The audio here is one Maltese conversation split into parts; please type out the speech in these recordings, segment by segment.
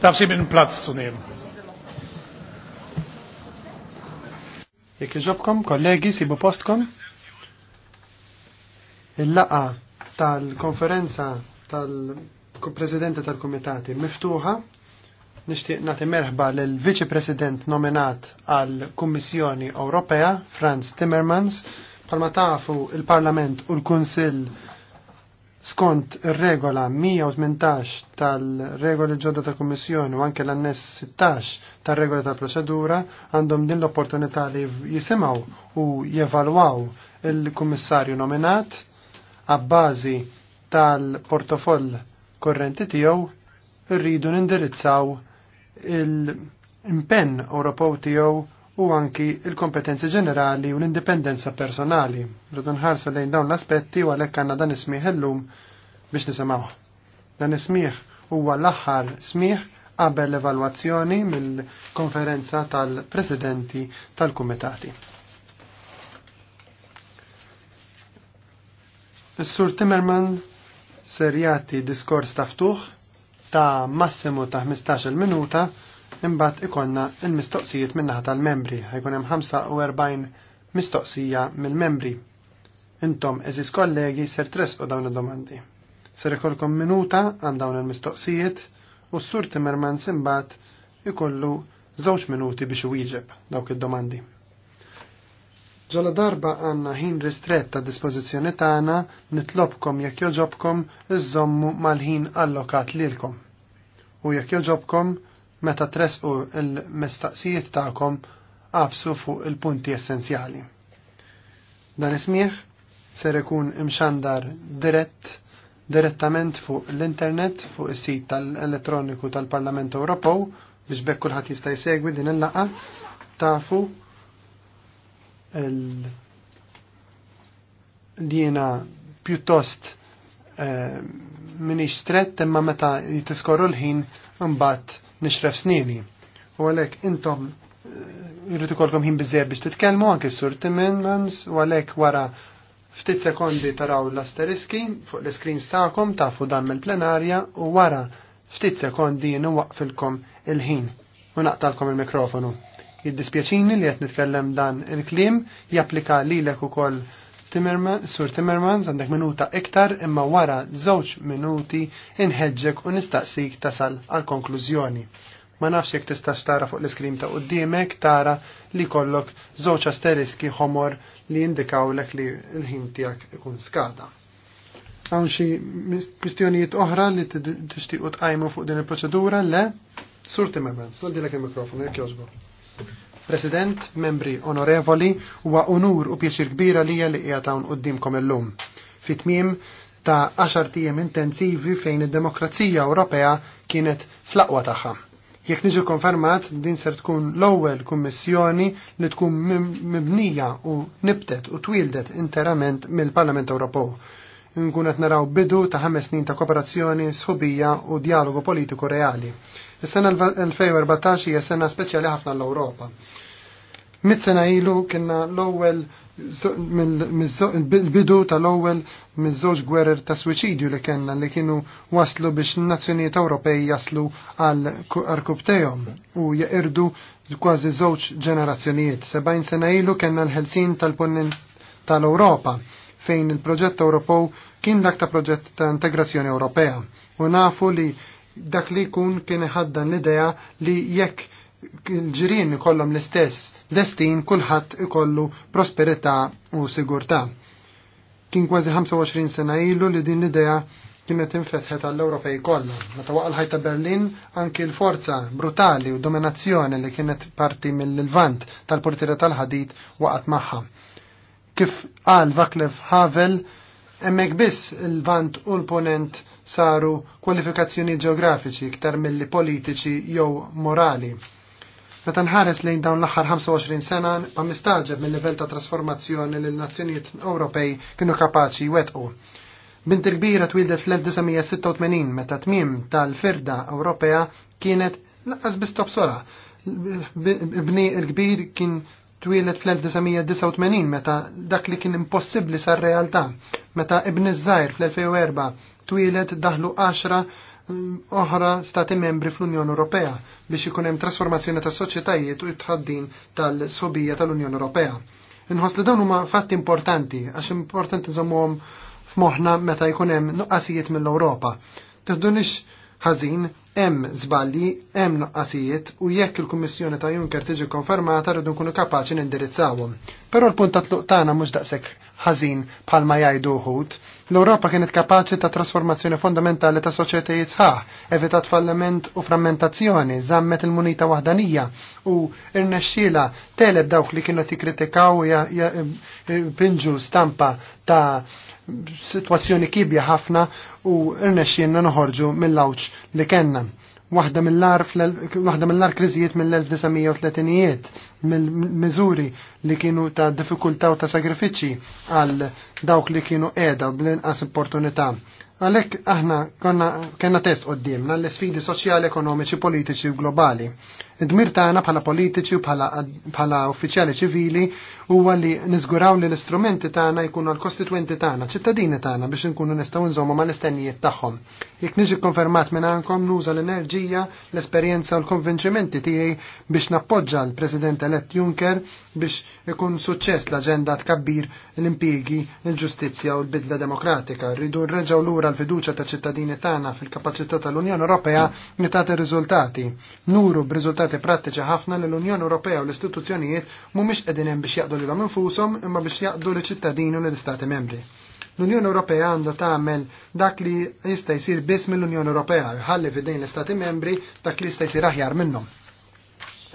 Darf Sie bitten, Platz zu nehmen. Jek iġobkom, kollegi, sibu postkom. Il-laqa tal-konferenza tal-presidente tal-komitati miftuħa. Nishtiq nati merħba l viċi President nominat għal-Kummissjoni Ewropea, Franz Timmermans. Palma tafu il-Parlament u l-Kunsill skont regola 118 tal-regoli ġodda tal-Kommissjoni u anke l-annes 16 tal-regola tal-proċedura għandhom din l-opportunità li jisimaw u jevalwaw il-kummissarju nominat għabbażi tal-portofoll korrenti tiegħu rridu nindirizzaw il-impenn Ewropew tiegħu u anki il-kompetenzi ġenerali u l-indipendenza personali. Rridu nħarsu lejn dawn l-aspetti u għalhekk għandna dan ismieħ illum biex nisimgħu. Dan ismieħ huwa l-aħħar smieħ qabel evalwazzjoni mill-konferenza tal-presidenti tal-kumitati. Is-Sur Timmerman ser jagħti diskors taftuħ ta' massimu ta' 15-il minuta Imbagħad ikonna l-mistoqsijiet min-naħa tal-membri, ħajkun hemm 45 mistoqsija mill-membri. Intom eżis kollegi ser tresqu dawn id-domandi. Ser ikolkom minuta għal dawn il-mistoqsijiet u s-sur Timmermans imbagħad ikollu żewġ minuti biex iwieġeb dawk id-domandi. Ġola darba għanna ħin ristret ta' dispozizjoni tagħna nitlobkom jekk joġobkom iżommu mal-ħin allokat lilkom. U jekk joġobkom meta tresqu il-mestaqsijiet tagħkom qabsu fuq il-punti essenzjali. Dan ismiħ ser ikun imxandar dirett direttament fuq l-internet fuq is-sit tal-elettroniku tal-Parlament Ewropew biex bekk kulħadd jista' jsegwi din il-laqa tafu li jiena pjuttost eh, minix strett imma meta jitiskorru l-ħin imbagħad nixref snini. U għalek intom jritu eh, kolkom ħin bizzer biex titkelmu anke sur Timmermans u għalek wara ftit sekondi taraw l-asteriski fuq l-screens ta'kom tafu dan mill-plenarja u wara ftit sekondi jenu waqfilkom il-ħin u naqtalkom il-mikrofonu. Jiddispjaċini li qed nitkellem dan il-klim japplika lilek ukoll Sur Timmermans għandek minuta iktar imma wara żewġ minuti inħeġġek u nistaqsik tasal għal konklużjoni. Ma nafx jekk tistax tara fuq l-iskrim ta' qudiemek tara li kollok żewġ asteriski ħomor li jindikawlek li l-ħin tiegħek ikun skada. Hawn xi kwistjonijiet oħra li tixtiequ tqajmu fuq din il-proċedura le? Sur Timmermans, nadilek il mikrofon jekk jogħġbok. President, membri onorevoli, huwa unur u pjeċir kbira lija li qiegħed hawn dimkom illum. lum tmiem ta' 10 tijem intensivi fejn id-demokrazija Ewropea kienet flaqwa tagħha. Jekk niġi konfermat, din ser tkun l-ewwel kummissjoni li tkun mibnija u nibtet u twildet interament mill-Parlament Ewropew. Nkunet qed naraw bidu ta' ħames snin ta' kooperazzjoni, sħubija u dialogu politiku reali Is-sena 2014 hija sena speċjali ħafna l-Ewropa. Mit sena ilu kienna l-ewwel il-bidu tal-ewwel miż-żewġ gwerer ta' swiċidju li kellna li kienu waslu biex n-nazzjonijiet Ewropej jaslu għal arkub u jeqirdu kważi żewġ ġenerazzjonijiet. Seba'jn sena ilu kellna l-ħelsin tal-ponnin tal-Ewropa fejn il-proġett Ewropew kien dak ta' proġett ta' integrazzjoni Ewropea. U nafu li dak li jkun kien ħaddan l-idea li jekk il-ġirien ikollhom l-istess destin kulħadd ikollu prosperità u sigurtà. Kien kważi 25 sena ilu li din l-idea kienet infetħet għall-Ewropej kollha. Meta waqal ħajta Berlin anki l-forza brutali u dominazzjoni li kienet parti mill vant tal portiera tal-ħadid waqgħet magħha. Kif qal Vaklev Havel, hemmhekk biss il-Vant u l-Ponent saru kwalifikazzjoni ġeografiċi iktar milli politiċi jew morali. Meta nħares lejn dawn l-aħħar 25 sena ma mistaġeb mill-livell ta' trasformazzjoni li l-nazzjonijiet Ewropej kienu kapaċi wetqu. Binti kbira twildet fl-1986 meta tmiem tal-Firda Ewropea kienet laqqas bistop sora. Bni il kbir kien twilet fl-1989 meta dak li kien impossibbli sar realtà meta ibn iż fl-2004 twilet daħlu 10 mm, oħra stati membri fl-Unjoni Ewropea biex ikun hemm trasformazzjoni tas soċjetajiet u tħaddin tal-sobija tal-Unjoni Ewropea. Inħoss li dawn huma fatti importanti għax importanti nżommuhom f'moħħna meta jkun hemm nuqqasijiet mill-Ewropa. Tiħdunix ħażin, hemm żbalji, hemm noqqasijiet u jekk il-Kummissjoni ta' Juncker tiġi konfermata rridu nkunu kapaċi nindirizzawhom. Però l-punt ta' tluq tagħna mhux daqshekk ħażin bħalma jgħidu wħud L-Europa kienet kapaċi ta' trasformazzjoni fondamentali ta' soċjetajiet sħaħ, evitat falliment u frammentazzjoni, zammet il-munita wahdanija u irnexxila teleb dawk li kienu tikkritikaw u pinġu stampa ta' situazzjoni kibja ħafna u irnexxilna noħorġu mill-lawċ li kenna waħda mill-lar kriżijiet mill-1930ijiet mill-miżuri li kienu ta' diffikultaw u ta' sagrifiċċji għal dawk li kienu qiegħda bl-inqas opportunità. Għalhekk aħna konna kena test qoddimna l-sfidi soċjali, ekonomiċi, politiċi u globali. Id-dmir tagħna bħala politiċi u bħala uffiċjali ċivili huwa li niżguraw li l-istrumenti tagħna jkunu l-kostitwenti tagħna, ċittadini tagħna biex inkunu nistgħu nżommu mal-istennijiet tagħhom. Jekk niġi konfermat minn għandkom nuża l-enerġija, l-esperjenza u l-konvinċimenti tiegħi biex nappoġġa l-President elett Juncker biex ikun suċċess l-aġenda tkabbir l-impjiegi, l-ġustizzja u l-bidla demokratika. Rridu nreġgħu lura l-fiduċja ta' ċittadini tagħna fil-kapaċità tal-Unjoni Ewropea li tagħti riżultati. Nuru b'riżultati riżultati prattiċi ħafna li l-Unjoni Ewropea u l-istituzzjonijiet mhumiex qegħdin hemm biex jaqdu lilhom infushom imma biex jaqdu liċ-ċittadini u lill-Istati membri. L-Unjoni Ewropea għandha tagħmel dak li jista' jsir biss mill-Unjoni Ewropea jħalli f'idejn l-Istati membri dak li jista' jsir aħjar minnhom.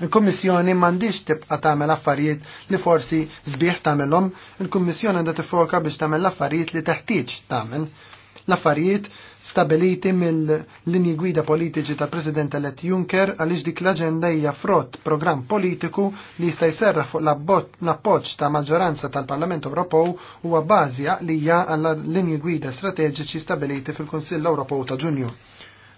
Il-Kummissjoni m'għandix tibqa' tagħmel affarijiet li forsi sbieħ tagħmelhom, il-Kummissjoni għandha tifoka biex tagħmel affarijiet li teħtieġ tagħmel. L-affarijiet stabiliti mill-linji gwida politiċi tal President elett Juncker għaliex dik l-aġenda hija frott programm politiku li jista' jserraħ fuq l-appoġġ ta' maġġoranza tal-Parlament Ewropew huwa bażi għaqlija għal linji gwida strateġiċi stabiliti fil-Kunsill Ewropew ta' Ġunju.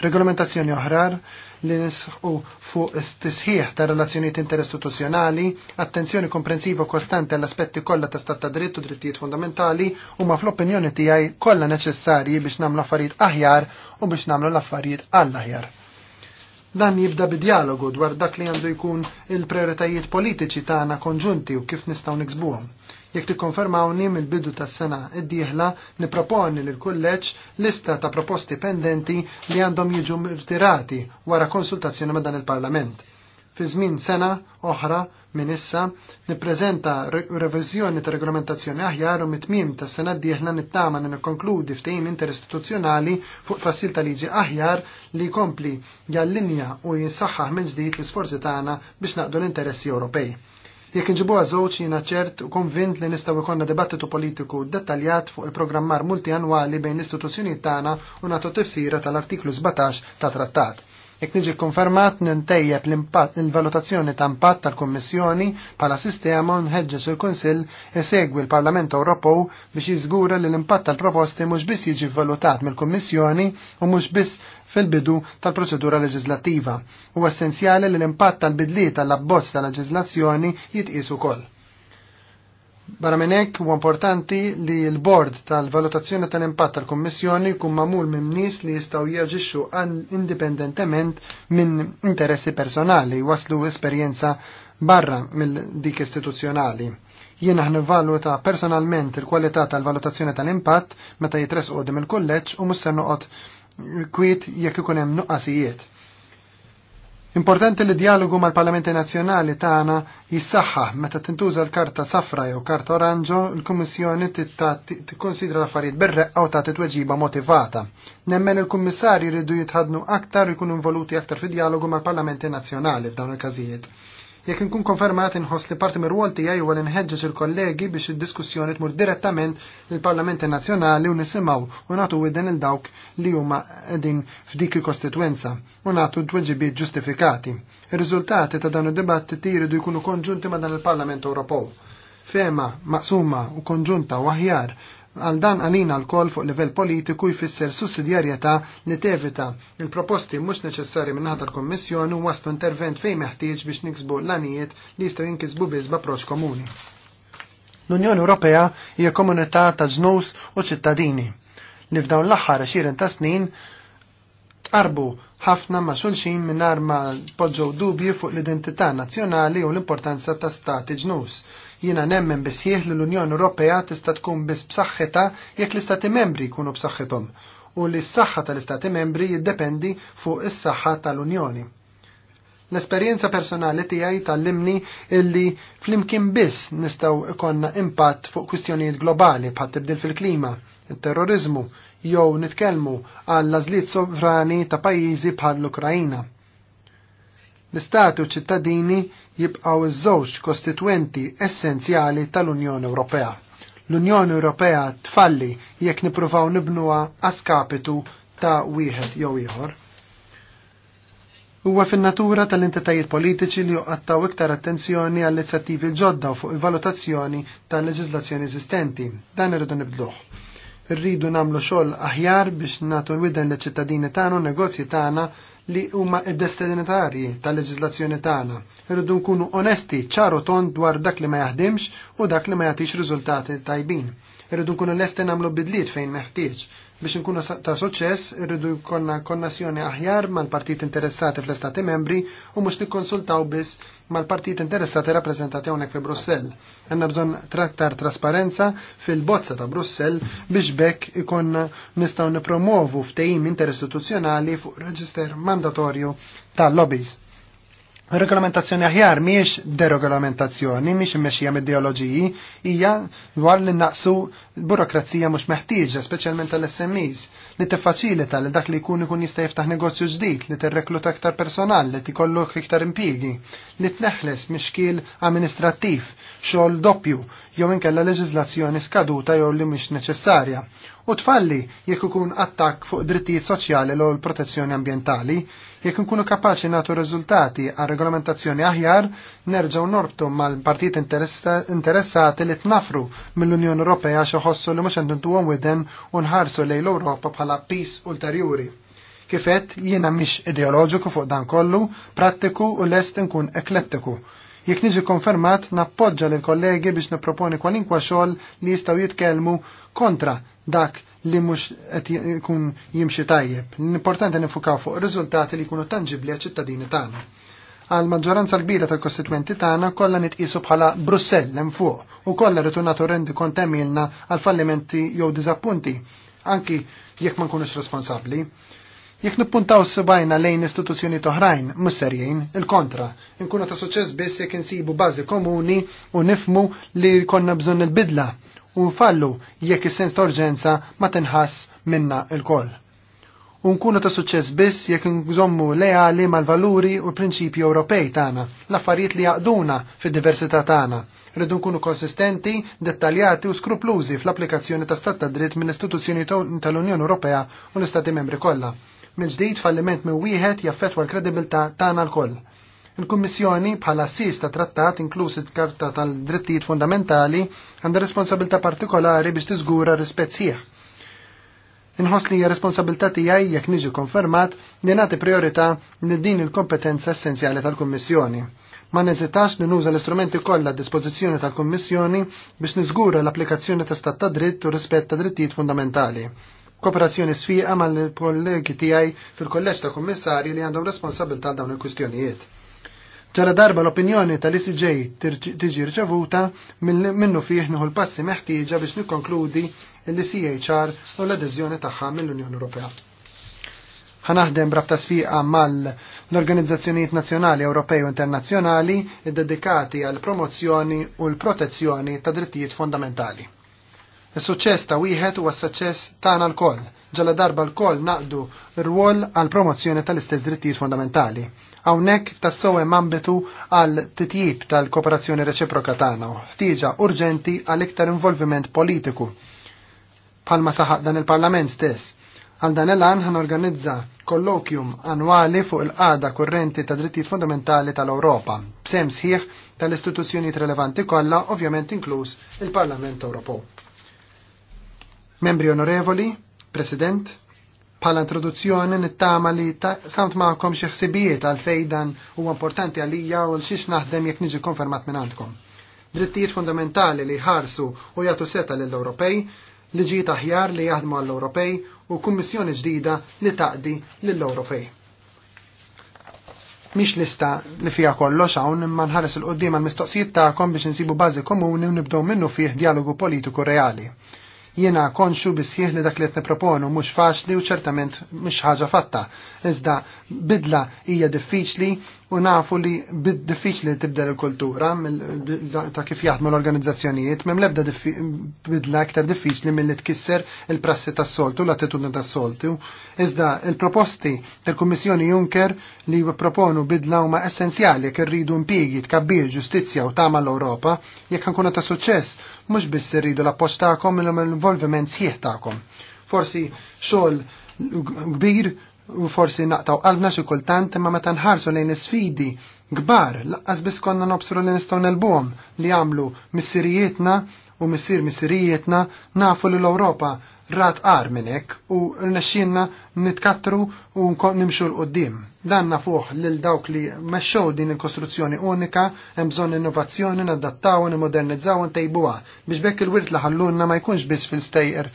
Regolamentazzjoni oħrar li nisħu fuq istisħiħ ta' relazzjoniet interistituzzjonali, attenzjoni komprensiva kostanti għall aspetti kollha ta' stat ta' dritt u drittijiet fundamentali u ma fl-opinjoni tiegħi kollha neċessarji biex nagħmlu affarijiet aħjar u biex nagħmlu l-affarijiet għall-aħjar. Dan jibda bid-dialogu dwar dak li għandu jkun il-prioritajiet politiċi tagħna konġunti u kif nistgħu niksbuhom Jekk tikkonfermawni mill-bidu tas-sena id-dieħla niproponi lil kulleġġ lista ta' proposti pendenti li għandhom jiġu mirtirati wara konsultazzjoni ma' dan il-Parlament. Fi żmien sena oħra minn issa nippreżenta reviżjoni ta' regolamentazzjoni aħjar u mitmim tas sena d-dieħla nittama li nikkonkludi ftehim interistituzzjonali fuq fassil ta' liġi aħjar li jkompli jallinja u jinsaħħaħ minn ġdid l-isforzi tagħna biex naqdu l-interessi Ewropej. Jekk inġibuha żewġ jiena ċert u konvint li nistgħu jkollna dibattitu politiku dettaljat fuq il-programmar multianwali bejn l istituzzjoni tagħna u nagħtu tifsira tal-artiklu 17 ta' trattat. Jekk niġi konfermat nintejjeb l-valutazzjoni ta' impatt tal-Kummissjoni bħala sistema nħeġġeġ il-Kunsill esegwi l-Parlament Ewropew biex jiżgura li l-impatt tal-proposti mhux biss jiġi valutat mill-Kummissjoni u mhux biss fil-bidu tal-proċedura leġislattiva u essenzjali li l-impatt tal-bidliet tal-abbozz tal-leġislazzjoni jitqisu ukoll. Barra minn hekk huwa importanti li l-bord tal-valutazzjoni tal-impatt tal-Kummissjoni jkun mamul minn nies li jistgħu jaġixxu indipendentement minn interessi personali waslu esperjenza barra mill-dik istituzzjonali jien aħna valuta personalment il-kwalità tal-valutazzjoni tal-impatt meta jitres qudiem il kolleġġ u mhux se noqgħod kwiet jekk ikun hemm nuqqasijiet. Importanti li dialogu mal-Parlamenti Nazzjonali tagħna jissaħħaħ meta tintuża l-karta safra jew karta oranġo, il-Kummissjoni tikkonsidra l-affarijiet berreqqa u tagħti tweġiba motivata. Nemmen il-Kummissarji jridu jitħadnu aktar ikunu involuti aktar fi dialogu mal-Parlamenti Nazzjonali f'dawn il-każijiet. Jekk nkun konfermat inħoss li parti mir-rwol tiegħi huwa li nħeġġeġ il-kollegi biex id-diskussjoni tmur direttament lill-Parlamenti Nazzjonali u nisimgħu u nagħtu widen il dawk li huma qegħdin f'dik il-kostitwenza u nagħtu tweġibiet ġustifikati. Ir-riżultati ta' dan id-dibattiti jridu jkunu konġunti ma' dan il-Parlament Ewropew fema maqsuma u konġunta u aħjar Għal dan għanin għal kol fuq livell politiku jfisser sussidjarjetà li tevita il-proposti mhux neċessari minnaħat tal kommissjon u għastu intervent fejn meħtieġ biex niksbu l-anijiet li jistgħu jinkisbu biss b'approċċ komuni. L-Unjoni Ewropea hija komunità ta' ġnus u ċittadini li f'dawn l-aħħar 20 ta' snin tqarbu ħafna ma' xulxin minnar ma' poġġow dubji fuq l-identità nazzjonali u l-importanza ta' stati ġnus. Jiena nemmen bisħieħ li l-Unjoni Ewropea tista' tkun biss b'saħħitha jekk l-Istati Membri jkunu b'saħħithom u li s-saħħa tal-Istati Membri jiddependi fuq is-saħħa tal-Unjoni. L-esperjenza personali tiegħi tallimni illi flimkien biss nistgħu ikonna impatt fuq kwistjonijiet globali bħat tibdil fil-klima, it-terrorizmu, jew nitkellmu għall-għażliet sovrani ta' pajjiżi bħal l-Ukrajna L-Istati u ċittadini jibqaw iż-żewġ kostituenti essenzjali tal-Unjoni Ewropea. L-Unjoni Ewropea tfalli jekk nippruvaw nibnuha għaskapitu ta' wieħed jew ieħor. Huwa fin-natura tal-entitajiet politiċi li jqattaw iktar attenzjoni għall inizjattivi ġodda fuq il-valutazzjoni tal-leġiżlazzjoni eżistenti. Dan irridu nibdluh. Irridu nagħmlu xogħol aħjar biex nagħtu l widen liċ-ċittadini tagħna u negozji tagħna li huma id-destinatarji tal-leġizlazzjoni tagħna. Irridu nkunu onesti, ċaru ton dwar dak li ma jaħdimx u dak li ma jagħtix riżultati tajbin. Irridu nkunu lesti nagħmlu bidliet fejn meħtieġ. Biex nkunu ta' suċċess irridu jkollna konnessjoni aħjar mal-partit interessati fl-Istati membri u mhux nikkonsultaw biss mal-partit interessati rappreżentati hawnhekk fi Brussell. Għanna bżonn trattar trasparenza fil-bozza ta' Brussell biex bekk ikon nistgħu nipromovu ftehim interistituzjonali fuq reġister mandatorju tal-lobbies. Regolamentazzjoni aħjar miex deregolamentazzjoni, miex immexxija mid-ideoloġiji, hija dwar li naqsu burokrazija mhux meħtieġa, speċjalment tal-SMEs, li tiffaċilita li dak li jkun ikun jista' jiftaħ negozju ġdid, li tirrekluta aktar personal, li tikollok iktar impjiegi, li tneħles mixkil amministrattiv, xogħol doppju, jew inkella leġiżlazzjoni skaduta jew li mhix neċessarja. U tfalli jekk ikun attakk fuq drittijiet soċjali l protezzjoni ambjentali, Jekk nkunu kapaċi natu riżultati għal regolamentazzjoni aħjar, nerġgħu norbtu mal partijiet interessati li tnafru mill-Unjoni Ewropea xi ħossu li mhux għom widen u nħarsu lejn l-Ewropa bħala pis ulterjuri. Kifet jiena mhix ideoloġiku fuq dan kollu, prattiku u lest nkun eklettiku jekk niġi konfermat nappoġġa lill kollegi biex nipproponi kwalinkwa xogħol li jistgħu jitkellmu kontra dak li mhux qed jkun jimxi tajjeb. L-importanti nifukaw fuq riżultati li jkunu tangibli għal ċittadini tagħna. Għal maġġoranza kbira tal-kostituenti tagħna kollha nitqisu bħala Brussell hemm fuq u kollha rridu nagħtu rendi kont għamilna għal fallimenti jew diżappunti, anki jekk ma nkunux responsabbli. Jekk nippuntaw subajna lejn istituzzjoni toħrajn, mhux serjejn, il-kontra, nkunu ta' suċċess biss jekk insibu bażi komuni u nifmu li konna bżonn il-bidla u nfallu jekk is-sens ta' urġenza ma tinħass minna il-koll. U nkunu ta' suċċess biss jekk nżommu leali mal-valuri u l-prinċipji Ewropej tagħna, l-affarijiet li jaqduna fid-diversità tagħna. Rridu nkunu konsistenti, dettaljati u skruplużi fl-applikazzjoni ta' stat ta' dritt mill-istituzzjoni tal-Unjoni Ewropea u l-Istati membri kollha. mill ġdid falliment minn wieħed jaffetwa l-kredibilità tagħna l-koll Il-Kummissjoni bħala sis ta' trattat inklusi l karta tal-Drittijiet Fundamentali għandha responsabilità partikolari biex tiżgura rispett sieħ. Inħoss li hija responsabilità tiegħi jekk niġi konfermat li nagħti priorità li din il-kompetenza essenzjali tal-Kummissjoni. Ma neżitax li nuża l-istrumenti kollha a dispożizzjoni tal-Kummissjoni biex niżgura l-applikazzjoni ta' stat ta' dritt u rispett ta' drittijiet fundamentali kooperazzjoni sfiqa mal-kollegi tiegħi fil-kolleġġ ta' kummissarji li għandhom responsabilità dawn il-kwistjonijiet ċara darba l-opinjoni tal-ICJ tiġi riċevuta minnu fih nieħu l-passi meħtieġa biex nikkonkludi l-CHR u l adezjoni tagħha mill-Unjoni Ewropea. Ħanaħdem brafta sfiqa mal l-organizzazzjonijiet nazzjonali Ewropej u internazzjonali dedikati għal promozzjoni u l-protezzjoni ta' drittijiet fondamentali. Is-suċċess ta' wieħed huwa s-suċċess tagħna l-koll ġala darba l-koll naqdu r-rwol għal promozzjoni tal-istess drittijiet fondamentali. Hawnhekk tas hemm ambitu għal titjib tal-kooperazzjoni reċiproka tagħna u urġenti għal iktar involviment politiku bħalma saħaq dan il-Parlament stess. Għal dan il-għan għan organizza kollokjum annwali fuq il-qada kurrenti ta' drittijiet fundamentali tal-Europa, b'sem sħiħ tal-istituzzjonijiet relevanti kollha, ovvjament inkluż il-Parlament Ewropew. Membri onorevoli, President, Pala introduzzjoni nittama li samt maħkom xi ħsibijiet għal fejdan huwa importanti għalija u l-xiex naħdem jekk niġi konfermat minn għandkom. Drittijiet fundamentali li ħarsu u jagħtu seta lill-Ewropej, liġijiet aħjar li jaħdmu għall-Ewropej u kummissjoni ġdida li taqdi lill-Ewropej Mix lista li fija kollox hawn imman ħares l qoddim għal mistoqsijiet tagħkom biex insibu bażi komuni u nibdew minnu fih dialogu politiku reali. Jiena konxu bisħieħ li dak li qed proponu mhux faċli u ċertament mhux ħaġa fatta. Iżda bidla hija diffiċli u nafu li diffiċli tibdel il-kultura ta' kif jaħdmu l-organizzazzjonijiet, mem lebda bidla aktar diffiċli mill-li tkisser il-prassi tas soltu l-attitudni tas soltu. Iżda il-proposti tal-Kummissjoni Juncker li proponu bidla huma essenzjali jekk irridu impjiegi tkabbir ġustizzja u tama l-Ewropa, jekk nkunu ta' suċċess, mhux biss rridu l-appoġġ tagħkom l involviment sħiħ tagħkom. Forsi xogħol kbir u forsi naqtaw qalbna xi kultant imma meta nħarsu lejn isfidi kbar laqqas biss konna nobsru li nistgħu nelbuhom li jagħmlu missirijietna u missier missirijietna nafu li l-Ewropa rat qar minnek u rnexxinna nitkattru u nimxu l-qoddim. Dan nafuh lil dawk li mexxew din il-kostruzzjoni unika, hemm bżonn innovazzjoni nadattaw u nimodernizzaw u ntejbuha biex bekk il-wirt laħallunna ma jkunx biss fil-stejqer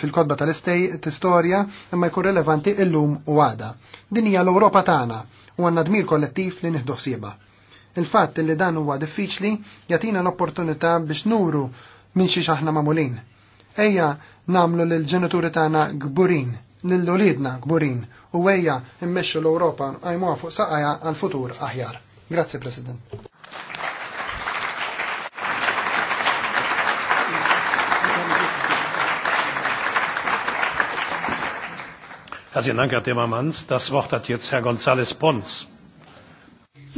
fil-kodba tal-istej tistorja imma jkun relevanti illum u għada. Din hija l-Ewropa tagħna u għandna dmir kollettiv li nieħdu ħsiebha. Il-fatt li dan huwa diffiċli jagħtina l-opportunità biex nuru minn xi aħna magħmulin Ejja namlu l-ġenituri tagħna gburin, lil ulidna gburin, u ejja immexxu l-Ewropa għajmuha fuq saqajja għal-futur aħjar. Grazzi, President. Herzlichen Dank, Herr Timmermans. Das Wort hat jetzt Pons.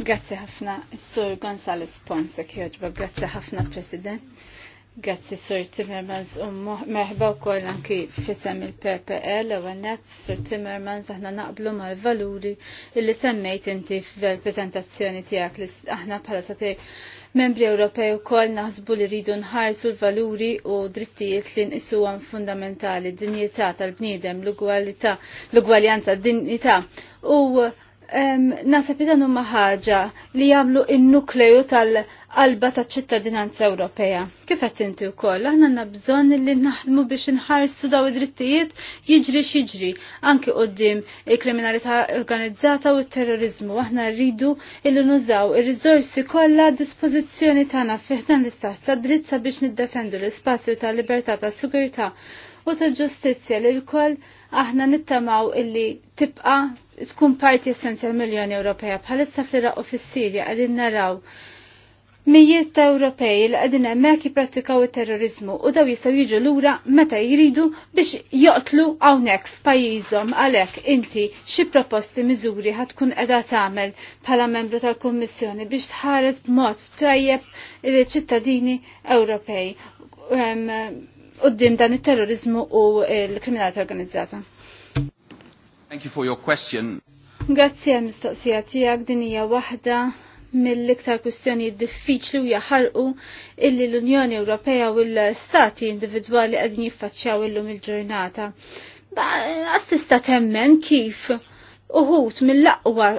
Grazie ħafna, Sur Gonzales Pons, kjoġba. Grazie ħafna, President. Grazzi Sur Timmermans u meħba wkoll anki fissem il-PPL u għannet Sur Timmermans aħna naqblu mal-valuri illi semmejt inti fil-prezentazzjoni tiegħek li aħna bħala sati membri u koll naħsbu li rridu nħarsu l-valuri u drittijiet li għan fundamentali, dinjità tal-bniedem, l-ugwalità, l-ugwaljanza, dinjità u Um, nasab dan huma ħaġa li jagħmlu n-nukleju tal- qalba ta' ċittadinanza Ewropea. Kif qed inti wkoll aħna għandna bżonn li naħdmu biex inħarsu daw id-drittijiet jiġri x'jiġri anke qudiem il-kriminalità organizzata u t-terrorizmu. Aħna rridu illi nużaw ir-riżorsi kollha a dispożizzjoni tagħna fih dan l-istat ta' drizza biex niddefendu l-ispazju ta' libertà ta' sigurtà u ta' ġustizzja li l-koll aħna nittamaw illi tibqa' tkun parti essenzjal miljoni Ewropea bħalissa fl-Iraq u fis-Sirja qegħdin naraw mijiet ta' Ewropej li qegħdin hemmhekk jipprattikaw it-terrorizmu u daw jistgħu jiġu lura meta jridu biex joqtlu hawnhekk f'pajjiżhom għalhekk inti xi proposti miżuri ħad tkun qiegħda tagħmel bħala membru tal-Kummissjoni biex tħares b'mod tajjeb il-ċittadini Ewropej qoddim dan il-terrorizmu u l-kriminalità organizzata. Thank you for your question. Grazie mistoqsija tiegħek din hija waħda mill-iktar kwistjoni diffiċli u jaħarqu illi l-Unjoni Ewropea u l-Stati individwali għadin jiffaċċjaw illum il-ġurnata. Għas tista' temmen kif uħut mill-aqwa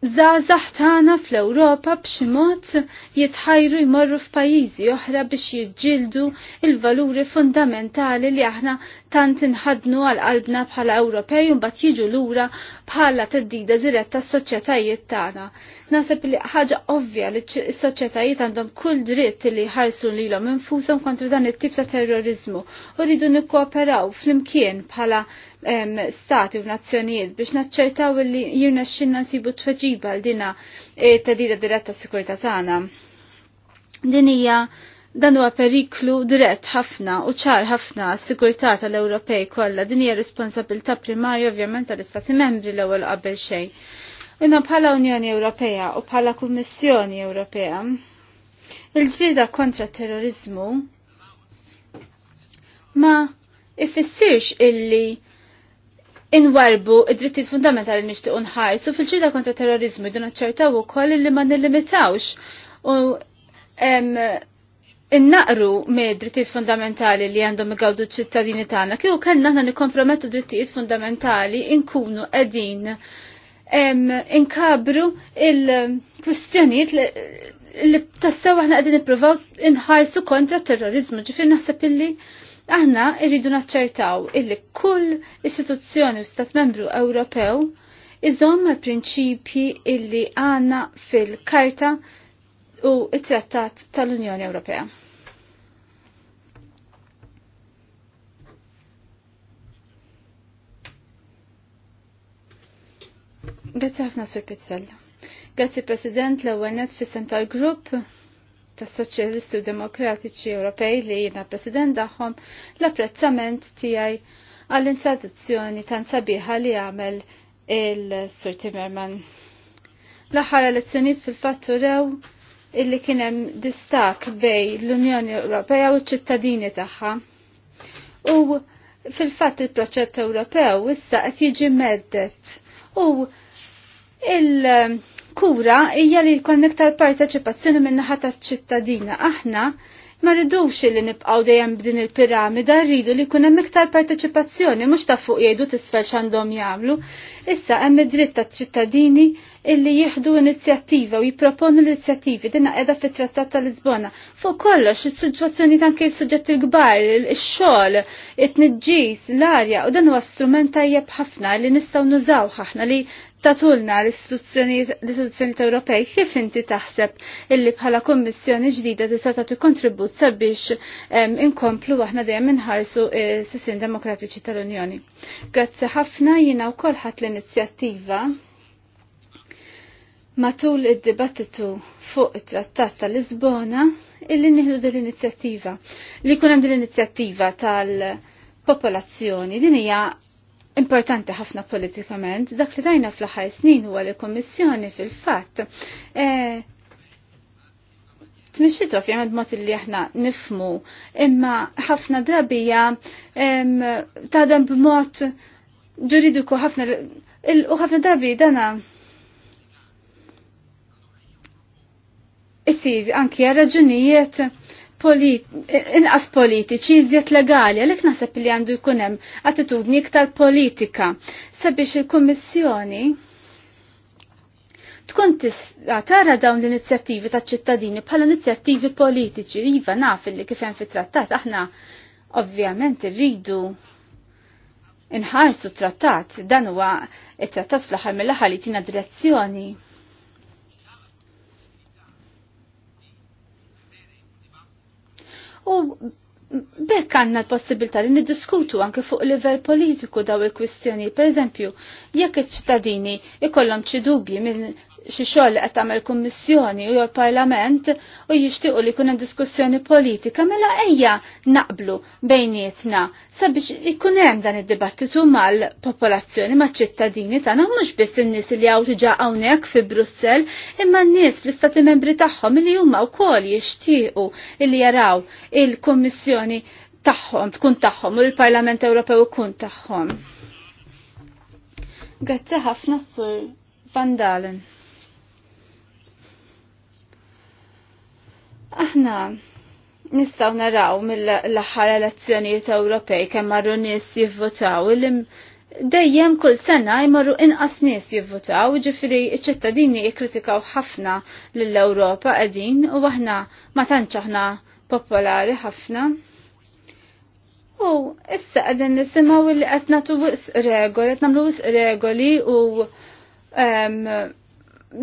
Zazah tagħna fl-Ewropa b'xi mod jitħajru jmorru f'pajjiżi oħra biex jiġġieldu il-valuri fundamentali li aħna tant inħadnu għal qalbna bħala Ewropej u mbagħad jiġu lura bħala teddida diretta s-soċjetajiet tagħna. Naseb li ħaġa ovvja li s-soċjetajiet għandhom kull dritt li jħarsu lilhom infushom kontra dan it-tip ta' terrorizmu u rridu nikkooperaw flimkien bħala stati u nazzjonijiet biex naċċertaw li jirna xinna nsibu tweġiba l dina e, tadida diretta sikurta tagħna. Din hija dan huwa periklu dirett ħafna u ċar ħafna s-sigurtà tal-Ewropej kollha din hija responsabilità primarja ovvjament tal-Istati Membri l-ewwel qabel xejn. Imma bħala Unjoni Ewropea u bħala Kummissjoni Ewropea il-ġlieda kontra t terrorizmu ma ifissirx illi inwarbu id-drittijiet fundamentali nixtiequ nħarsu fil-ġida kontra terrorizmu jdu naċċertaw ukoll li ma nillimitawx u innaqru me drittijiet fundamentali li għandhom igawdu ċittadini tagħna kieku kellna aħna nikkompromettu drittijiet fundamentali inkunu qegħdin inkabru il-kwistjonijiet li tassew aħna qegħdin nippruvaw inħarsu kontra terrorizmu ġifier naħseb illi Aħna irridu naċċertaw illi kull istituzzjoni u stat membru Ewropew iżomm prinċipji illi għanna fil-Karta u it-Trattat tal-Unjoni Ewropea. Grazie ħafna Sur Pizzella. Grazie President l-ewwel net fis-Central Group tas soċjalisti u demokratiċi Ewropej li jiena president tagħhom l-apprezzament tiegħi għall-intraduzzjoni tan sabiħa li għamel il-Sur Timmerman. L-aħħar elezzjonijiet fil-fattu rew illi kien hemm distak bej l-Unjoni Ewropea u ċ-ċittadini tagħha. U fil-fatt il-proċett Ewropew issa qed jiġi meddet u il- kura hija li jkun iktar parteċipazzjoni min-naħa taċ-ċittadina. Aħna ma rridux li nibqgħu dejjem b'din il-piramida, rridu li jkun hemm iktar parteċipazzjoni mhux ta' fuq jgħidu tisfel x'għandhom jagħmlu. Issa hemm id-dritt taċ-ċittadini illi jieħdu inizjattiva u jipproponu l-inizjattivi dinna edha fit-Trattat tal Lisbona. Fuq kollox is-sitwazzjoni tanke s-suġġett il-kbar, ix-xogħol, it-tniġġis, l-arja u dan huwa strument tajjeb ħafna li nistgħu nużaw ħafna li tatulna l istituzzjoni Ewropej kif inti taħseb illi bħala kommissjoni ġdida tista' tagħti kontribut sabiex inkomplu aħna dejjem inħarsu eh, s-sistin demokratiċi tal-Unjoni. Grazzi ħafna jiena wkoll ħadd l-inizjattiva matul id-dibattitu fuq it-trattat tal-Lisbona illi nieħdu din l-inizjattiva. Li kun hemm din l-inizjattiva tal-popolazzjoni din hija importanti ħafna politikament. Dak li tajna fl-aħħar snin huwa li kummissjoni fil-fatt eh, tmixxitu ovvjament mod li aħna nifmu imma ħafna drabija tadem b'mod ġuridiku ħafna u ħafna drabi dana isir anki raġunijiet inqas politiċi jizjet legali għalik naħseb li għandu jkun hemm attitudni iktar politika sabiex il-Kummissjoni tkun tista' tara dawn l-inizjattivi taċ-ċittadini bħala inizjattivi politiċi iva naf li kif hemm fit-trattat aħna ovvjament irridu inħarsu trattat dan huwa it-trattat fl-aħħar mill-aħħar li direzzjoni u bekk għanna l-possibilità li niddiskutu anke fuq livell politiku daw il-kwistjoni. Per eżempju, jekk iċ-ċittadini ikollhom xi dubji minn xi xogħol li qed tagħmel kummissjoni u l-Parlament u jixtiequ li jkun hemm diskussjoni politika mela ejja naqblu bejnietna sabiex ikun hemm dan id-dibattitu mal-popolazzjoni maċ-ċittadini tagħna mhux biss in-nies li għaw diġà hawnhekk fi Brussell imma n-nies fl-istati membri tagħhom li huma wkoll jixtiequ li jaraw il-Kummissjoni tagħhom tkun tagħhom u l-Parlament Ewropew ikun tagħhom. Grazzi ħafna sur Van Dalen. Aħna nistaw naraw mill-aħħar elezzjonijiet Ewropej kemm marru nies jivvotaw il dejjem kull sena jmarru inqas nies jivvotaw, ġifri ċ-ċittadini jikkritikaw ħafna lill-Ewropa qegħdin u aħna ma tantx aħna popolari ħafna. U issa qegħdin nisimgħu li qed nagħtu wisq regoli, qed nagħmlu wisq regoli u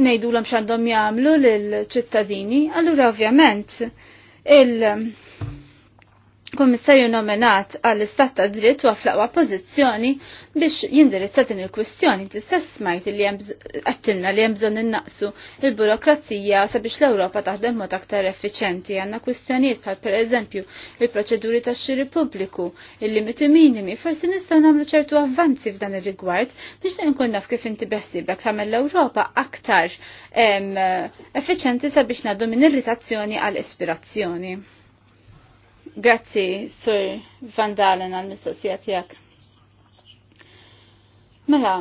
nejdu l amxandom jamlu l-ċittadini, allura ovvjament il- kummissarju nominat għall istat ta' dritt u għaflaqwa pozizjoni biex jindirizza din il-kwistjoni. Tista' smajt li għattilna li jemżon innaqsu il-burokrazija sabiex l-Ewropa taħdem mod aktar effiċenti. Għanna kwistjonijiet bħal per eżempju il-proċeduri ta' xiri pubbliku, il-limiti minimi, forsi nistgħu nagħmlu ċertu avvanzi f'dan ir-rigward biex nkun naf kif inti beħsibek tagħmel l-Ewropa aktar effiċenti sabiex ngħaddu minn irritazzjoni għal ispirazzjoni. Grazzi, Sur Van Dalen, għal-mistoqsija tijak. Mela,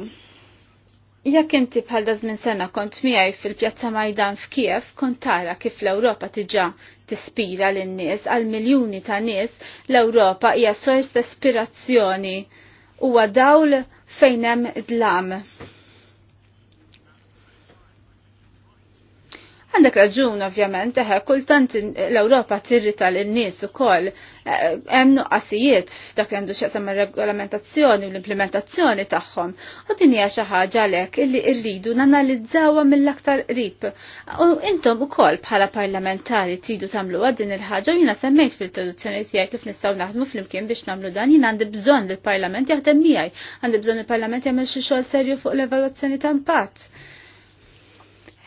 jekk inti bħal dażmin sena kont miegħi fil-Pjazza Majdan f'Kiev, kont tara kif l-Ewropa tiġa tispira lin-nies għal miljuni ta' nies l-Ewropa hija sors ta' ispirazzjoni huwa dawl fejn hemm dlam. Għandek raġun ovvjament, eħe, kultant l-Ewropa tirrita l-nies ukoll e, hemm nuqqasijiet f'dak għandu x'jaqsam ir-regolamentazzjoni u l-implementazzjoni tagħhom. U din hija xi ħaġa għalhekk illi rridu nanalizzawha mill-aktar qrib. U intom ukoll bħala parlamentari tridu tagħmlu din il-ħaġa u jiena semmejt fil-traduzzjoni tiegħek kif nistgħu naħdmu flimkien biex nagħmlu dan jiena għandi bżonn lill-Parlament jaħdem miegħi, għandi bżonn il-Parlament jagħmel xi xogħol serju fuq l-evalwazzjoni ta' impatt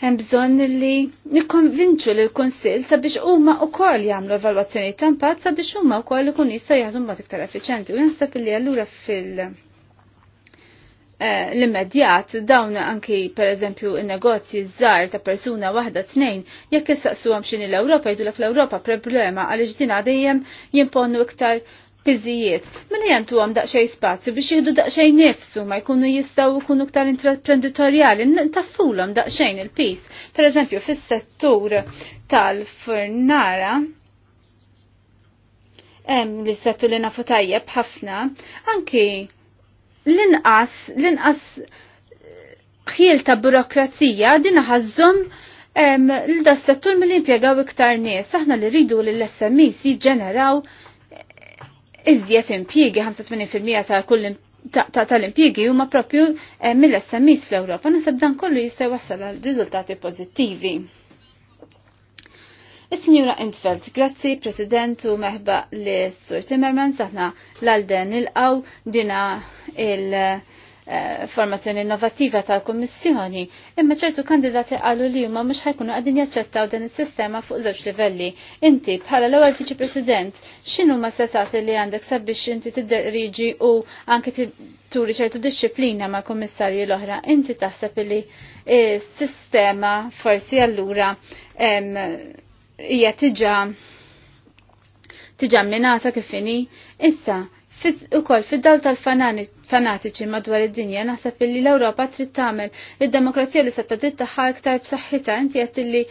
hemm bżonn li nikkonvinċu lil kunsill sabiex huma wkoll jagħmlu evalwazzjoni ta' impatt sabiex huma wkoll ikun jista' jaħdmu mod iktar effiċjenti. U naħseb li allura fil eh, l-immedjat dawn anki per eżempju n negozji żgħar ta' persuna waħda tnejn jekk issaqsuhom x'inhi l-Ewropa jgħidulek l-Ewropa problema għaliex din għadejjem jimponnu iktar biżijiet. Mela jantu għam daqxej spazju biex jihdu daqxej nifsu ma jkunu jistaw kunu ktar intraprenditoriali, taffulom daqxejn il-pis. Per eżempju, fis-settur tal-furnara, em li settu li nafu tajjeb ħafna, anki l-inqas, l-inqas xiel ta' burokrazija din ħazzom l-da settur mill-impiegaw iktar nies, aħna li rridu li l-SMEs jiġġeneraw iżjed impjiegi 85% ta' kull tal-impjiegi huma propju eh, mill-SMEs fl-Ewropa. naħseb dan kollu jista' jwassal għal riżultati pożittivi. Is-Sinjura Intfeld, grazzi President u meħba li Sur Timmermans aħna l-Alden il-qaw dina il-, Eh, formazzjoni innovativa tal-Kummissjoni, imma ċertu kandidati qalu li huma mhux ħajkunu qegħdin jaċċettaw din is-sistema fuq żewġ livelli. Inti bħala l-ewwel Viċi President, x'inhu ma setat li għandek sabiex inti tidderiġi u anke turi ċertu disċiplina ma' kummissarji l-oħra, inti taħseb li s-sistema forsi allura hija tiġa tiġa minata kif inhi issa Ukoll fid-dal tal-fanatiċi madwar id-dinja naħseb illi l-Ewropa trid tagħmel id-demokrazija li setta dritt tagħha iktar b'saħħitha inti qed li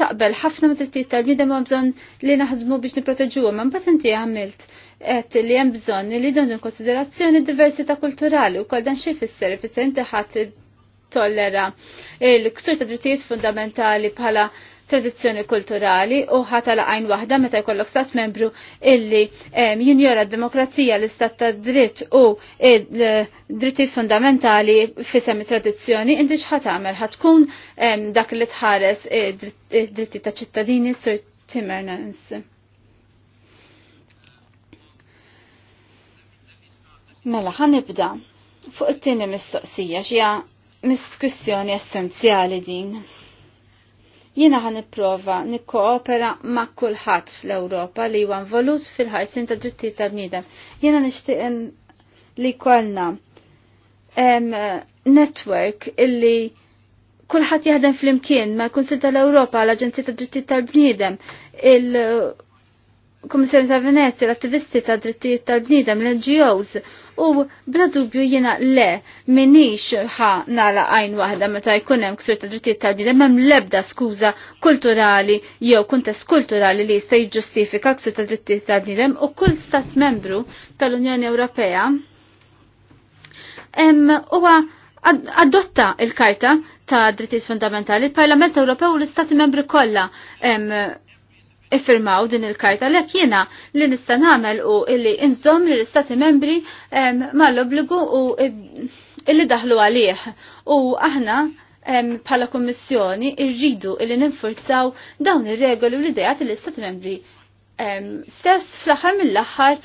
taqbel ħafna ma trid tal-bniedem hemm bżonn li naħdmu biex nipproteġuhom, imbagħad inti għamilt qed li hemm bżonn li dun konsiderazzjoni diversità kulturali kol dan xi fisser ifisser inti ħadd tollera il-ksur ta' drittijiet fundamentali bħala tradizzjoni kulturali u ħata għajn waħda meta jkollok stat membru illi jinjora d-demokrazija l-istat ta' dritt u drittijiet fundamentali semi tradizzjoni inti xħat għamel ħatkun dak li tħares dritti ta' ċittadini sur Timmermans. Mela nibda fuq it-tieni mistoqsija xija mis-kwistjoni essenzjali din. Jiena ħan nipprova nikkoopera ma' kulħadd fl-Ewropa li huwa involut fil-ħajsin ta' drittijiet tal-bniedem. Jiena nixtieq li kollna network illi kulħadd jaħdem fl-imkien ma' Kunsil tal-Ewropa, l-Aġenzija ta' Drittijiet tal-Bniedem, il-Kummissarju ta' Venezia, l-attivisti ta' drittijiet tal-bniedem, l-NGOs u bla dubju jena le minix ħa nala għajn wahda meta jkun hemm ksur ta' drittijiet tal-bniedem hemm lebda skuża kulturali jew kuntest kulturali li jista' jiġġustifika ksur ta' drittijiet tal-bniedem u kull stat membru tal-Unjoni Ewropea huwa adotta il-karta ta' drittijiet fundamentali, il-Parlament Ewropew u l-Istati membri kollha iffirmaw din il-karta l jiena li nista' nagħmel u illi inżomm li l-istati membri mal-obbligu u illi daħlu għalih. U aħna bħala kommissjoni irridu illi ninforzaw dawn ir-regoli u l-idejat li l-istati membri stess fl-aħħar mill-aħħar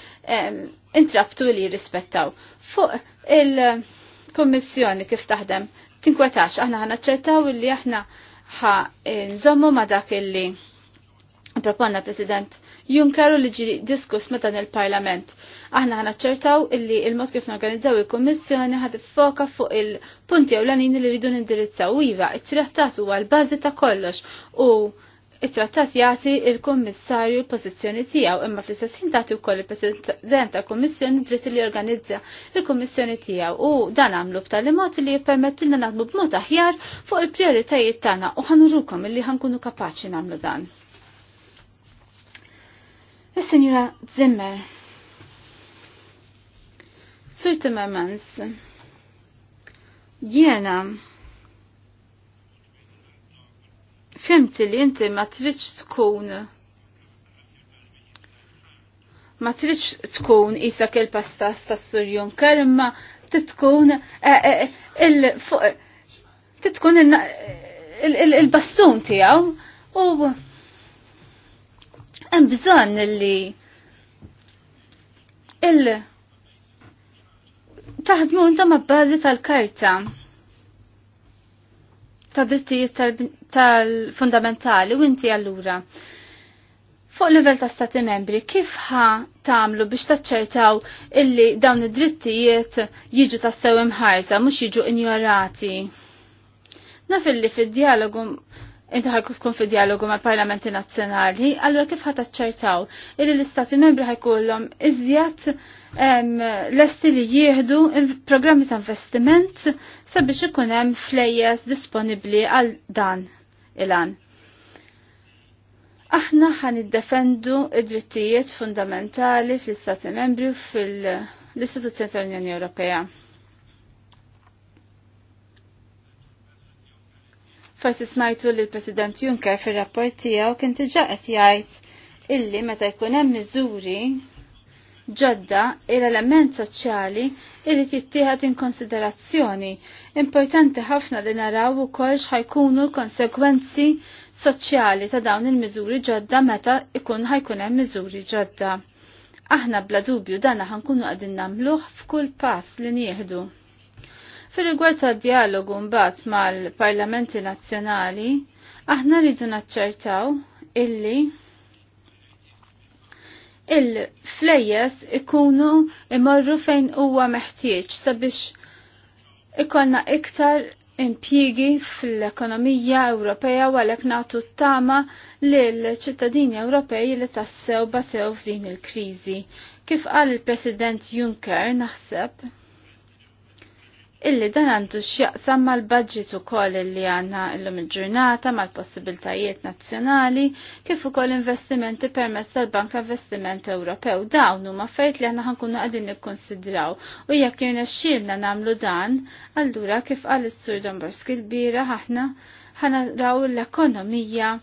intrabtu li jirrispettaw. Fuq il-kommissjoni kif taħdem tinkwetax aħna ħana ċertaw li aħna ħa nżommu ma dak illi Proponna President Juncker li ġi diskus dan il-Parlament. Aħna ħana ċertaw illi il-mod kif organizzaw il-Kommissjoni ħad foka fuq il-punti ewlenin li ridun nindirizzaw iva. It-trattat huwa l-bażi ta' kollox u it-trattat jagħti il-Kummissarju l-pożizzjoni tiegħu imma fl-istess jintati tagħti wkoll il-President tal-Kummissjoni dritt li organizza il-Kummissjoni tiegħu u dan għamlu b'tali mod li jippermettilna naħdmu b'mod aħjar fuq il-prijoritajiet tagħna u ħanurukom illi ħankunu kapaċi nagħmlu dan. Is-Sinjura Zimmer. Sur Timmermans, jena fimti li inti ma tridx tkun ma tridx tkun isa kel pastas ta' Sur Junker, imma titkun il titkun il-bastun tiegħu u hemm bżonn illi il taħdmu intom għabbażi tal-karta ta' drittijiet tal-fundamentali u inti allura. Fuq level ta' stati membri, kif ħa tamlu biex taċċertaw illi dawn id-drittijiet jiġu tassew imħarsa, mux jiġu injorati? Naf illi fil-dialogu inti ħajkun tkun fi dialogu mal parlamenti nazzjonali, allura kif ħat ċertaw illi l-istati membri ħajkollhom iżjed lesti li jieħdu programmi ta' investiment sabiex ikun hemm flejjes disponibbli għal dan il-an. Aħna ħan iddefendu id-drittijiet fundamentali fl-istati membri u fil-istituzzjoni tal-Unjoni Ewropea. Forsi smajtu li l-President Juncker fir-rapport tiegħu kien diġà qed jgħid illi meta jkun hemm miżuri ġodda l-element soċjali irrid jittieħed in konsiderazzjoni. Importanti ħafna li naraw ukoll ħajkunu l-konsekwenzi soċjali ta' dawn il-miżuri ġodda meta ikun ħajkun hemm miżuri ġodda. Aħna bla dubju dana ħankunu qegħdin nagħmluh f'kull pass li nieħdu. Fil-rigward ta' dialogu mbagħad mal-Parlamenti Nazzjonali, aħna rridu naċċertaw illi il-flejjes ikunu imorru fejn huwa meħtieġ sabiex ikollna iktar impjiegi fl-ekonomija Ewropea u għalhekk nagħtu tama lill ċittadini Ewropej li tassew batew f'din il-kriżi. Kif qal il-President Juncker naħseb illi dan għandu x'jaqsam mal-budget ukoll illi għandna illum il-ġurnata mal-possibiltajiet nazzjonali kif ukoll investimenti permezz tal-Bank ta' Investiment Ewropew dawn huma fejt li aħna ħankunu qegħdin nikkonsidraw u jekk xilna nagħmlu dan, allura kif qal sur Domborski l-bira aħna raw l-ekonomija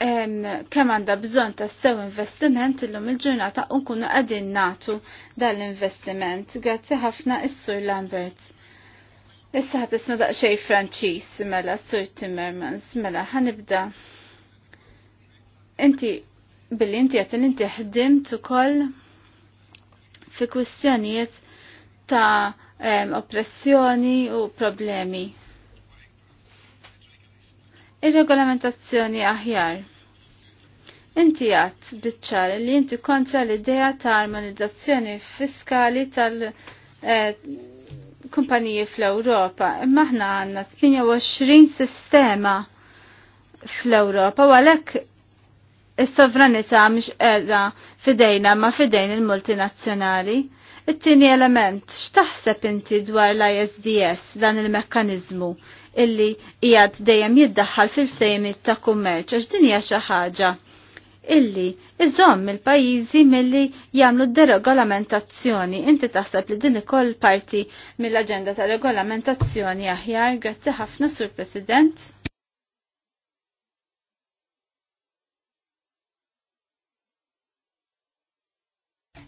kemm għandha bżonn ta' sew investiment illum il-ġurnata u nkunu natu nagħtu dal-investiment. Grazzi ħafna is-Sur Lambert. Issa ħad isma' xej Franċiż mela Sur Timmermans mela ħanibda. Inti billi inti qed inti ħdimt ukoll fi kustjonijiet ta' oppressjoni u problemi Ir-regolamentazzjoni aħjar. Inti għat bitċar li inti kontra l-idea ta' armonizzazzjoni fiskali tal-kumpaniji eh, fl-Europa. Imma ħna għanna 28 sistema fl-Europa u għalek il-sovranità mhix qiegħda fidejna ma fidejn il-multinazzjonali. It-tieni element, x'taħseb inti dwar l-ISDS dan il-mekkaniżmu illi jgħad dejjem jiddaħħal fil fejmi ta' kummerċ għax din hija xi ħaġa illi iżomm il-pajjiżi milli jagħmlu deregolamentazzjoni. Inti taħseb li din ikoll parti mill-aġenda ta' regolamentazzjoni aħjar. Grazzi ħafna, Sur President.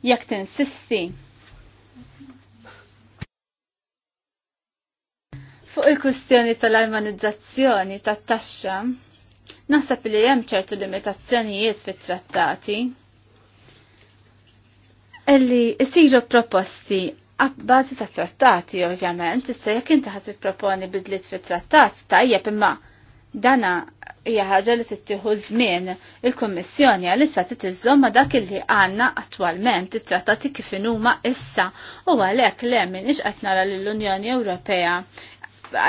Jekk tinsisti fuq il-kustjoni tal-armonizzazzjoni tat-taxxa, Naħseb li hemm ċertu limitazzjonijiet fit-trattati illi jisiru proposti għabbażi ta' trattati ovvjament, issa jekk inti ħadd proponi bidliet fit-trattat tajjeb imma dana hija ħaġa li tittieħu żmien il-Kummissjoni għalissa titiżomma dak li għandna attwalment it-trattati kif huma issa u għalhekk le ix qed nara lill unjoni Ewropea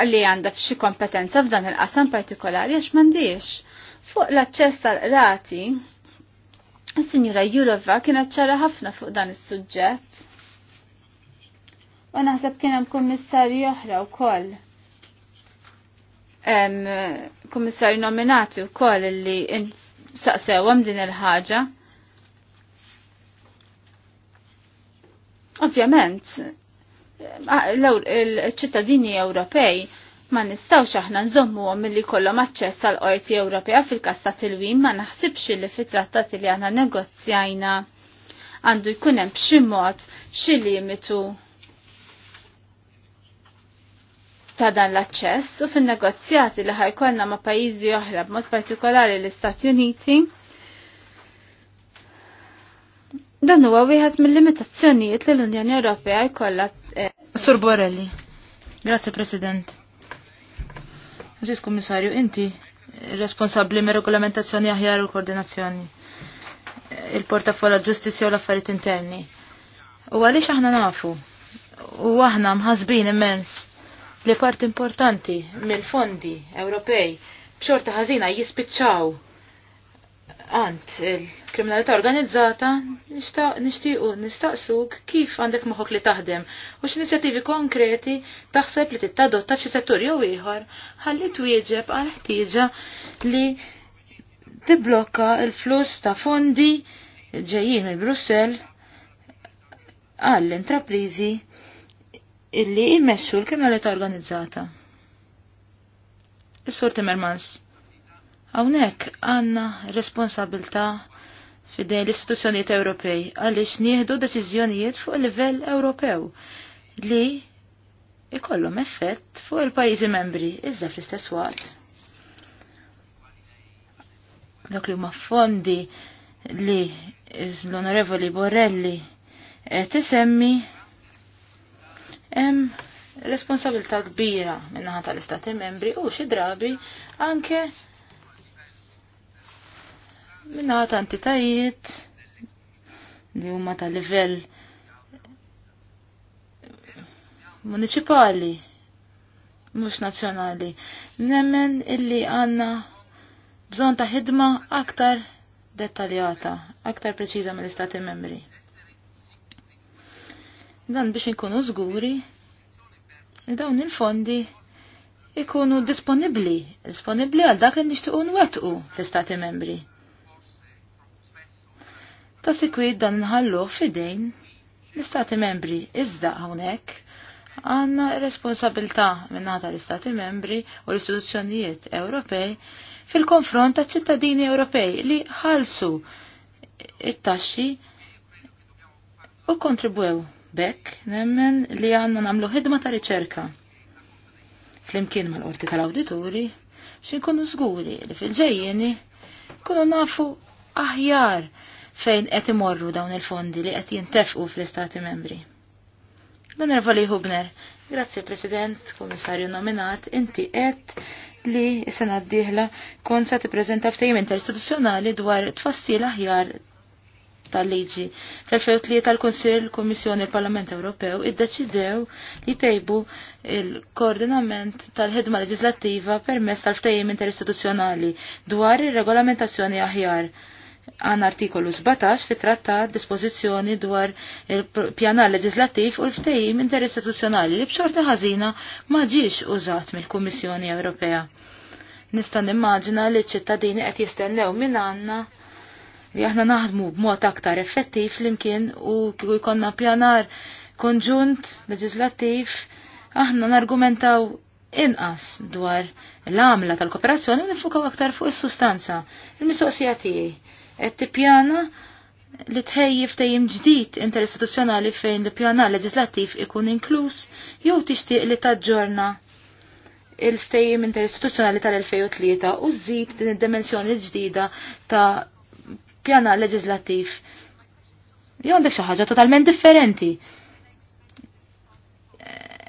li għandha f'xi kompetenza f'dan il-qasam partikolari għax m'għandix. Fuq l-aċċess għall-qrati, s sinjura Jurova kienet ċara ħafna fuq dan is-suġġett. U naħseb kien hemm kummissarji oħra wkoll. koll. kummissarji nominati wkoll li saqsewhom din il-ħaġa. Ovvjament, il-ċittadini Ewropej ma nistawx aħna nżommu għom li kollom aċċess għal qorti Ewropea fil kasta ta' tilwim ma naħsibx li fi trattati li għana negozzjajna. għandu jkun hemm b'xi mod xi limitu ta' dan l-aċċess u fin-negozjati li ħajkollna ma' pajjiżi oħra b'mod partikolari l-Istati Uniti dan huwa wieħed mill-limitazzjonijiet li l-Unjoni Ewropea jkollha. Eh, Sur Borelli. Grazie President. Aziz Kummissarju, inti responsabli me regolamentazzjoni aħjar u koordinazzjoni eh, il-portafolla ġustizja u l-affarijiet interni. U għaliex aħna nafu u aħna mħazbin immens li part importanti mill-fondi Ewropej b'xorta ħażina jispiċċaw għand kriminalità organizzata, nixtiequ nistaqsuk kif għandek moħok li taħdem u x'inizjattivi konkreti taħseb li t-tadotta f'xi settur jew ieħor ħalli twieġeb għal ħtieġa li tibblokka l-flus ta' fondi ġejjin minn Brussell għall-intraprizi illi jmexxu l-kriminalità organizzata. Is-Sur Timmermans, hawnhekk għandna responsabilta' fidejn l-istituzzjonijiet Ewropej għaliex nieħdu deċiżjonijiet fuq livell Ewropew li ikollhom effett fuq il-pajjiżi membri iżda fl-istess waqt. Dak li huma fondi li l-Onorevoli Borrelli qed isemmi hemm responsabilità kbira minnaħa tal-Istati membri u xi drabi anke minna ta' entitajiet li huma ta' livell municipali mhux nazzjonali. Nemmen illi għanna bżon ta' ħidma aktar dettaljata, aktar preċiża mill-Istati membri. Dan biex inkunu żguri li dawn il-fondi ikunu disponibli, disponibli għal dak li nixtiequ nwettqu fl-Istati membri. Ta' sikwit dan nħallu fidejn l-istati membri iżda hawnhekk għandna minn minnata l-istati membri u l-istituzzjonijiet Ewropej fil-konfront ta' ċittadini Ewropej li ħalsu it-taxxi u kontribwew bekk nemmen li għanna namlu ħidma ta' riċerka. Flimkien mal-qorti tal-awdituri, xin kunu zguri li fil-ġejjeni kunu nafu aħjar fejn qed imorru dawn il-fondi li qed jintefqu fl-Istati membri. L-Onorevoli Hubner, grazzi President, Komissarju nominat, inti qed li sena d-dieħla kon sa tippreżenta ftehim istituzjonali dwar tfassil aħjar tal-liġi. fl li tal-Konsil Komissjoni Parlament Ewropew iddeċidew li tejbu il-koordinament tal-ħidma leġislattiva permess tal ftejim interistituzzjonali dwar ir-regolamentazzjoni aħjar għan artikolu 17 fi trattat dispozizjoni dwar il-pjanar leġislativ u l-ftejim interistituzjonali li bxorta ħażina ma użat mill-Kummissjoni Ewropea. Nista' nimmaġina li ċ-ċittadini qed jistennew minn għandna li aħna naħdmu b'mod aktar effettiv flimkien u kieku jkollna pjanar konġunt leġislattiv aħna nargumentaw inqas dwar l-għamla tal-kooperazzjoni u nifukaw aktar fuq is-sustanza. Il-mistoqsija tiegħi qed tippjana li tħejjif tejjim ġdid interistituzzjonali fejn li pjana leġislattiv ikun inkluż jew tixtieq li taġġorna il-ftejjim interistituzzjonali tal-2003 u żid din id-dimensjoni ġdida ta' pjana leġislattiv. Jew għandek xi ħaġa totalment differenti.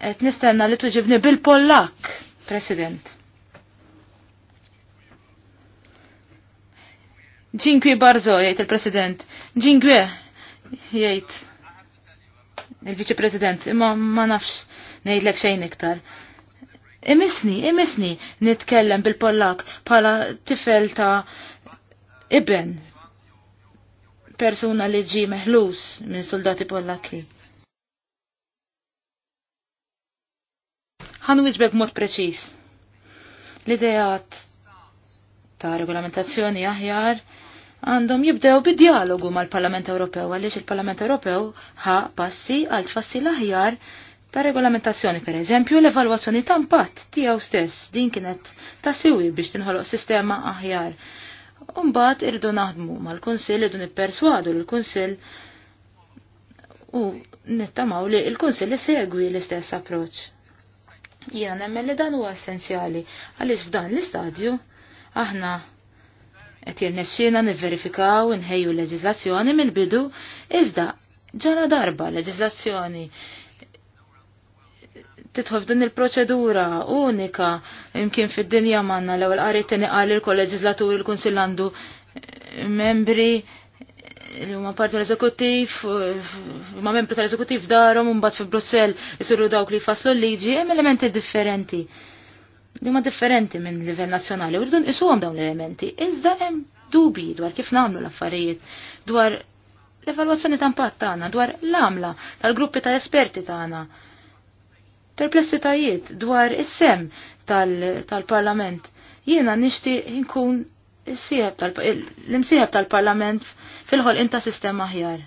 Qed nistenna li tuġibni bil-Pollak, President. Ġinkwi Barzo, jgħid il-President. Ġinkwi, jgħid il-Viċi President, imma ma nafx ngħidlek xejn iktar. Imisni, imisni, nitkellem bil-Pollak pala tifel ta' iben, persuna li ġi meħlus minn soldati Pollaki. Għan uġbeb mod preċis. L-idejat ta' regolamentazzjoni aħjar għandhom jibdew bid-dialogu mal-Parlament Ewropew għaliex il-Parlament Ewropew ħa passi għal tfassi l-aħjar ta' regolamentazzjoni per eżempju l-evalwazzjoni ta' impatt tiegħu stess din kienet ta' siwi biex tinħoloq sistema aħjar. Umbagħad irdu naħdmu mal-Kunsill irdu nipperswadu lill-Kunsill u nittamaw li l-Kunsill isegwi l-istess approċċ. Jiena nemmen li dan huwa essenzjali għaliex f'dan l-istadju aħna qed jirnexxina nivverifikaw inħejju l-leġiżlazzjoni minn bidu iżda ġara darba leġiżlazzjoni titħob din il-proċedura unika imkien fid-dinja manna l-ewwel qari tieni qal il-kolleġiżlatur il-kunsill għandu eh, membri li huma parti l-eżekuttiv, eh, ma membri tal-eżekuttiv darhom mbagħad fi Brussell isiru dawk li jfasslu l-liġi hemm elementi differenti li ma differenti minn livell nazzjonali u nqisu għam dawn l-elementi. Iżda hemm dubi dwar kif nagħmlu l-affarijiet, dwar l-evalwazzjoni ta' impatt tagħna, dwar l-għamla tal-gruppi ta' esperti tagħna. Perplessitajiet dwar is-sem tal-Parlament. -tal Jiena nixti inkun l-imsieħeb tal-Parlament fil-ħolqien ta' sistema aħjar.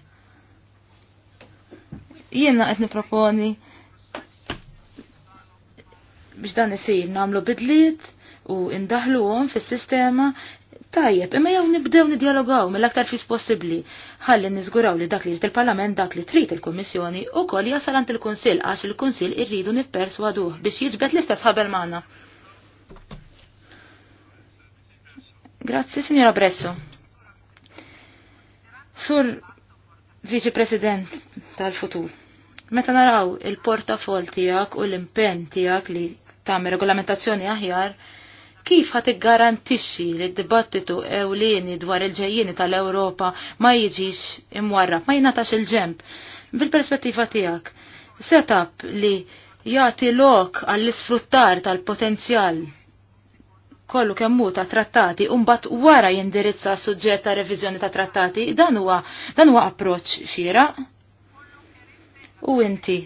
Jiena qed niproponi biex dan isir namlu bidliet u indaħluhom fis-sistema tajjeb, imma jew nibdew nidjalogaw mill-aktar fis possibbli. Ħalli niżguraw li dak li jrid il-Parlament dak li trid il-Kummissjoni ukoll jasal għand il-Kunsill għax il-Kunsill irridu nipperswaduh biex jiġbed l-istess ħabel magħna. Grazzi, signora Bresso. Sur Viċi President tal-futur. Meta naraw il-portafol tijak u l-impen tijak li tagħmel regolamentazzjoni aħjar, kif ħat garantixxi li d-dibattitu ewlieni dwar il-ġejjieni tal-Ewropa ma jiġix imwarrab, ma jingħatax il-ġemp. Bil-perspettiva tiegħek, setup li jagħti lok għall-isfruttar tal-potenzjal kollu kemmu ta' trattati umbat wara jindirizza suġġett ta' reviżjoni ta' trattati, dan huwa dan huwa approċċ xira. U inti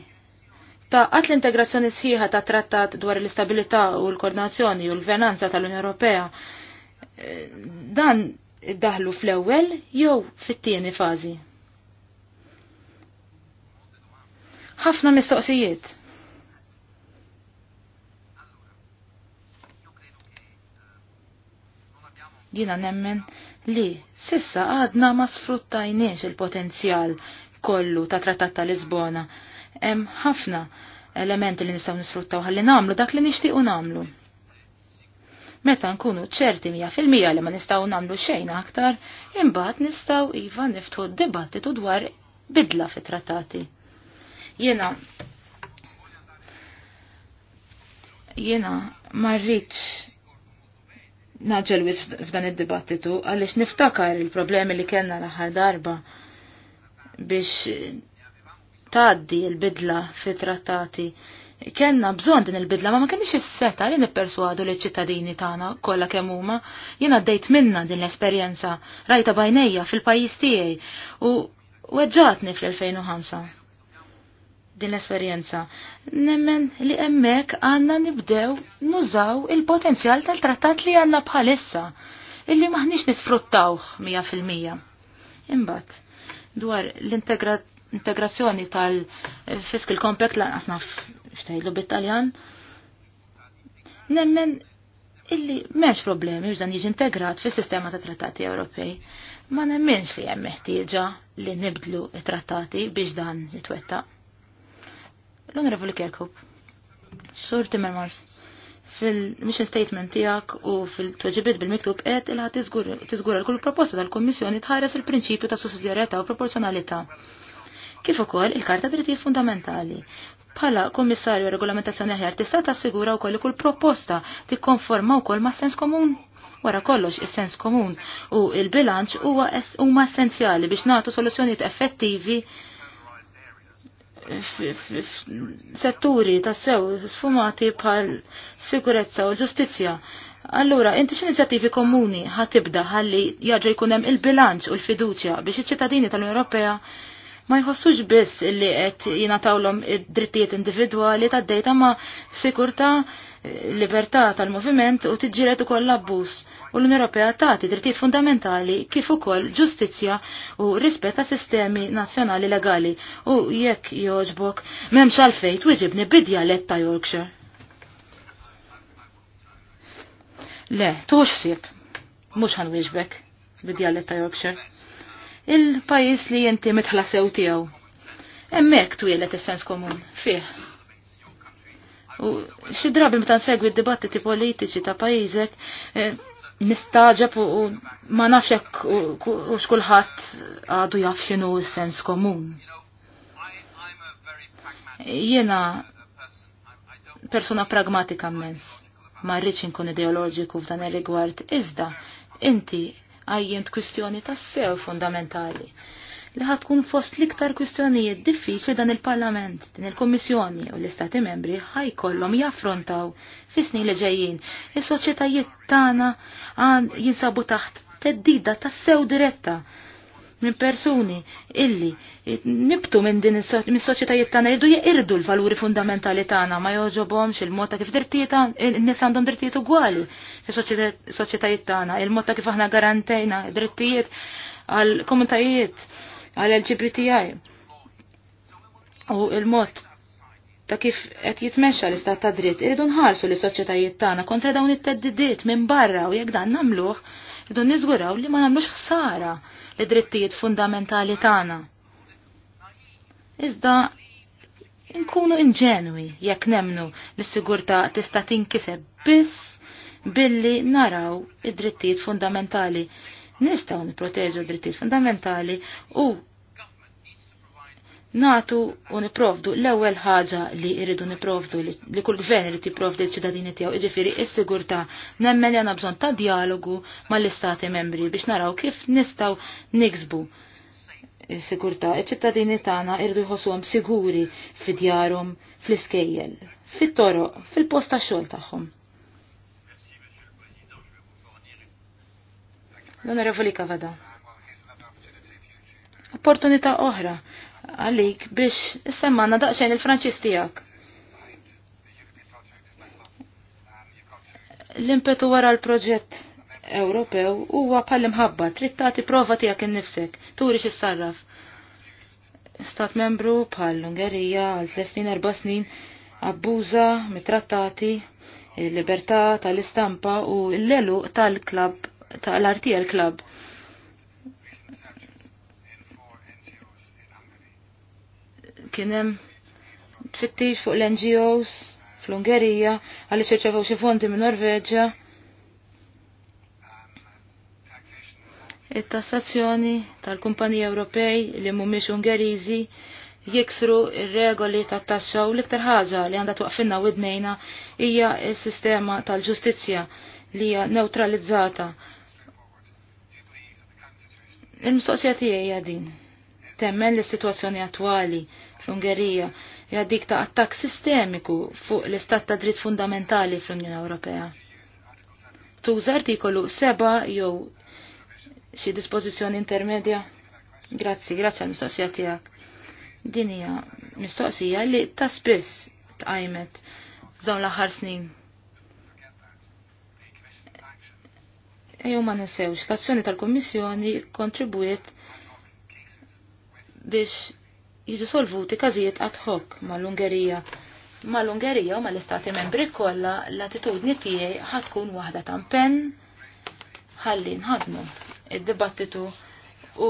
ta' għat l-integrazzjoni sħiħa ta' trattat dwar l-istabilità u l-koordinazzjoni u l-venanza tal-Unjoni Ewropea eh, dan daħlu fl-ewwel jew fit-tieni fażi. Ħafna mistoqsijiet. Jina nemmen li sissa għadna ma sfruttajniex il-potenzjal kollu ta' trattat ta' Lisbona hemm ħafna elementi li nistgħu nisfruttaw ħalli nagħmlu dak li nixtiequ nagħmlu. Meta nkunu ċerti mija fil-mija li ma nistgħu nagħmlu xejn aktar, imbagħad nistgħu iva niftħu d-dibattitu dwar bidla fit-trattati. Jiena jiena ma rridx f'dan id-dibattitu għaliex niftakar il-problemi li kellna l-aħħar darba biex tgħaddi l-bidla fit-trattati. Kenna bżonn din il-bidla ma ma kenniex is-seta li nipperswadu liċ ċittadini tagħna kollha kemm huma. d għaddejt minna din l-esperjenza rajta bajnejja fil-pajjiż tiegħi u weġġatni fil 2005 Din l-esperjenza. Nemmen li hemmhekk għandna nibdew nużaw il-potenzjal tal-trattat li għandna bħalissa illi maħniex nisfruttawh mija fil-mija. Imbagħad dwar l-integrat integrazzjoni tal-Fiscal Compact lanqas naf bit-Taljan. Nemmen illi m'hemmx problemi biex dan jiġi integrat fis-sistema ta' trattati Ewropej. Ma nemmenx li hemm meħtieġa li nibdlu trattati biex dan jitwettaq. L-Onorevoli Kerkup, Sur Timmermans, fil-mission statement tijak u fil-tweġibiet bil-miktub qed il tiżgura l-kull proposta tal-Kommissjoni tħares il-prinċipju ta' sussidjarjetà u proporzjonalità kif ukoll il-Karta Drittijiet Fundamentali. Bħala Kommissarju Regolamentazzjoni aħjar tista' tassigura wkoll kull proposta tikkonforma wkoll ma' sens komun. Wara kollox is-sens komun u il-bilanċ huwa huma essenzjali biex nagħtu soluzzjonijiet effettivi setturi ta' sew sfumati bħal sikurezza u ġustizzja. Allura, inti x'inizjattivi komuni ħatibda ħalli jaġu jkun hemm il-bilanċ u l-fiduċja biex iċ-ċittadini tal-Ewropea ma jħossux biss li qed jingħatawhom id-drittijiet individwali tad-dejta ma sikurta libertà tal-moviment u tiġġieled ukoll l-abbuż u l-Unjoni Ewropea tagħti drittijiet fundamentali kif ukoll ġustizzja u rispett ta' sistemi nazzjonali legali u jekk jogħġbok m'hemmx għalfejn twiġibni bidjalet ta' Yorkshire. Le, tuħux ħsieb, mhux ħanwieġbek bidjalet ta' Yorkshire il-pajis li jinti mitħlasew tiegħu. Emmek twielet is-sens komun, fih. U xi drabi meta nsegwi d-dibattiti politiċi ta' pajjiżek eh, nistaġab u ma nafxek u xkulħat għadu jaf il sens komun. Jena persona pragmatika mens, ma rridx inkun ideoloġiku f'dan ir-rigward, iżda inti għajjimt kwistjoni tas-sew fundamentali li ħatkun fost liktar kwistjonijiet diffiċli dan il-Parlament, din il-Kommissjoni u l-Istati membri ħajkollhom jaffrontaw fi snin li ġejjin. Is-soċjetajiet tagħna jinsabu taħt teddida tas sew diretta minn persuni illi nibtu minn din is soċetajiet tagħna jridu jirdu l-valuri fundamentali tagħna ma joġobhomx il-mod ta' kif drittijiet in-nies għandhom drittijiet ugwali fis-soċjetajiet tagħna, il-mod ta' kif aħna garantejna drittijiet għal komunitajiet għal LGBTI u il-mod ta' kif qed jitmexxa l-istat ta' dritt irridu nħarsu lis soċjetajiet tagħna kontra dawn it-teddidiet minn barra u jekk dan nagħmluh irridu niżguraw li ma nagħmlux ħsara id-drittijiet fundamentali tagħna. Iżda nkunu inġenwi jekk nemnu li s-sigurtà tista' tinkiseb biss billi naraw id-drittijiet fundamentali. Nistgħu nipproteġu d-drittijiet fundamentali u natu u niprovdu l-ewwel ħaġa li jridu niprovdu li kull gvern irid jipprovdi l-ċittadini tiegħu, jiġifieri s-sigurtà nemmen li għandna bżonn ta' dialogu mal-istati membri biex naraw kif nistgħu niksbu s-sigurtà. Iċ-ċittadini tagħna jridu jħossuhom siguri fi djarhom, fl-iskejjel, fit-toroq, fil-post tax-xogħol tagħhom. L-Onorevoli Kavada. Opportunità oħra għalik biex semmanna daqxajn il-Franċis tijak. L-impetu wara l-proġett Ewropew huwa bħal imħabba trid prova tijak tiegħek innifsek, turi sarraf Stat membru bħal l-Ungerija għal tliet snin erba' snin abbuża mit-trattati il-libertà tal-istampa u l-lelu tal-klab tal klab Club. kienem tfittix fuq l-NGOs fl-Ungerija għalli xirċevaw xi fondi minn Norveġġja. It-tassazzjoni tal-Kumpaniji Ewropej li mhumiex Ungeriżi jiksru il regoli tat-taxxa u l-iktar ħaġa li għandha twaqfinna u id-nejna hija s-sistema tal-ġustizzja li hija neutralizzata. Il-mistoqsija tiegħi din. Temmen l-sitwazzjoni attwali fl-Ungerija hija dik ta' attakk sistemiku fuq l-istat ta' dritt fundamentali fl-Unjoni Ewropea. Tuża artikolu seba' jew xi dispożizzjoni intermedja? Grazzi, grazzi għal mistoqsija tiegħek. Din hija mistoqsija li ta' spiss tqajmet f'dawn l-aħħar snin. Ejju ma nisewx, l-azzjoni tal-Kummissjoni kontribwiet biex jiġu solvuti każijiet ad hoc l ungerija Mal-Ungerija u mal-Istati membri kollha l-attitudni tiegħi ħatkun tkun waħda tampen ħalli nħadmu id-dibattitu u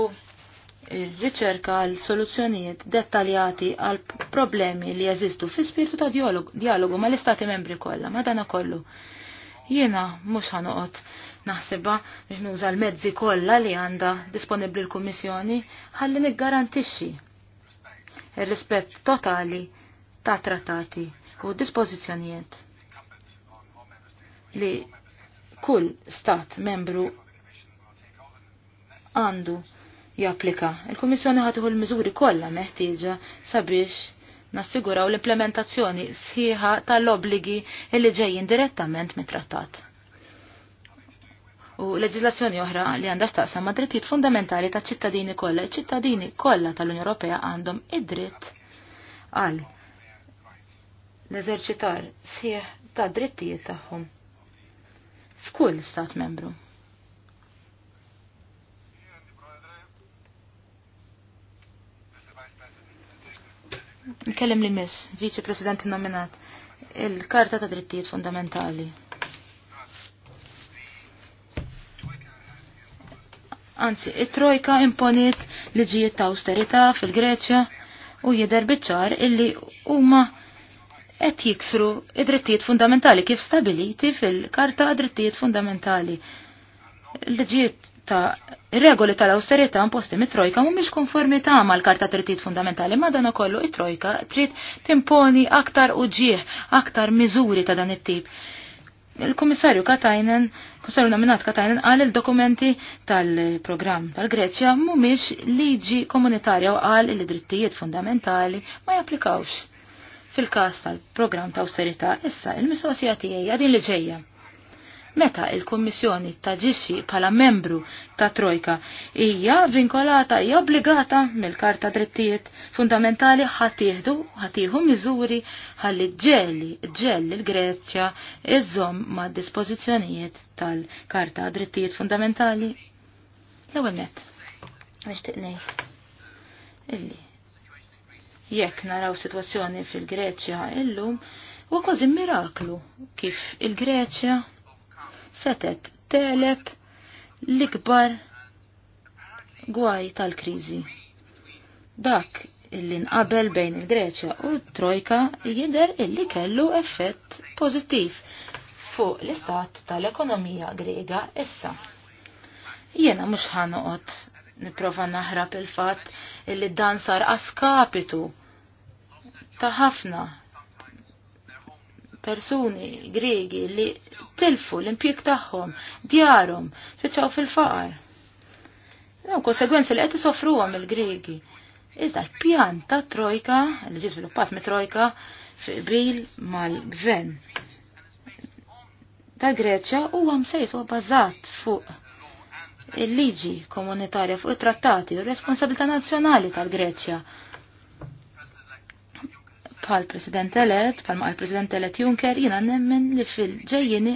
riċerka għal soluzzjonijiet dettaljati għal problemi li jeżistu fi spirtu ta' dialogu ma' l-istati membri kollha, ma' dana kollu. Jiena mhux ħanoqgħod naħseba biex nuża l-mezzi kollha li għandha disponibbli l-Kummissjoni ħalli niggarantixxi ir-rispett totali ta' trattati u dispożizzjonijiet li kull stat membru għandu japplika. Il-Kummissjoni ħatuħu l-miżuri kollha meħtieġa sabiex nassiguraw l-implementazzjoni sħiħa tal-obligi li ġejjin direttament mit-trattat u leġislazzjoni oħra li għandha x'taqsam ma' drittijiet fundamentali ta' ċittadini kollha. Ċittadini kollha tal-Unjoni Ewropea għandhom id-dritt għal l-eżerċitar sħiħ ta' drittijiet tagħhom f'kull stat membru. Nkellem li miss, viċi presidenti nominat, il-Karta ta' Drittijiet Fundamentali. Anzi, it-trojka imponiet liġijiet ta' austerità fil-Greċja u jidher biċ-ċar illi huma qed jiksru id-drittijiet fundamentali kif stabiliti fil-Karta Drittijiet Fundamentali. Liġijiet ta' regoli tal-austerità imposti mit-trojka mhumiex konformi ta' mal-Karta Drittijiet Fundamentali ma' dan ukollu it-trojka trid timponi aktar uġieħ, aktar miżuri ta' dan it-tip. Il-Komissarju Katajnen, Komissarju nominat Katajnen, għal il-dokumenti tal-program tal-Greċja mumiex liġi komunitarja u għal il-drittijiet fundamentali ma japplikawx. Fil-kas tal-program ta' austerita, issa il-mistoqsija tiegħi għadin li ġejja meta il-Kummissjoni taġixxi bħala membru ta' Trojka hija vinkolata hija obbligata mill-Karta Drittijiet Fundamentali ħatieħdu ħatiħu miżuri ħalli ġelli ġelli l-Greċja iżżomm mad dispożizzjonijiet tal-Karta Drittijiet Fundamentali. L-ewwel nett. Nixtieq ngħid. Illi. Jekk naraw sitwazzjoni fil-Greċja illum huwa kważi miraklu kif il-Greċja setet teleb l-ikbar gwaj tal-krizi. Dak illi nqabel bejn il-Greċja u Trojka jider illi kellu effett pozittiv fuq l-istat tal-ekonomija grega issa. Jena mux ħanoqot niprofa naħrab il-fat illi dan sar askapitu ta' ħafna persuni Gregi li tilfu l-impjek tagħhom, djarhom, fiċċaw fil-faqar. Dawn konsegwenzi li qed isofruhom il-Gregi. Iżda l-pjan ta' trojka, li ġi żviluppat me trojka, fi qbil mal-gvern ta' Greċja huwa msejs huwa bbażat fuq il-liġi komunitarja fuq it-trattati u r-responsabilità nazzjonali tal-Greċja. tal greċja bħal President elet, bħal ma' President elet Juncker, jina nemmen li fil-ġejjini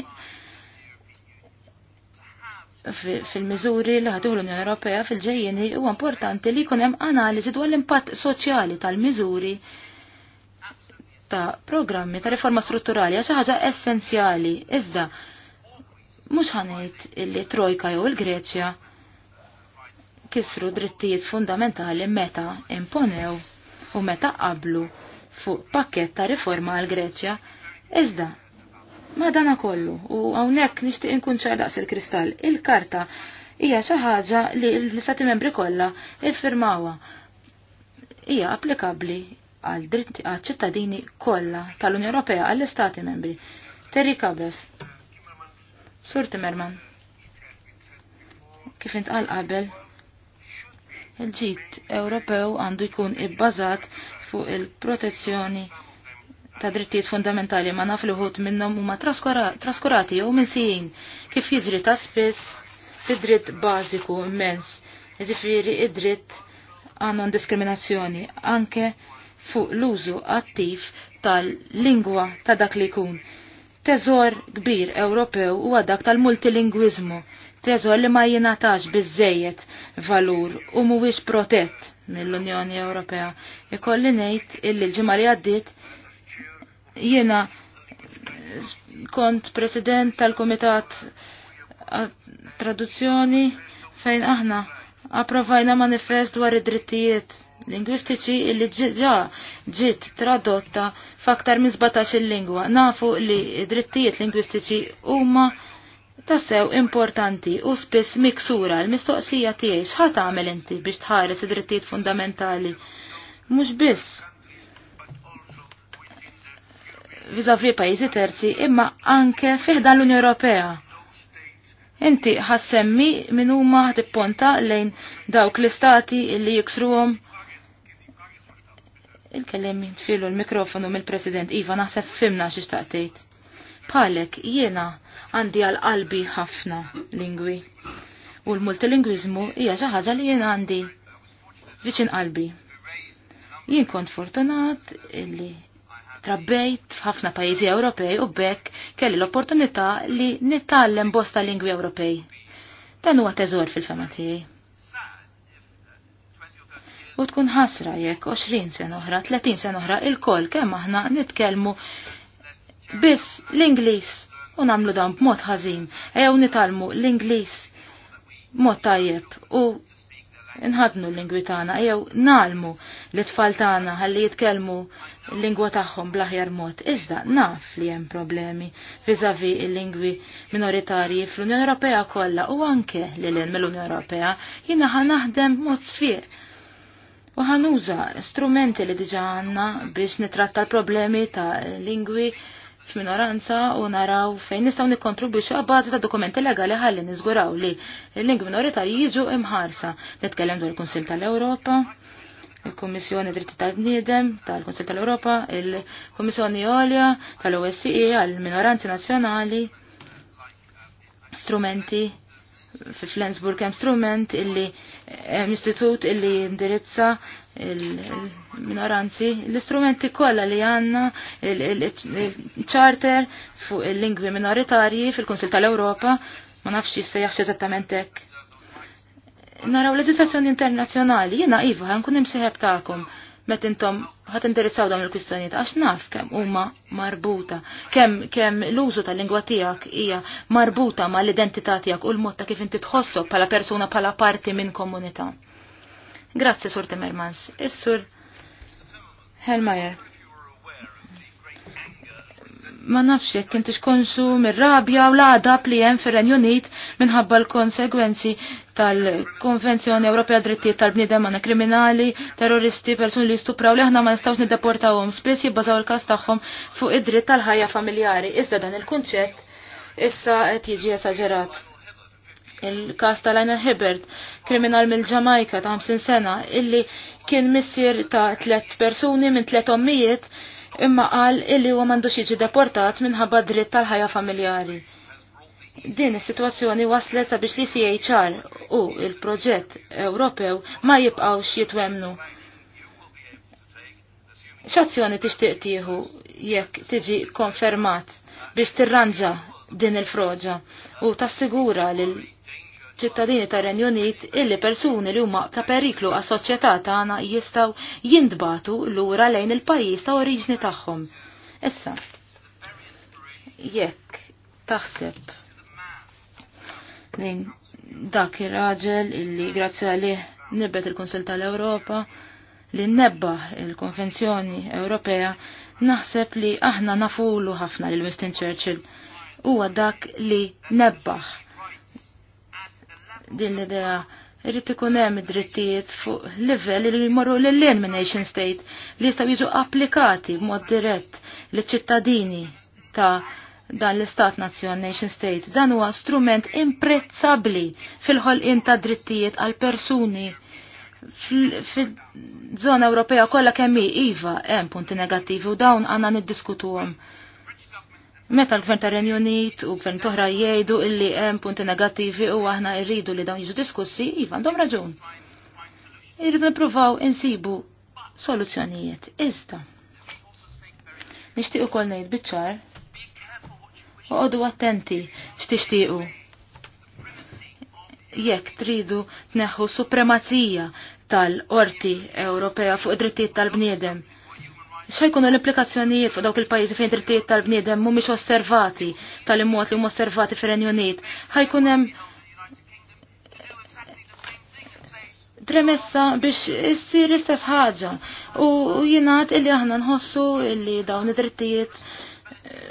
fil-mizuri li ħatuħ l-Unjoni Ewropea fil-ġejjini huwa importanti li jkun hemm analiżi dwar l-impatt soċjali tal-miżuri ta' programmi ta' riforma strutturali għax ħaġa essenzjali. Iżda mhux ħanejt li Trojka jew il-Greċja kisru drittijiet fundamentali meta imponew u meta qablu fuq pakket ta' riforma għal Greċja, iżda ma dana kollu u hawnhekk nixtieq inkun ċar daqs il-kristall. Il-karta hija xi ħaġa li l-istati membri kollha iffirmawha. Hija applikabbli għal dritti għal ċittadini kollha tal unjoni Ewropea għall istati membri. Terry Cabras. Sur Timmerman. Kif intqal qabel, il-ġit Ewropew għandu jkun ibbażat fuq il-protezzjoni ta' drittijiet fundamentali ma naf li ħut minnhom huma traskurati jew minsijin kif jiġri ta' spiss fid-dritt bażiku immens, jiġifieri id-dritt għandhom diskriminazzjoni anke fuq l-użu attiv tal-lingwa ta' dak li jkun. Teżor kbir Ewropew huwa dak tal-multilingwiżmu tezo li ma jingħatax biżejjed valur u mhuwiex protett mill-Unjoni Ewropea. Ikolli ngħid illi l-ġimgħa li għaddiet jiena kont president tal-Kumitat Traduzzjoni fejn aħna approvajna manifest dwar id-drittijiet lingwistiċi illi ġa ġiet tradotta f'aktar minn 17 il-lingwa. Nafu li id-drittijiet lingwistiċi huma tassew importanti u spiss miksura l-mistoqsija tiegħi x'ħat tagħmel inti biex tħares id-drittijiet fundamentali. Mhux biss viżavi pajjiżi terzi imma anke fiħda l-Unjoni Ewropea. Inti ħassemmi min huma tipponta lejn dawk l-istati li jiksruhom il-kellem jintfilu l-mikrofonu mill-President Iva naħseb fimna xi xtaqtejt. Palek jiena għandi għal qalbi ħafna lingwi. U l-multilingwizmu hija xi ħaġa li jien għandi viċin qalbi. Jien kont fortunat illi trabbejt f'ħafna pajjiżi Ewropej u bekk kelli l-opportunità li nittallem bosta lingwi Ewropej. Dan huwa teżor fil-fema tiegħi. U tkun ħasra jekk 20 sena oħra, 30 sen oħra il koll kemm aħna nitkellmu biss l-Ingliż u namlu dan b'mod ħażin. Ew nitalmu l-Ingliż mod tajjeb u nħadnu l-lingwi tagħna, ew nalmu li tfal tagħna ħalli jitkellmu l-lingwa tagħhom bl-aħjar mod. Iżda naf li hemm problemi viżavi l-lingwi minoritarji fl-Unjoni Ewropea kollha u anke lil mill-Unjoni Ewropea jiena ħa naħdem mod sfiq u ħanuża strumenti li diġa għanna biex nitratta l-problemi ta' lingwi f'minoranza u naraw fejn nistgħu nikkontribwixxu għabbażi ta' dokumenti legali ħalli niżguraw li l ling minoritarji jiġu imħarsa. Nitkellem dwar il-Kunsill tal-Ewropa, il kummissjoni Dritti tal-Bniedem tal-Konsil tal-Europa, il kummissjoni Olja tal-OSCE għall minoranzi Nazzjonali, strumenti fi Flensburg hemm strument illi istitut illi indirizza il-minoranzi, l-istrumenti kolla li għanna, il-charter fuq il-lingwi minoritarji fil-Konsil tal-Europa, ma nafx jissejjaħx eżattament hekk. Naraw leġislazzjoni internazzjonali, jiena iva, nkun imsieħeb tagħkom met intom ħat interessaw dawn il-kwistjonijiet għax naf kemm huma marbuta, kemm kemm l-użu tal-lingwa tiegħek hija marbuta mal-identità tiegħek u l-mod ta' kif inti tħossok bħala persuna bħala parti minn komunità. Grazzi Sur Timmermans. Is-Sur Helmajer ma nafx jekk inti xkonsu mir-rabja u l-adab li hemm fir-Renju Unit minħabba l-konsegwenzi tal-Konvenzjoni Ewropea Drittijiet tal-Bniedem għandna kriminali, terroristi, persuni li stupraw li aħna ma nistgħux niddeportawhom spiss jibbażaw il-każ tagħhom fuq id-dritt tal-ħajja familjari. Iżda dan il-kunċett issa qed jiġi esaġerat. Il-każ tal-Lionel Hibbert, kriminal mill-Ġamajka ta' 50 sena, illi kien missier ta' tlet persuni minn tlet ommijiet imma qal illi huwa m'għandux jiġi deportat minħabba dritt tal-ħajja familjari. Din is-sitwazzjoni waslet sabiex li CHR u il-proġett Ewropew ma jibqgħux jitwemnu. X'azzjoni tixtieq tieħu jekk tiġi konfermat biex tirranġa din il-froġa u tassigura lil ċittadini ta' Renjonit illi persuni li huma ta' periklu għas soċjetà tagħna jistgħu jindbatu lura lejn il-pajjiż ta' oriġni tagħhom. Issa, jekk taħseb lejn dak ir-raġel illi grazzi għalih nibbet il-Kunsil tal-Ewropa li nebbaħ il-Konvenzjoni Ewropea naħseb li aħna nafulu ħafna lil Winston Churchill huwa dak li nebbaħ din l-idea irrit ikun hemm id-drittijiet fuq livell li jmorru lil-lien minn nation state li jistgħu jiġu applikati b'mod dirett liċ-ċittadini ta' dan l-Istat Nazzjon Nation State. Dan huwa strument imprezzabbli fil-ħolqien ta' drittijiet għal persuni fil-żona Ewropea kollha kemm iva hemm punti negattivi u dawn għandna niddiskutuhom Meta l-gvern ta' Unit u gvern toħra jgħidu illi hemm punti negattivi u aħna rridu li dawn jiġu diskussi, iva għandhom raġun. Irridu nippruvaw insibu soluzzjonijiet. Iżda. Nixtieq ukoll ngħid biċ-ċar. Oqgħodu attenti x'tixtiequ. Jekk tridu tneħħu supremazija tal-Qorti Ewropea fuq id-drittijiet tal-bniedem xajkunu l-implikazzjonijiet fuq dawk il-pajjiżi fejn drittijiet tal-bniedem mhumiex osservati tal-immod li huma osservati fir Unit. Ħajkun hemm premessa biex issir istess ħaġa u jingħad illi aħna nħossu illi dawn id drittijiet eh,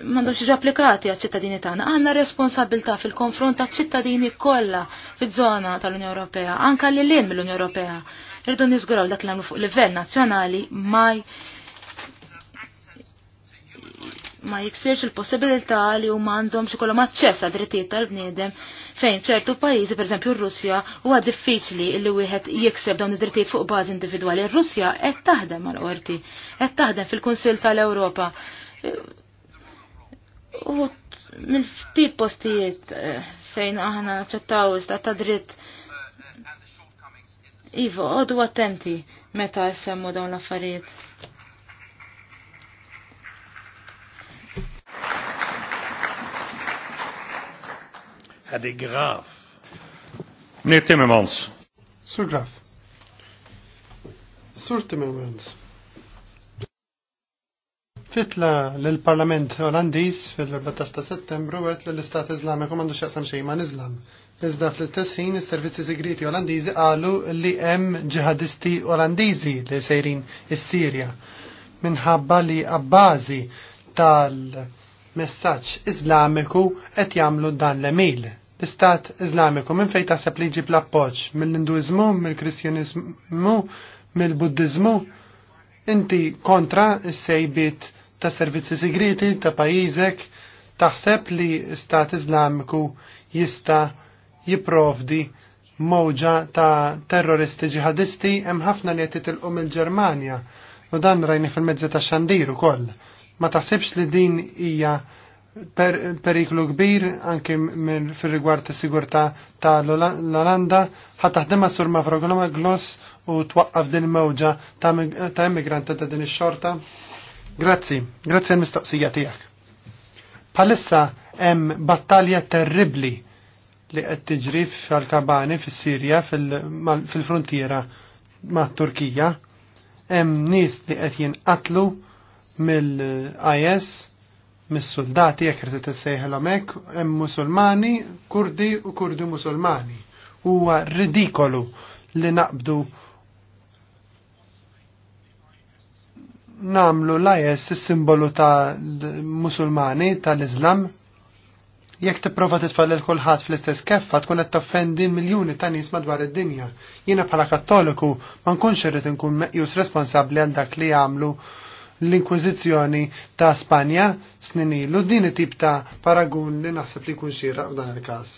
m'għandhomx jiġu applikati għaċ-ċittadini tagħna. Għandna responsabilità fil-konfront taċ-ċittadini kollha fiż-żona tal-Unjoni Ewropea, anke lil mill-Unjoni Ewropea. Rridu niżguraw dak l fuq livell nazzjonali maj ma jiksirx il-possibilità li huma għandhom xi kollhom aċċess għad drittijiet tal-bniedem fejn ċertu pajjiżi pereżempju r-Russja huwa diffiċli li wieħed jikseb dawn id-drittijiet fuq bażi individwali. Ir-Russja qed taħdem mal qorti qed taħdem fil-Kunsill tal-Ewropa. U mill-ftit postijiet eh, fejn aħna ċettaw istat ta' dritt Ivo, għodu attenti meta jessemmu dawn l-affarijiet. à des graves. Meneer Timmermans. Sur Graf. Sur Timmermans. Fitla l-Parlament Olandiż fil-14 ta' settembru għet l-Istat Islamiku komandu xaqsam xejn ma' Islam. Iżda fl-istess il is-servizzi segreti Olandiżi qalu li hemm ġihadisti Olandiżi li sejrin is-Sirja minħabba li għabbażi tal- messaċ islamiku qed jagħmlu dan l-emil l-Istat Iżlamiku minn fejn taħseb li jġib l-appoġġ mill-Induiżmu, mill-Kristjaniżmu, mill-Buddiżmu, inti kontra s-sejbiet ta' servizzi segreti ta' pajjiżek, taħseb li Stat Iżlamiku jista' jipprovdi mowġa ta' terroristi ġihadisti hemm ħafna li qed titilqu mill-Ġermanja u dan rajni fil-mezzi ta' xandir ukoll. Ma taħsibx li din hija per periklu kbir anke fil-rigward ta' sigurtà ta' l-Olanda ħat taħdem sur programma gloss u twaqqaf din il mewġa ta' immigranti ta' din ix-xorta. Grazzi, grazzi għal mistoqsija tiegħek. Palissa hemm battalja terribli li qed tiġri fil-Kabani fis-Sirja fil-frontiera ma' Turkija. Hemm nies li qed jinqatlu mill-IS mis-soldati jekk irid tissejħilhom hekk hemm Musulmani, Kurdi u Kurdi Musulmani. Huwa ridikolu li naqbdu namlu lajes is simbolu ta' Musulmani tal-Iżlam jekk tipprova titfall il kulħadd fl-istess keffa tkun qed toffendi miljuni ta' nies madwar id-dinja. Jiena bħala Kattoliku ma nkunx irrid inkun meqjus responsabbli għal dak li jagħmlu l-Inkwiżizzjoni ta' Spanja sninilu din it-tip ta' paragun li naħseb li jkun xieraq f'dan il-każ.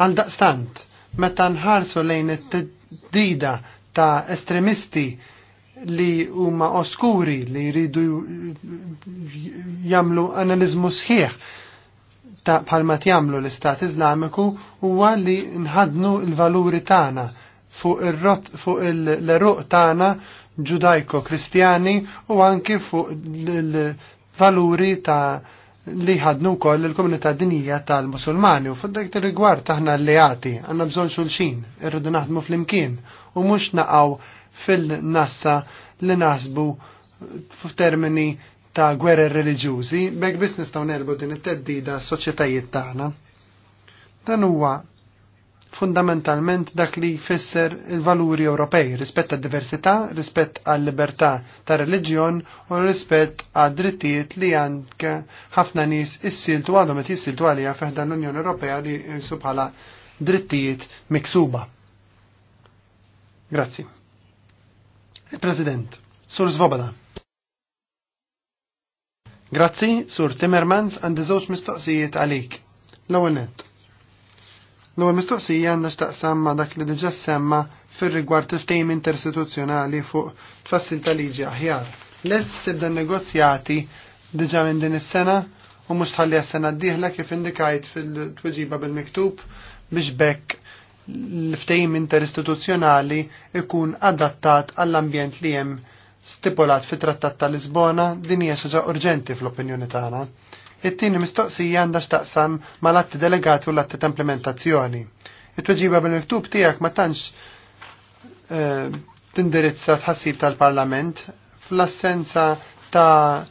Għal daqstant, meta nħarsu lejn it-tdida ta' estremisti li huma oskuri li jridu jagħmlu analiżmu sħiħ ta' palmat jamlu l-Istat Islamiku huwa li nħadnu l-valuri tagħna fuq il-rot fuq il eruq tagħna ġudajko-kristjani u anki fuq l-valuri ta' li ħadnu kol il-komunità dinija tal-musulmani u fuq dak rigward taħna alleati għanna bżon xulxin, irridu naħdmu fl-imkien u mux naqaw fil-nassa li naħsbu f'termini ta' gwerer reliġjużi, bek biss nistgħu nerbu din it-teddida s-soċjetajiet tagħna. Dan huwa fundamentalment dak li jfisser il-valuri Ewropej, rispett għad diversità, rispett għal libertà ta' reliġjon u rispett għad drittijiet li għandke ħafna nies issiltu għadhom qed jissiltu għalija feħdan l-Unjoni Ewropea li jisu bħala drittijiet miksuba. Grazzi. Il-President, Sur Svoboda. Grazzi, Sur Timmermans, għandi żewġ mistoqsijiet għalik. L-ewwel nett l għu mistoqsija għandna ma' dak li diġà semma fir-rigward il ftejm interstituzzjonali fuq tfassil ta' liġi aħjar. Lest tibda negozjati diġà minn din is-sena u mhux tħalli għas-sena d-dieħla kif indikajt fil-tweġiba bil-miktub biex bekk l ftejm interistituzzjonali ikun adattat għall-ambjent li hemm stipulat fit trattat tal Lisbona din hija xaġa urġenti fl-opinjoni tagħna. It-tieni mistoqsija għandha x'taqsam mal-atti delegati u l-atti ta' implementazzjoni. It-tweġiba bil-miktub tiegħek ma tantx eh, tindirizza tħassib tal-Parlament fl-assenza ta'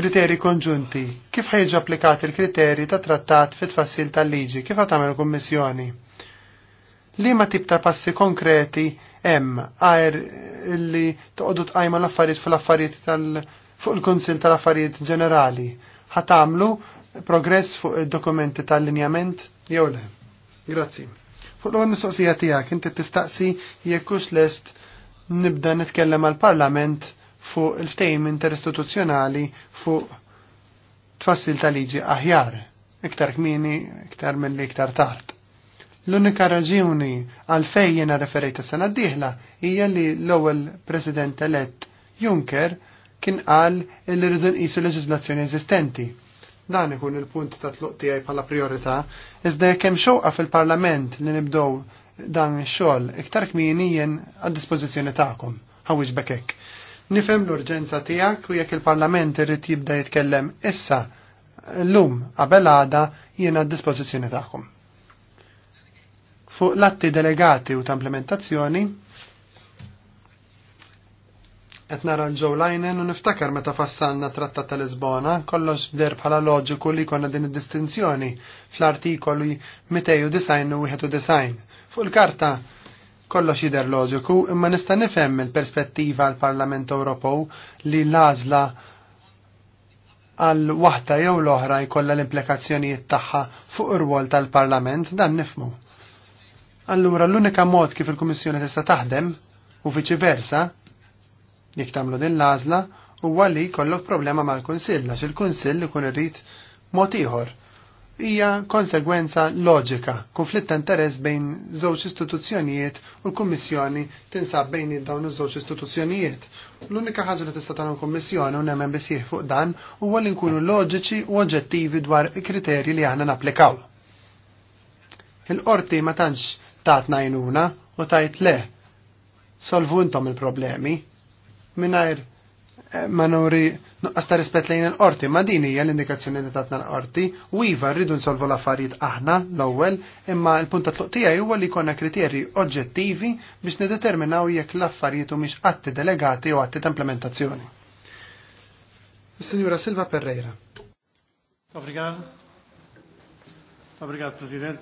kriteri konġunti. Kif ħejġu applikati l-kriteri ta' trattat fit tfassil tal-liġi? Kif għatamel kummissjoni? Li ma tip ta' passi konkreti hemm għajr li toqgħodu tqajmu l-affarijiet fl-affarijiet tal- fuq il-Kunsil tal-Affarijiet Ġenerali ħatamlu progress fuq id-dokumenti tal-linjament jew le. Grazzi. Fuq l-għon nistoqsija tiegħek inti tistaqsi jekkux lest nibda nitkellem għal parlament fuq il-ftejm interistituzzjonali fuq tfassil ta' liġi aħjar, iktar kmini, iktar mill-li iktar tard. L-unika raġuni għal fejn jena referejt s-sena d-dihla hija li l-ewwel President elett Juncker kien qal li rridu nqisu leġiżlazzjoni eżistenti. Dan ikun il-punt ta' tluq tiegħi bħala priorità, iżda jekk hemm xewqa fil-Parlament li nibdew dan ix-xogħol iktar kmieni jien għad-dispożizzjoni tagħkom. Ħawiex bekek. Nifhem l-urġenza tiegħek u jekk il-Parlament irid jibda jitkellem issa llum qabel għada jien għad-dispożizzjoni tagħkom. Fuq l-atti delegati u ta' implementazzjoni, qed nara l-ġew lajnen u niftakar meta fassalna trattat ta' Lisbona, kollox der bħala loġiku li konna din id-distinzjoni fl-artikoli 291 u 91. Fuq il-karta kollox jider loġiku, imma nista' nifhem il-perspettiva għal parlament Ewropew li l-għażla għal waħda jew l-oħra jkollha l-implikazzjonijiet tagħha fuq ir-rwol tal-Parlament dan nifmu. Allura l-unika mod kif il-Kummissjoni tista' taħdem u viċi versa Jek tagħmlu din l-għażla, huwa li jkollok problema mal-Kunsill għax il-Kunsill ikun irrid mod ieħor. Hija konsegwenza loġika, konflitt ta' interess bejn żewġ istituzzjonijiet u l-Kummissjoni tinsab bejn dawn iż-żewġ istituzzjonijiet. L-unika ħaġa li tista' tagħmel kummissjoni u nemmen bisieħ fuq dan huwa li nkunu loġiċi u oġġettivi dwar il-kriterji li aħna napplikaw. Il-qorti ma tantx tat najnuna u tajt le, solvuntom il-problemi, mingħajr eh, manuri nuqqas ta' rispett lejn il-qorti, ma din hija l-indikazzjoni li tatna l-qorti, u iva rridu nsolvu l-affarijiet aħna l-ewwel, imma l punta tluqtija huwa li jkollna kriterji oġġettivi biex nideterminaw jekk l-affarijiet mhix atti delegati u atti ta' implementazzjoni. Signora Silva Perreira. Obrigado. Obrigado, President.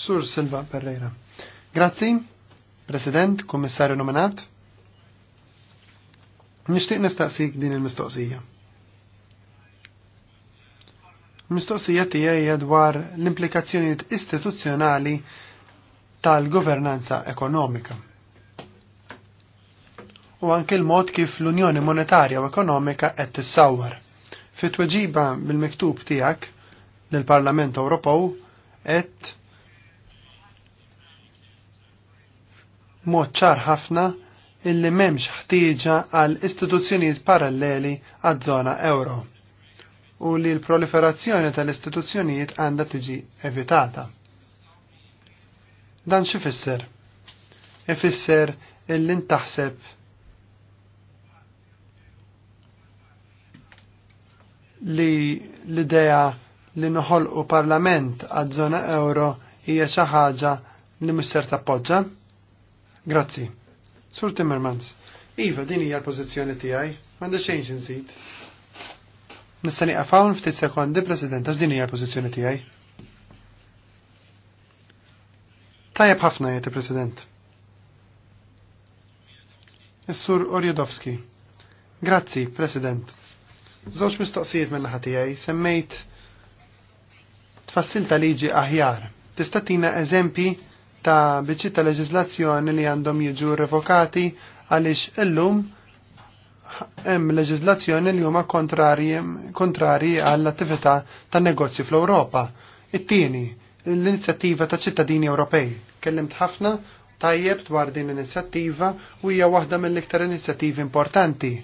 Sur Silva Perreira. Grazie, President, Commissario nominat. Nishtiq nistaqsik din il-mistoqsija. Mistoqsija tiegħi dwar l-implikazzjonijiet istituzzjonali tal-governanza ekonomika. U anke l-mod kif l-Unjoni Monetarja u Ekonomika qed tissawwar. Fit tweġiba bil-miktub tiegħek lill-Parlament Ewropew qed mod ċar ħafna illi memx ħtieġa għal istituzzjonijiet paralleli għad-żona euro u li l-proliferazzjoni tal-istituzzjonijiet għandha tiġi evitata. Dan xifisser? Ifisser illi ntaħseb li l-idea li noħolqu parlament għad-żona euro hija xi ħaġa li misser tappoġġa? Grazzi. Sur Timmermans, Iva, din hija l-pożizzjoni tiegħi, m'għandha xejn nżid. Nista' nieqa' hawn ftit sekondi, President, għax din hija l-pożizzjoni tiegħi. Tajjeb ħafna jgħid President. Is-Sur Orjodowski. Grazzi, President. Żewġ mistoqsijiet mill tiegħi semmejt tfassilta liġi aħjar. Tista' tina eżempji ta' biċċi ta' leġizlazzjoni li għandhom jiġu revokati għaliex illum hemm leġizlazzjoni li huma kontrarji għall-attività tan negozji fl-Ewropa. It-tieni, l-inizjattiva ta' ċittadini Ewropej. Kellimt ħafna tajjeb dwar din l-inizjattiva u hija waħda mill-iktar inizjattivi importanti.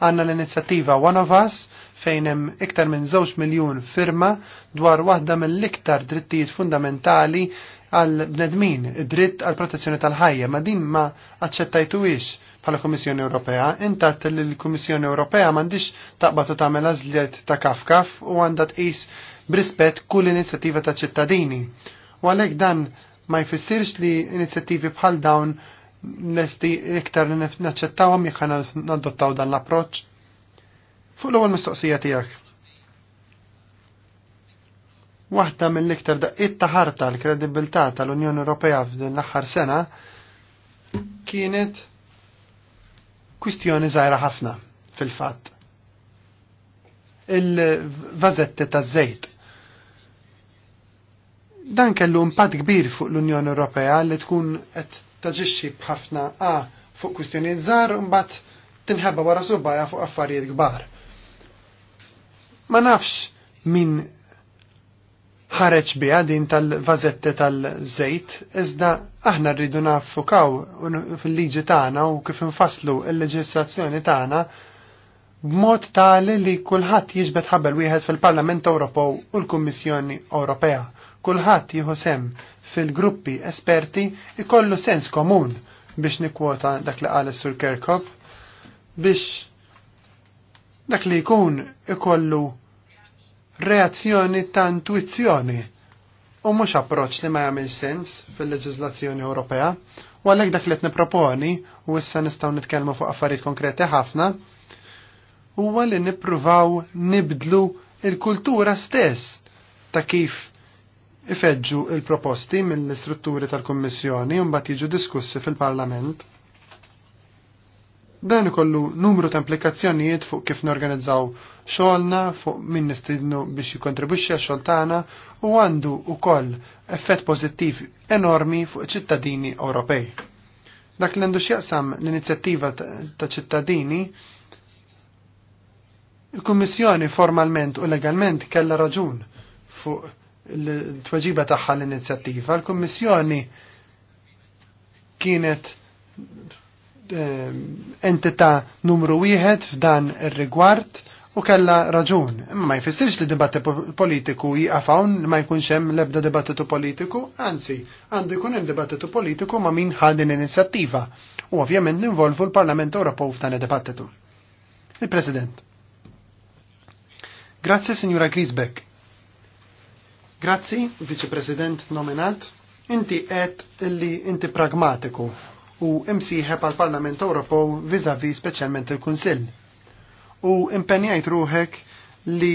Għanna l-inizjattiva One of Us fejn hemm iktar minn żewġ miljun firma dwar waħda mill-iktar drittijiet fundamentali għal bnedmin, dritt għal protezzjoni tal-ħajja, ma din ma aċċettajtuwix bħala Kummissjoni Ewropea, inta l-Kummissjoni Ewropea m'għandix taqbad u tagħmel għażliet ta' kafkaf u għandha tqis brispett kull inizjattiva ta' ċittadini. U għalhekk dan ma jfissirx li inizjattivi bħal dawn lesti iktar naċċettawhom jekk ħana nadottaw dan l-approċċ. Fuq l għol mistoqsija tiegħek Waħda mill-iktar daqqiet ta' ħarta l-kredibilità tal-Unjoni Ewropea f'din l-aħħar sena kienet kwistjoni żgħira ħafna fil-fatt. Il-vażetti taż-żejt. Dan kellu impatt kbir fuq l-Unjoni Ewropea li tkun qed taġixxi b'ħafna A fuq kwistjonijiet żgħar u mbagħad tinħebba wara subajja fuq affarijiet kbar. Ma nafx min ħareġ biha din tal vazette tal-żejt, iżda aħna rridu naffukaw fil-liġi tagħna u kif infasslu l-leġislazzjoni tagħna b'mod tali li kulħadd jiġbed ħabel wieħed fil-Parlament Ewropew u l-Kummissjoni Ewropea. Kulħadd jieħu sem fil-gruppi esperti ikollu sens komun biex nikkwota dak li qal sur Kerkop biex dak li jkun ikollu reazzjoni ta' intuizzjoni u mhux approċċ li ma jagħmel sens fil leġislazzjoni Ewropea u għalhekk dak li qed niproponi u issa nistgħu nitkellmu fuq affarijiet konkreti ħafna huwa li nippruvaw nibdlu il-kultura stess ta' kif ifeġġu il-proposti mill-istrutturi tal-Kommissjoni mbagħad jiġu diskussi fil-Parlament. Dan ikollu numru ta' implikazzjonijiet fuq kif norganizzaw xogħolna, fuq min nistidnu biex jikontribwixxi għax-xogħol tagħna u għandu wkoll effett pożittiv enormi fuq ċittadini Ewropej. Dak li għandu x'jaqsam l-inizjattiva ta' ċittadini Il-Kummissjoni formalment u legalment kella raġun fuq l-tweġiba tagħha l-inizjattiva. Il-Kummissjoni kienet entità numru wieħed f'dan ir-rigward u kella raġun. Imma ma jfissirx li dibatti politiku jiqafawn ma jkunx hemm l-ebda dibattitu politiku, anzi, għandu jkun hemm dibattitu politiku ma min ħadin inizjattiva u ovvjament ninvolvu l-Parlament Ewropew f'dan id-dibattitu. Il-President. Grazzi, Signora Grisbeck. Grazzi, Viċi President nominat. Inti qed illi inti pragmatiku u imsieħeb għal Parlament Ewropew vizavi speċjalment il-Kunsill. U impenjajt ruħek li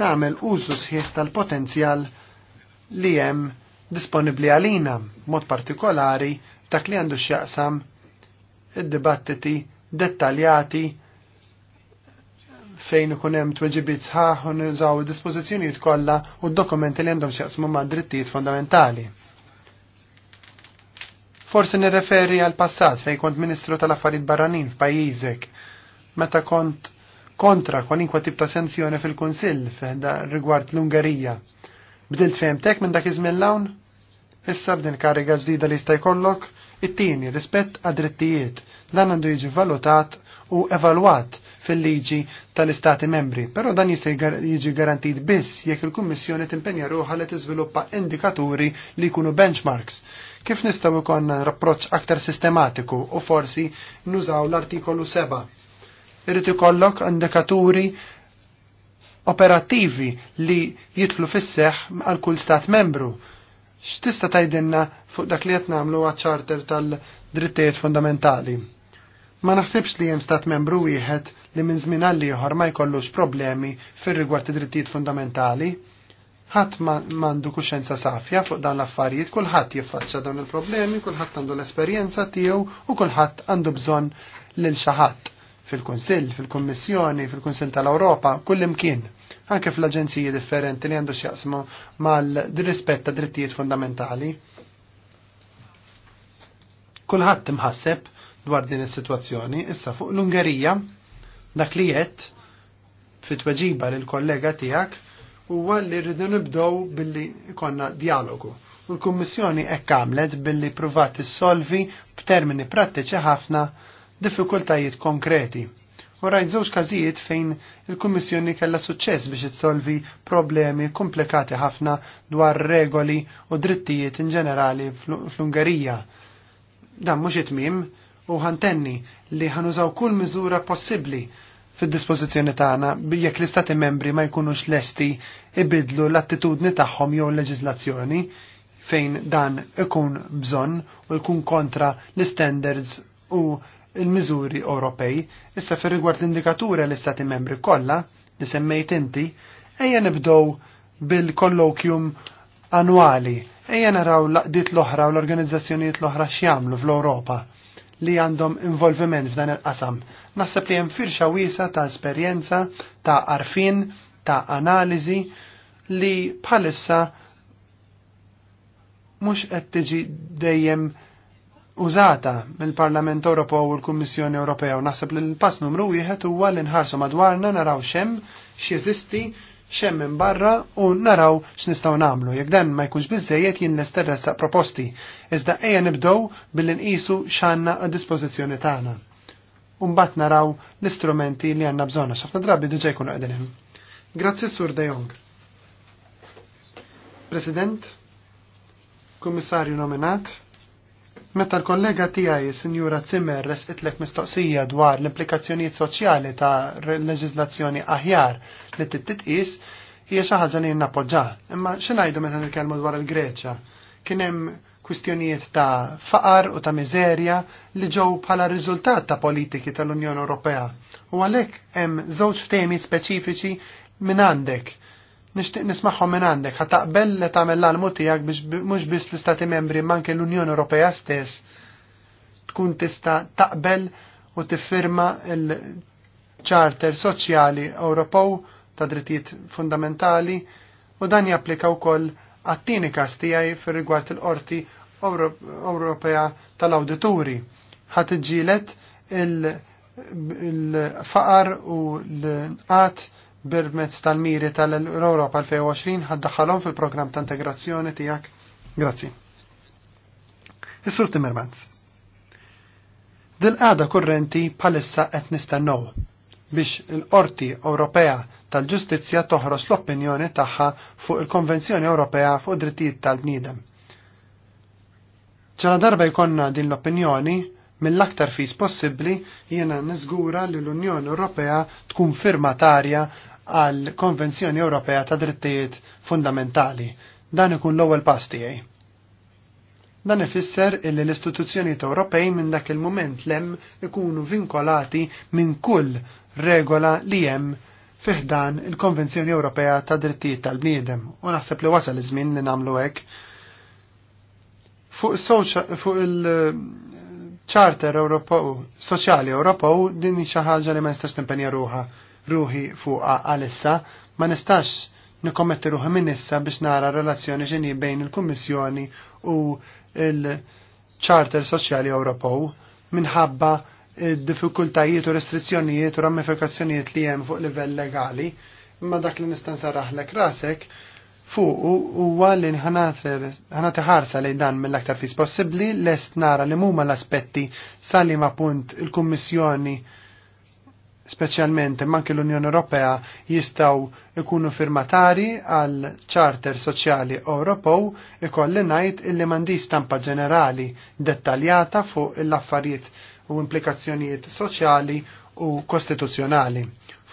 tagħmel użu sħiħ tal-potenzjal li hemm disponibbli għalina, mod partikolari dak li għandu x'jaqsam id-dibattiti dettaljati fejn ikun hemm tweġibiet sħaħ u nużaw id-dispożizzjonijiet kollha u d-dokumenti li għandhom x'jaqsmu ma' drittijiet fondamentali. Forsi nirreferi għal passat fejn kont Ministru tal-Affarijiet Barranin f'pajjiżek meta kont kontra kwalinkwa tip ta' sanzjoni fil-Kunsill rigward l-Ungerija. Bdilt fehmtek minn dak iż-żmien l-hawn? Issa b'din kariga ġdida li jista' jkollok, it-tieni rispett għad drittijiet dan għandu jiġi valutat u evalwat fil-liġi tal-istati membri, però dan jista' jiġi garantit biss jekk il-Kummissjoni timpenja ruħa li tiżviluppa indikaturi li jkunu benchmarks Kif nistgħu ikon rapproċċ aktar sistematiku u forsi nużaw l-artikolu 7? Irrit ikollok indikaturi operattivi li jitflu fis għal kull stat membru. X'tista' tgħidilna fuq dak li qed nagħmlu għaċ-charter tal-drittijiet fundamentali. Ma naħsibx li hemm stat membru wieħed li minn żmien għal ieħor ma jkollux problemi fir-rigward id-drittijiet fundamentali ħadd m'għandu kuxenza safja fuq dan l-affarijiet, kulħadd jiffaċċa dawn il-problemi, kulħadd għandu l-esperjenza tiegħu u kulħadd għandu bżonn lil xi ħadd fil-Kunsill, fil-Kummissjoni, fil-Kunsill tal-Ewropa, kull imkien, anke fl-aġenziji differenti li għandu x'jaqsmu mal-rispett ta' drittijiet fundamentali. Kulħadd imħasseb dwar din is-sitwazzjoni, issa fuq l-Ungerija dak li jett fit-tweġiba lill kollega tiegħek huwa li rridu nibdow billi konna dialogu. U l-Kummissjoni hekk għamlet billi provat issolvi b'termini prattiċi ħafna diffikultajiet konkreti. U rajt żewġ każijiet fejn il-Kummissjoni kellha suċċess biex issolvi problemi komplikati ħafna dwar regoli u drittijiet in ġenerali fl-Ungerija. Dan mhux itmim u ħantenni li ħanużaw kull miżura possibbli fid-dispożizzjoni tagħna jekk l-istati membri ma jkunux lesti ibidlu l-attitudni tagħhom jew l-leġiżlazzjoni fejn dan ikun bżonn u jkun kontra l-standards u l-miżuri Ewropej. Issa fir rigward l-indikatura l-istati membri kollha li semmejt inti, ejja nibdow bil-kollokjum annwali, ejja naraw l laqdiet l-oħra u l-organizzazzjonijiet l-oħra x'jagħmlu fl-Ewropa li għandhom involviment f'dan il-qasam. Naħseb li hemm firxa wiesa ta' esperjenza, ta' arfin, ta' analiżi li bħalissa mhux qed tiġi dejjem użata mill-Parlament Ewropew u l-Kummissjoni Ewropea u naħseb li l-pass numru wieħed huwa li nħarsu madwarna naraw xem x'jeżisti xem minn barra u naraw x'nistgħu nagħmlu. Jekk dan ma jkunx biżejjed jien nesterressa proposti, iżda ejja nibdew billi nqisu x'għandna għad dispożizzjoni tagħna. mbagħad naraw l-istrumenti li għandna bżonna ħafna drabi diġà jkunu qegħdin hemm. Grazzi Sur De Jong. President, Kummissarju nominat, Meta l-kollega tiegħi sinjura Zimmer resqitlek mistoqsija dwar l-implikazzjonijiet soċjali ta' leġiżlazzjoni aħjar li titqis, hija xi ħaġa li nappoġġa. Imma x'ngħidu meta nitkellmu dwar il-Greċja? Kien hemm kwistjonijiet ta' faqar u ta' miżerja li ġew bħala riżultat ta' politiki tal-Unjoni Ewropea. U għalhekk hemm żewġ temi speċifiċi minn għandek Nixtieq nismagħhom minn għandek ħa taqbel li tagħmel l-almu tiegħek biex mhux biss l-Istati Membri manke l-Unjoni Ewropea stess tkun tista' taqbel u tiffirma il-Charter Soċjali Ewropew ta' drittijiet fundamentali u dan japplika wkoll għat-tieni każ tiegħi fir-rigward il-Qorti Ewropea tal-Awdituri. Ħadd iġġielet il-faqar u l-qat permezz tal-miri tal-Europa 2020 għaddaħalom fil-programm ta' integrazzjoni tiegħek? Grazzi. Is-Sur Timmermans. Dil-qada kurrenti palissa qed nistennew biex il-Qorti Ewropea tal-Ġustizzja toħros l-opinjoni tagħha fuq il-Konvenzjoni Ewropea fuq drittijiet tal-bniedem. ċala darba jkollna din l-opinjoni, mill-aktar fis possibbli jiena niżgura li l-Unjoni Ewropea tkun firmatarja għal Konvenzjoni Ewropea ta' Drittijiet Fundamentali. Dan ikun l-ewwel pass tiegħi. Dan ifisser illi l-istituzzjonijiet Ewropej minn dak il-mument lem ikunu vinkolati minn kull regola li hemm fiħdan il-Konvenzjoni Ewropea ta' Drittijiet tal-Bniedem u naħseb li wasal iż-żmien li nagħmlu hekk. Fuq il-Charter Ewropew, Soċjali Ewropew din xi ħaġa li ma nistax nimpenja ruha ruħi fuqa għalissa, ma nistax nikommetti ruħi minn issa biex nara relazzjoni ġeni bejn il-Kummissjoni u il-Charter Soċjali Ewropew minħabba diffikultajiet u restrizzjonijiet u ramifikazzjonijiet li hemm fuq livell legali, imma dak li nista' nsarraħlek rasek fuq huwa li ħanati ħarsa lejn dan mill-aktar fis possibbli lest nara li huma l-aspetti sali ma' punt il-Kummissjoni speċjalment imma anke l-Unjoni Ewropea jistgħu ikunu firmatari għal Charter Soċjali Ewropew ikolli ngħid illi m'għandi stampa ġenerali dettaljata fuq l-affarijiet u implikazzjonijiet soċjali u kostituzzjonali.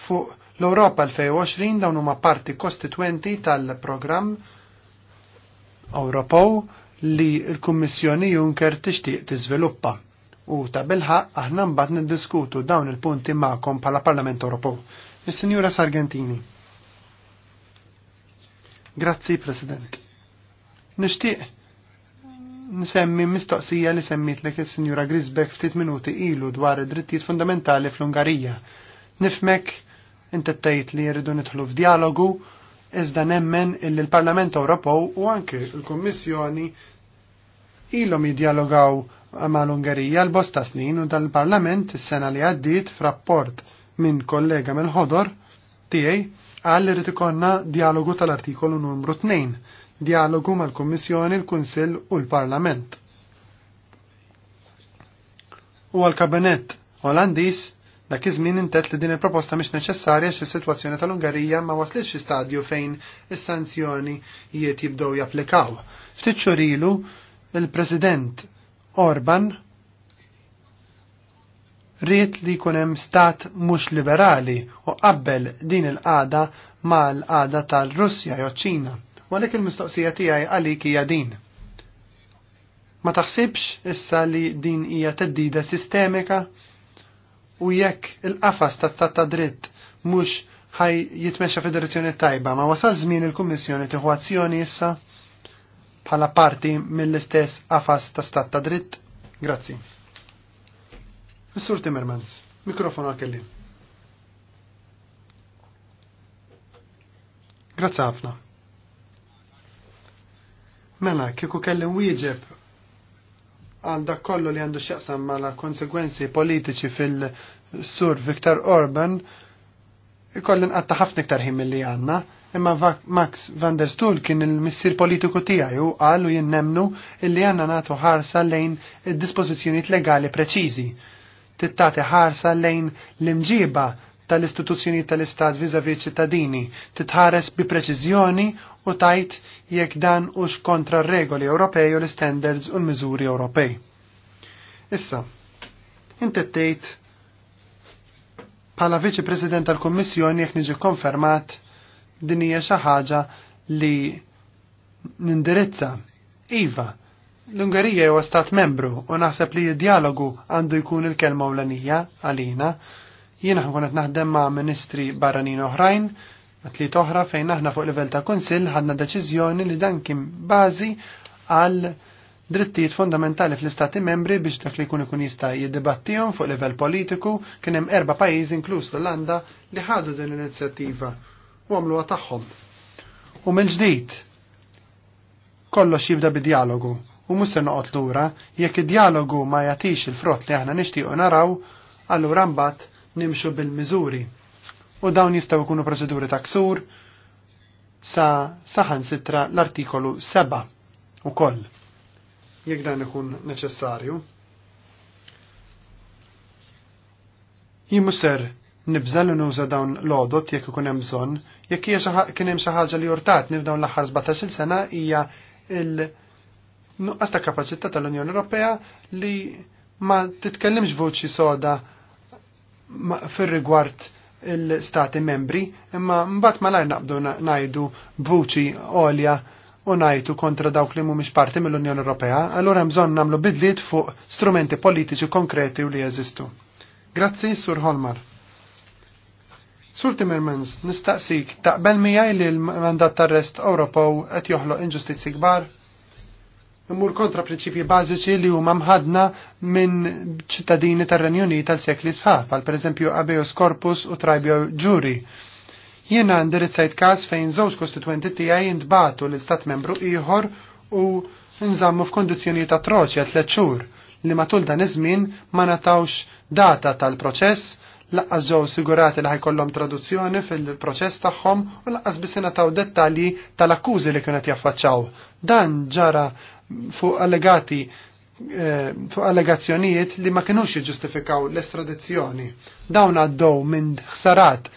Fuq l-Ewropa 2020 dawn huma parti kostitwenti tal-programm Ewropew li l-Kummissjoni Juncker tixtieq tiżviluppa u ta' bilħa aħna mbagħad niddiskutu dawn il-punti magħkom bħala Parlament Ewropew. Is-Sinjura Sargentini. Grazzi President. Nixtieq nisemmi mistoqsija li semmitlek il-Sinjura Grisbeck ftit minuti ilu dwar id-drittijiet fundamentali fl-Ungarija. Nifmek inti li jridu nidħlu f'dialogu iżda nemmen illi l-Parlament Ewropew u anke l-Kummissjoni ilhom jiddialogaw mal-Ungerija l-bosta snin u dal-Parlament s-sena li għaddit frapport minn kollega mill ħodor tiegħi għal li ikonna dialogu tal-artikolu numru 2, dialogu mal-Kummissjoni, l-Kunsill u l-Parlament. U għal-Kabinet Olandis dak iż-żmien intet li din il-proposta mhix neċessarja xi sitwazzjoni tal-Ungerija ma waslitx fi stadju fejn is-sanzjoni jiet jibdew japplikaw. Ftit xorilu il-President Orban rrit li kunem stat mux liberali u qabbel din il-qada mal-qada tal-Russja jew ċina. Walek il-mistoqsija tiegħi għalik hija din. Ma taħsibx issa li din hija teddida sistemika u jekk il-qafas tat tatta dritt mhux ħaj jitmexxa fid-direzzjoni tajba ma wasal żmien il-Kummissjoni tieħu azzjoni issa? bħala parti mill-istess qafas ta' stat ta' dritt? Grazzi. Is-Sur Timmermans, mikrofon għal-kellim. Grazzi ħafna. Mela, kieku kellim wieġeb għal dak kollu li għandu x'jaqsam mala konsegwenzi politiċi fil-sur Viktor Orban, ikollin għatta ħafna iktar ħin mill-li għanna, imma Max van der Stuhl kien il-missir politiku tijaj u għallu jinnemnu illi għandna nagħtu ħarsa lejn id-dispożizzjonijiet legali preċiżi. Tittati ħarsa lejn l-imġiba tal-istituzzjoni tal-istat vizavi ċittadini, titħares bi preċiżjoni u tajt jekk dan u kontra regoli Ewropej u l-standards u l-miżuri Ewropej. Issa, inti tgħid bħala viċi President tal-Kummissjoni jekk niġi konfermat din hija xi ħaġa li nindirizza. Iva, l-Ungarija huwa stat membru u naħseb li d-dialogu għandu jkun il-kelma ewlenija għalina. Jiena ħankun qed naħdem ma' ministri barranin oħrajn, tliet oħra fejn aħna fuq livell ta' kunsill ħadna deċiżjoni li dan kien bażi għal drittijiet fundamentali fl-istati membri biex dak li kun ikun jista' jiddibattihom fuq livell politiku kien hemm erba' pajjiżi inkluż l-Olanda li ħadu din l-inizjattiva u għamluha tagħhom. U mill-ġdid kollox jibda bid-dialogu u mhux se noqgħod lura jekk id-dialogu ma jagħtix il-frott li aħna nixtiequ naraw, allura mbagħad nimxu bil-miżuri. U dawn jistgħu jkunu proċeduri ta' ksur sa saħan sitra l-artikolu 7 ukoll jekk dan ikun neċessarju. Jimmu ser nibżal u nuża dawn l-odot jekk ikun hemm bżonn, jekk hija kien hemm xi ħaġa li urtat nibdaw l-aħħar 17-il sena hija l nuqqas ta' kapaċità tal-Unjoni Ewropea li ma titkellimx voċi soda fir-rigward il-stati membri, imma mbagħad malajr naqbdu ngħidu vuċi għolja u ngħidu kontra dawk li mhumiex parti mill-Unjoni Ewropea, allura hemm bżonn nagħmlu bidliet fuq strumenti politiċi konkreti u li jeżistu. Grazzi, Sur Holmar. Sur Timmermans, nistaqsik, taqbel mijaj li l-mandat tar-rest Ewropew qed joħloq inġustizzi kbar? Immur kontra prinċipji bażiċi li huma mħadna minn ċittadini tar-Renju Unit tal-sekli sħaħ, bħal pereżempju Abeus Corpus u Tribio Juri. Jiena ndirizzajt każ fejn żewġ kostituenti tiegħi intbagħtu l-istat membru ieħor u nżammu f'kondizzjonijiet atroċi għat tliet xhur li matul dan iż-żmien ma natawx data tal-proċess laqqas ġew sigurati li ħajkollhom traduzzjoni fil-proċess tagħhom u laqqas biss ingħataw dettalji tal-akkużi li kienet jaffaċċaw. Dan ġara fuq allegati eh, fuq allegazzjonijiet li ma kinux jiġġustifikaw l-estradizzjoni. Dawn għaddew minn ħsarat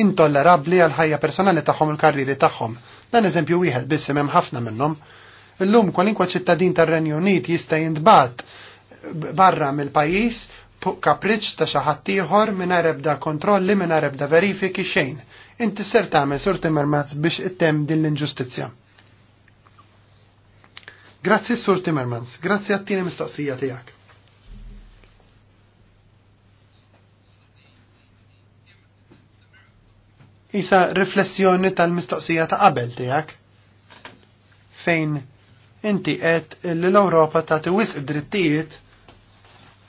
intollerabbli għal ħajja personali tagħhom il-karriri tagħhom. Dan eżempju wieħed biss hemm ħafna minnhom. Illum kwalinkwa ċittadin tar-Renju Unit jista' jintbagħat barra mill pajjiż kapriċ ta' xi ħadd ieħor mingħajr ebda kontrolli mingħajr ebda verifiki xejn. Inti ser tagħmel sur Timmermans biex ittem din l-inġustizzja. Grazzi Sur Timmermans, grazzi għattini tieni mistoqsija tiegħek. Isa riflessjoni tal-mistoqsija ta' qabel tiegħek fejn inti qed li l-Ewropa ta' wisq drittijiet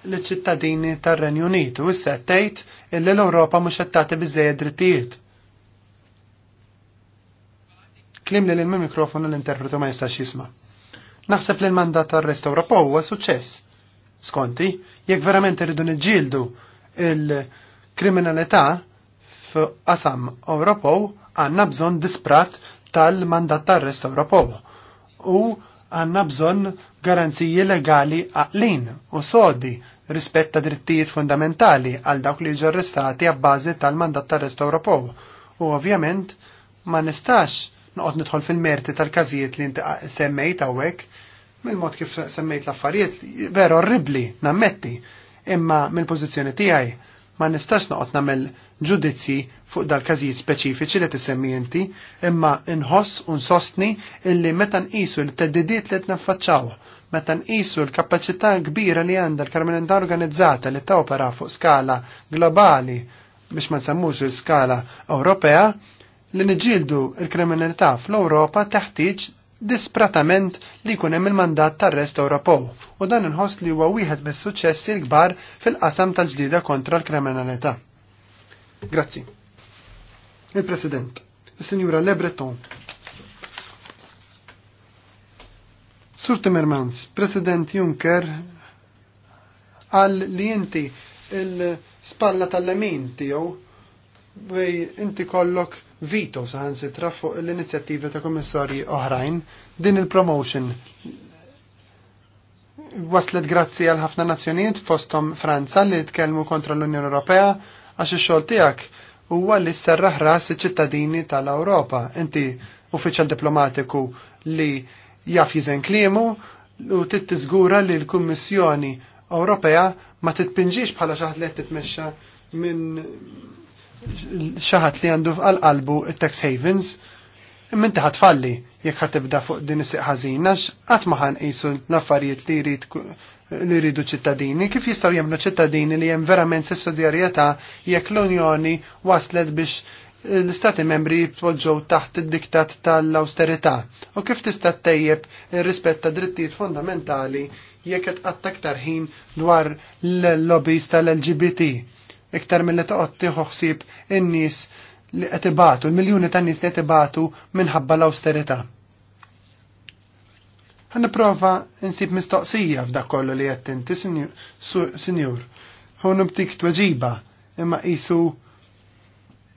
l-ċittadini tar-Renju Unitu issa tgħid illi l-Ewropa mhux qed tagħti biżejjed drittijiet. Klim li l mikrofonu l-interpretu ma jistax jisma'. Naħseb li l-mandat tar-Rest Europa huwa suċċess. Skonti, jekk verament irridu niġġieldu il-kriminalità f'qasam Ewropew għandna bżonn disprat tal-mandat tar-Rest Ewropew. U għanna bżonn garanziji legali għaqlin u sodi rispetta drittijiet fundamentali għal dawk li ġo arrestati għabbażi tal-mandat tal rest Ewropew. U ovvjament ma nistax noqgħod nidħol fil-merti tal-każijiet li inti semmejt hawnhekk mill-mod kif semmejt l-affarijiet vera orribbli nammetti, imma mill-pożizzjoni tiegħi ma nistax noqgħod nagħmel ġudizzi fuq dal-każijiet speċifiċi li tisemmi inti, imma inħoss u nsostni illi meta nqisu l-teddidiet li qed naffaċċaw, meta nqisu l-kapaċità kbira li għandha l organizzata li topera fuq skala globali biex ma nsemmux il-skala Ewropea, li niġġieldu l kriminalità fl-Ewropa teħtieġ dispratament li jkun hemm il-mandat tar-rest Ewropew u dan inħoss li huwa wieħed mis-suċċessi l-kbar fil-qasam tal-ġdida kontra l-kriminalità. Grazzi. Il-President, is-Sinjura Le Breton. Sur Timmermans, President Juncker għal li inti il-spalla tal-lemin tiegħu inti kollok vito saħansitra fuq l-inizjattivi ta' kommissarji oħrajn din il-promotion waslet grazzi għal ħafna nazzjonijiet fostom Franza li tkellmu kontra l-Unjoni Ewropea għax ix-xogħol tiegħek huwa li serraħ ras iċ-ċittadini tal-Ewropa. Inti uffiċjal diplomatiku li jaf jiżen kliemu u tittiżgura li l-Kummissjoni Ewropea ma titpinġix bħala xi li qed titmexxa minn xaħat li għandu għal-qalbu tax havens, minn taħat falli jekk tibda fuq din is ħażina għat maħan jisu l-affarijiet li jrid li jridu ċittadini, kif jistgħu jagħmlu ċittadini li hemm verament s-sodjarieta jekk l-Unjoni waslet biex l-istati membri jitpoġġew taħt id-diktat tal austerita u kif tista' tejjeb ir-rispett ta' drittijiet fundamentali jekk qed attaktar ħin dwar l-lobbies tal-LGBT iktar mill-li toqgħod tieħu ħsieb in-nies li qed ibatu, l-miljuni ta' nies li qed ibatu minħabba l-awsterità. Ħan nipprova nsib mistoqsija f'dak kollu li qed inti, Sinjur. Hu nibtik tweġiba imma qisu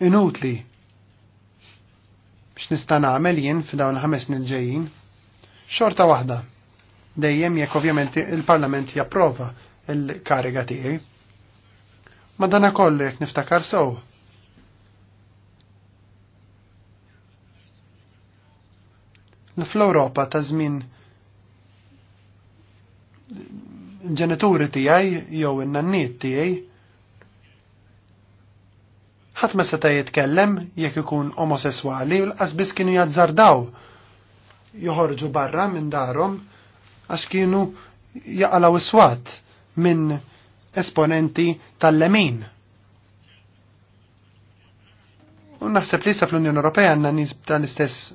inutli biex nista' nagħmel jien f'dawn ħames snin ġejjin. Xorta waħda. Dejjem jekk ovvjament il-Parlament japprova l kariga tiegħi. Ma dana kollu jek niftakar sew. Fl-Ewropa ta' żmien ġenituri tiegħi jew in-nanniet tiegħi ħadd ma seta' jitkellem jekk ikun omosessuali u l-qasbis kienu jazzardaw joħorġu barra minn darhom għax kienu jaqalaw iswat minn esponenti tal-lemin. U naħseb li sa fl-Unjoni Ewropea għandna nies tal-istess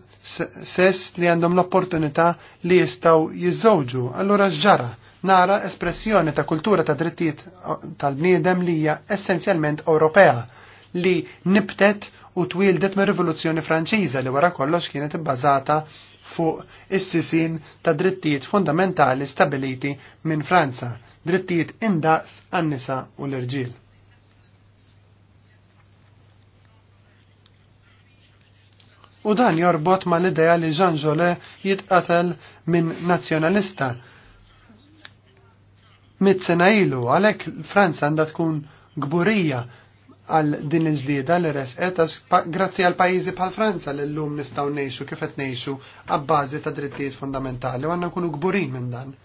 sess li għandhom l-opportunità li jistgħu jiżżewġu. Allura x'ġara? Nara espressjoni ta' kultura ta' drittijiet uh, tal-bniedem li hija essenzjalment Ewropea li nibtet u twildet mir rivoluzzjoni Franċiża li wara kollox kienet ibbażata fuq is-sisin ta' drittijiet fundamentali stabiliti minn Franza, drittijiet indaqs għan-nisa u l-irġiel. U dan jorbot ma l-ideja li Jean Jolet jitqatel minn nazjonalista. Mit sena ilu, għalek Franza għanda tkun gburija għal din il-ġlieda li resqet grazzi għal pajjiżi bħal Franza li llum nistgħu ngħixu kif qed ngħixu għabbażi ta' drittijiet fundamentali u għandna nkunu kburin minn dan.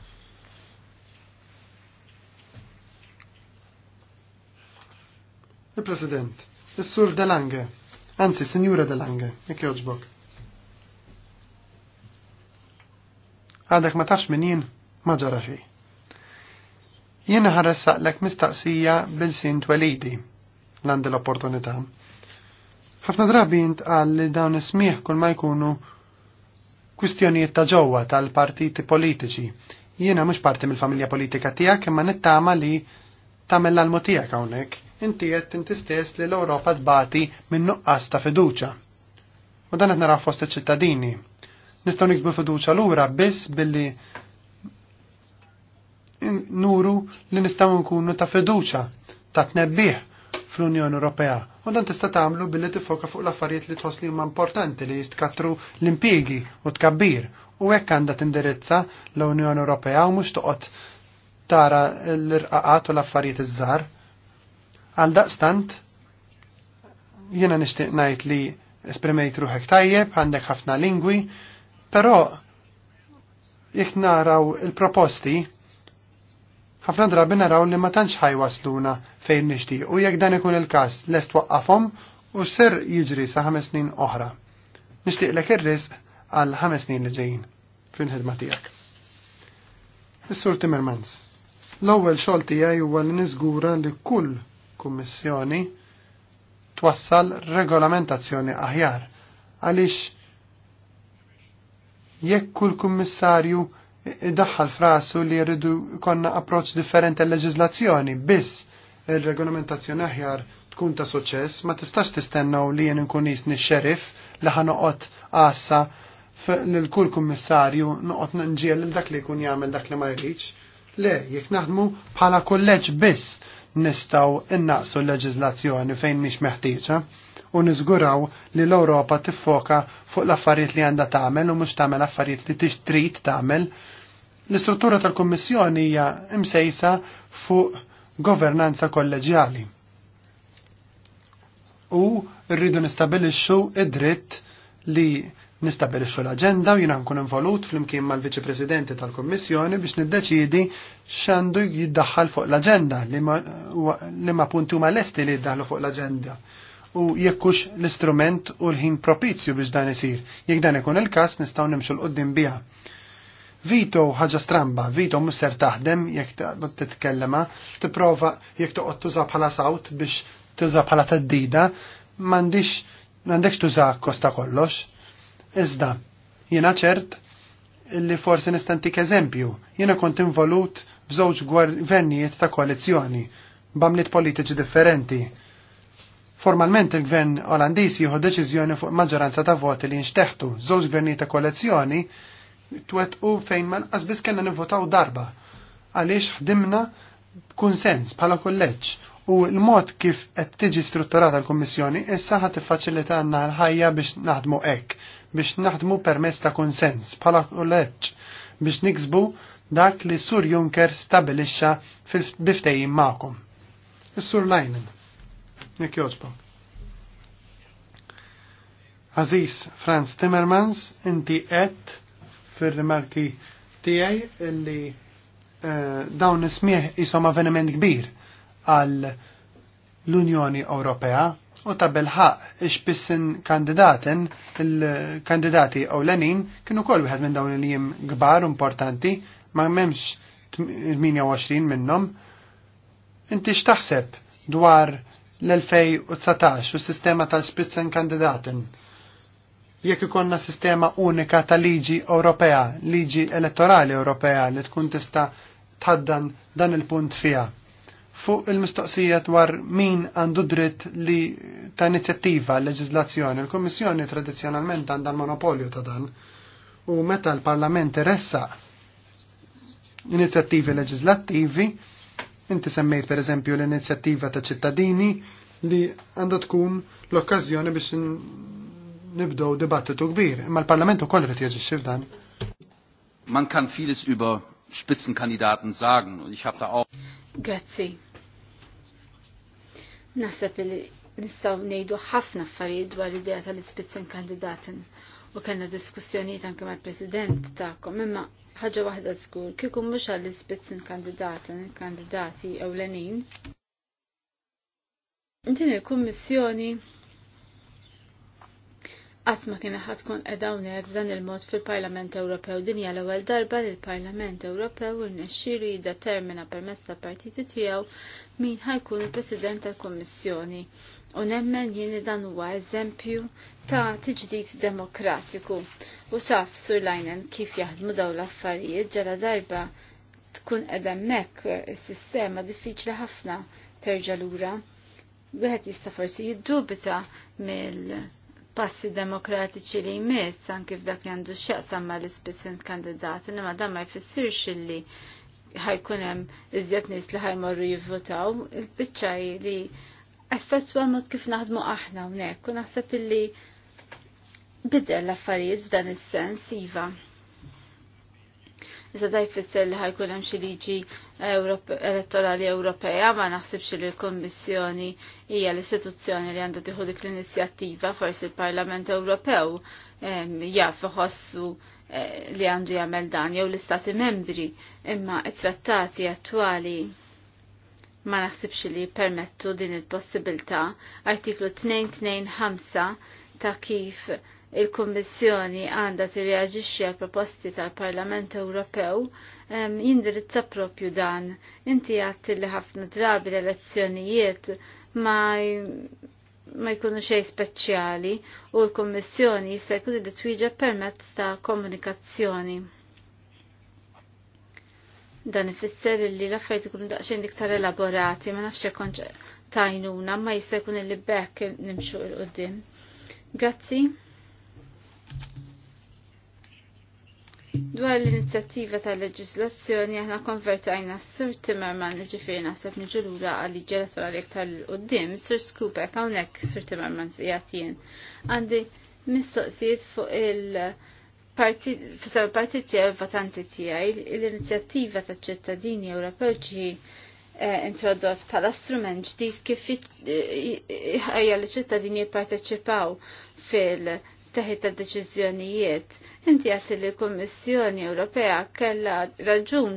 Il-President, is-Sur Delange, anzi Sinjura Delange, jekk jogħġbok. Għadek ma tafx minn jien ma ġara fi. Jien ħarressaqlek saqlek mistaqsija bil sint walidi l-għandi l-opportunità. Ħafna drabi intqal li dawn ismieħ kull ma jkunu kwistjonijiet ta' ġewwa tal-partiti politiċi. Jiena mhux parti mill-familja politika tiegħek imma nittama li tagħmel l-almu tiegħek hawnhekk. Inti qed inti stess li l-Ewropa tbati minn nuqqas ta' fiduċja. U dan qed naraw fost iċ-ċittadini. Nistgħu niksbu fiduċja lura biss billi nuru li nistgħu nkunu ta' fiduċja, ta' tnebbih fl-Unjoni Ewropea. U dan tista' tagħmlu billi tifoka fuq l-affarijiet li tħossli huma importanti li jistkattru l-impjiegi u tkabbir. U hekk għandha tindirizza l-Unjoni Ewropea u mhux toqgħod tara l-irqaqat u l-affarijiet iż-żgħar. Għal daqstant jiena nixtieq ngħid li esprimejt ruħek tajjeb, għandek ħafna lingwi, però jekk naraw il-proposti ħafna drabi naraw li ma tantx ħajwasluna fejn nixtieq u jekk dan ikun il-każ lest waqqafhom u ser jiġri sa ħames snin oħra. Nixtieqlek ir-risq għal ħames snin li ġejjin fil-ħidma tiegħek. Is-Sur Timmermans. L-ewwel xogħol tiegħi huwa li niżgura li kull kummissjoni twassal regolamentazzjoni aħjar għaliex jekk kull kummissarju daħħal frasu li jridu konna approċ differenti għal leġizlazzjoni biss il-regolamentazzjoni aħjar tkun ta' suċess, ma tistax tistennaw li jien nkun jisni xerif li ħanoqot għassa l-kull kummissarju noqot nġiel l-dak li kun jagħmel dak li ma jridx. Le, jek naħdmu bħala kolleġ biss nistaw innaqsu l-leġizlazzjoni fejn mhix meħtieġa u niżguraw li l-Ewropa tiffoka fuq l-affarijiet li għandha tagħmel u mhux tagħmel affarijiet li tixtrid tagħmel. Ta L-istruttura tal-Kummissjoni hija msejsa fuq governanza kolleġjali. U rridu nistabilixxu id-dritt li nistabilixxu l-aġenda u jiena nkun involut flimkien mal-Viċi Presidenti tal-Kummissjoni biex niddeċiedi x'għandu jiddaħħal fuq l-aġenda li ma punti huma lesti li jiddaħħlu fuq l-aġenda u jekkux l-istrument u l-ħin propizju biex dan isir. Jekk dan ikun il-każ nistgħu nimxu l-qudiem biha. Vito ħaġa stramba, Vito musser taħdem jekk titkellema, ah. tipprova jekk toqgħod tuża bħala sawt biex tuża bħala teddida, m'għandix m'għandekx tuża kosta kollox. Iżda, jiena ċert li forsi nistantik eżempju, jiena kont involut f'żewġ gvernijiet ta' koalizzjoni, b'għamliet politiċi differenti. Formalment il-gvern Olandiż jieħu deċiżjoni fuq maġġoranza ta' voti li nxteħtu żewġ gvernijiet ta' koalizzjoni twettqu fejn man nqasbis kena nivvotaw darba għaliex ħdimna kunsens bħala kolleġġ u l-mod kif qed tiġi strutturata l-Kummissjoni issa ħad tiffaċilita għandna l-ħajja biex naħdmu hekk biex naħdmu permezz ta' konsens bħala kolleġġ biex niksbu dak li Sur Juncker stabilixxa biftejjin magħkom. Is-Sur Lajnen. Jekk jogħġbok. Aziz Franz Timmermans, inti qed fir-rimarki tiegħi li eh, dawn ismieħ jisom avveniment kbir għal l-Unjoni Ewropea u ta' belħaq ixbissin kandidaten, il-kandidati ewlenin kienu kol wieħed minn dawn il kbar gbar importanti, ma' memx 28 minnom. Inti x'taħseb dwar l-2019 u s-sistema tal-spitzen kandidaten? jekk ikonna sistema unika ta' liġi Ewropea, liġi elettorali Ewropea li tkun tista' tħaddan dan il-punt fija. Fuq il-mistoqsija dwar min għandu dritt li ta' inizjattiva l-leġizlazzjoni, il-Kommissjoni tradizjonalment għandha l-monopolju ta' dan. U meta l-Parlament ressa inizjattivi leġizlattivi, inti semmejt per eżempju l-inizjattiva ta' ċittadini li għandha tkun l okkażjoni biex nibdow dibattitu kbir, imma l-Parlament ukoll rid jaġixxi dan. Man kan vieles über Spitzenkandidaten sagen und ich habe da auch Grazzi. Naħseb li nistgħu ngħidu ħafna affarijiet dwar l-idea tal-Spitzenkandidaten u kellna diskussjonijiet anke mal-President tagħkom, imma ħaġa waħda żgur kieku mhux għall-Spitzenkandidaten, kandidati ewlenin. Din il-Kummissjoni Għatma kien ħad tkun edawnek dan il-mod fil-Parlament Ewropew dinja l-ewwel darba li l-Parlament Ewropew irnexxielu jiddetermina permezz ta' partiti tiegħu min ħajkun il-President tal-Kummissjoni. U nemmen jien dan huwa eżempju ta' tiġdid demokratiku. U taf sur lajnen kif jaħdmu daw l-affarijiet ġala darba tkun edemmek is-sistema diffiċli ħafna terġa' lura. Wieħed jista' forsi jiddubita mill- passi demokratiċi li jmiss anki f'dak li għandu x'jaqsam ma l-ispisin kandidati, imma dan ma jfissirx li ħajkun hemm iżjed nies li ħajmorru jivvotaw, il bicċaj li effettwa mod kif naħdmu aħna hawnhekk u naħseb li bidel l-affarijiet f'dan is-sens iva. Iżda da jfisser li ħajkun hemm xi liġi elettorali Ewropea ma naħsibx li l-Kommissjoni hija l-istituzzjoni li għandha tieħu dik l-inizjattiva forsi l-Parlament Ewropew jaf iħossu eh, li għandu jagħmel dan jew l-Istati membri imma t-trattati attwali ma naħsibx li permettu din il-possibilità artiklu 225 ta' kif il-Kommissjoni għandha tirreaġixxi għal proposti tal-Parlament Ewropew jindirizza propju dan. Inti għatti li ħafna drabi l-elezzjonijiet ma ma jkunu xej speċjali u l-Kommissjoni jista' jkun li twieġeb permezz ta' komunikazzjoni. Dan ifisser li l-affarijiet ikunu daqsxejn iktar elaborati, ma nafx hekk tajnuna, ma jista' jkun li bekk nimxu il-qudiem. Grazzi. Dwar l-inizjattiva tal-leġislazzjoni aħna konvertajna s-sur Timmerman ġifiri naħseb nġulura għalli ġelet wara l-iktar l-qoddim, sur Skupek hawnhekk sur Timmerman jien. Għandi mistoqsijiet fuq il- Fisar partit tiegħu votanti tiegħi l-inizjattiva taċ-ċittadini Ewropew ġi eh, introdott bħala strument ġdijt kif eh, ħajja l ċittadini jipparteċipaw fil- teħi ta' deċiżjonijiet. Inti għat li l-Kommissjoni Ewropea kella raġun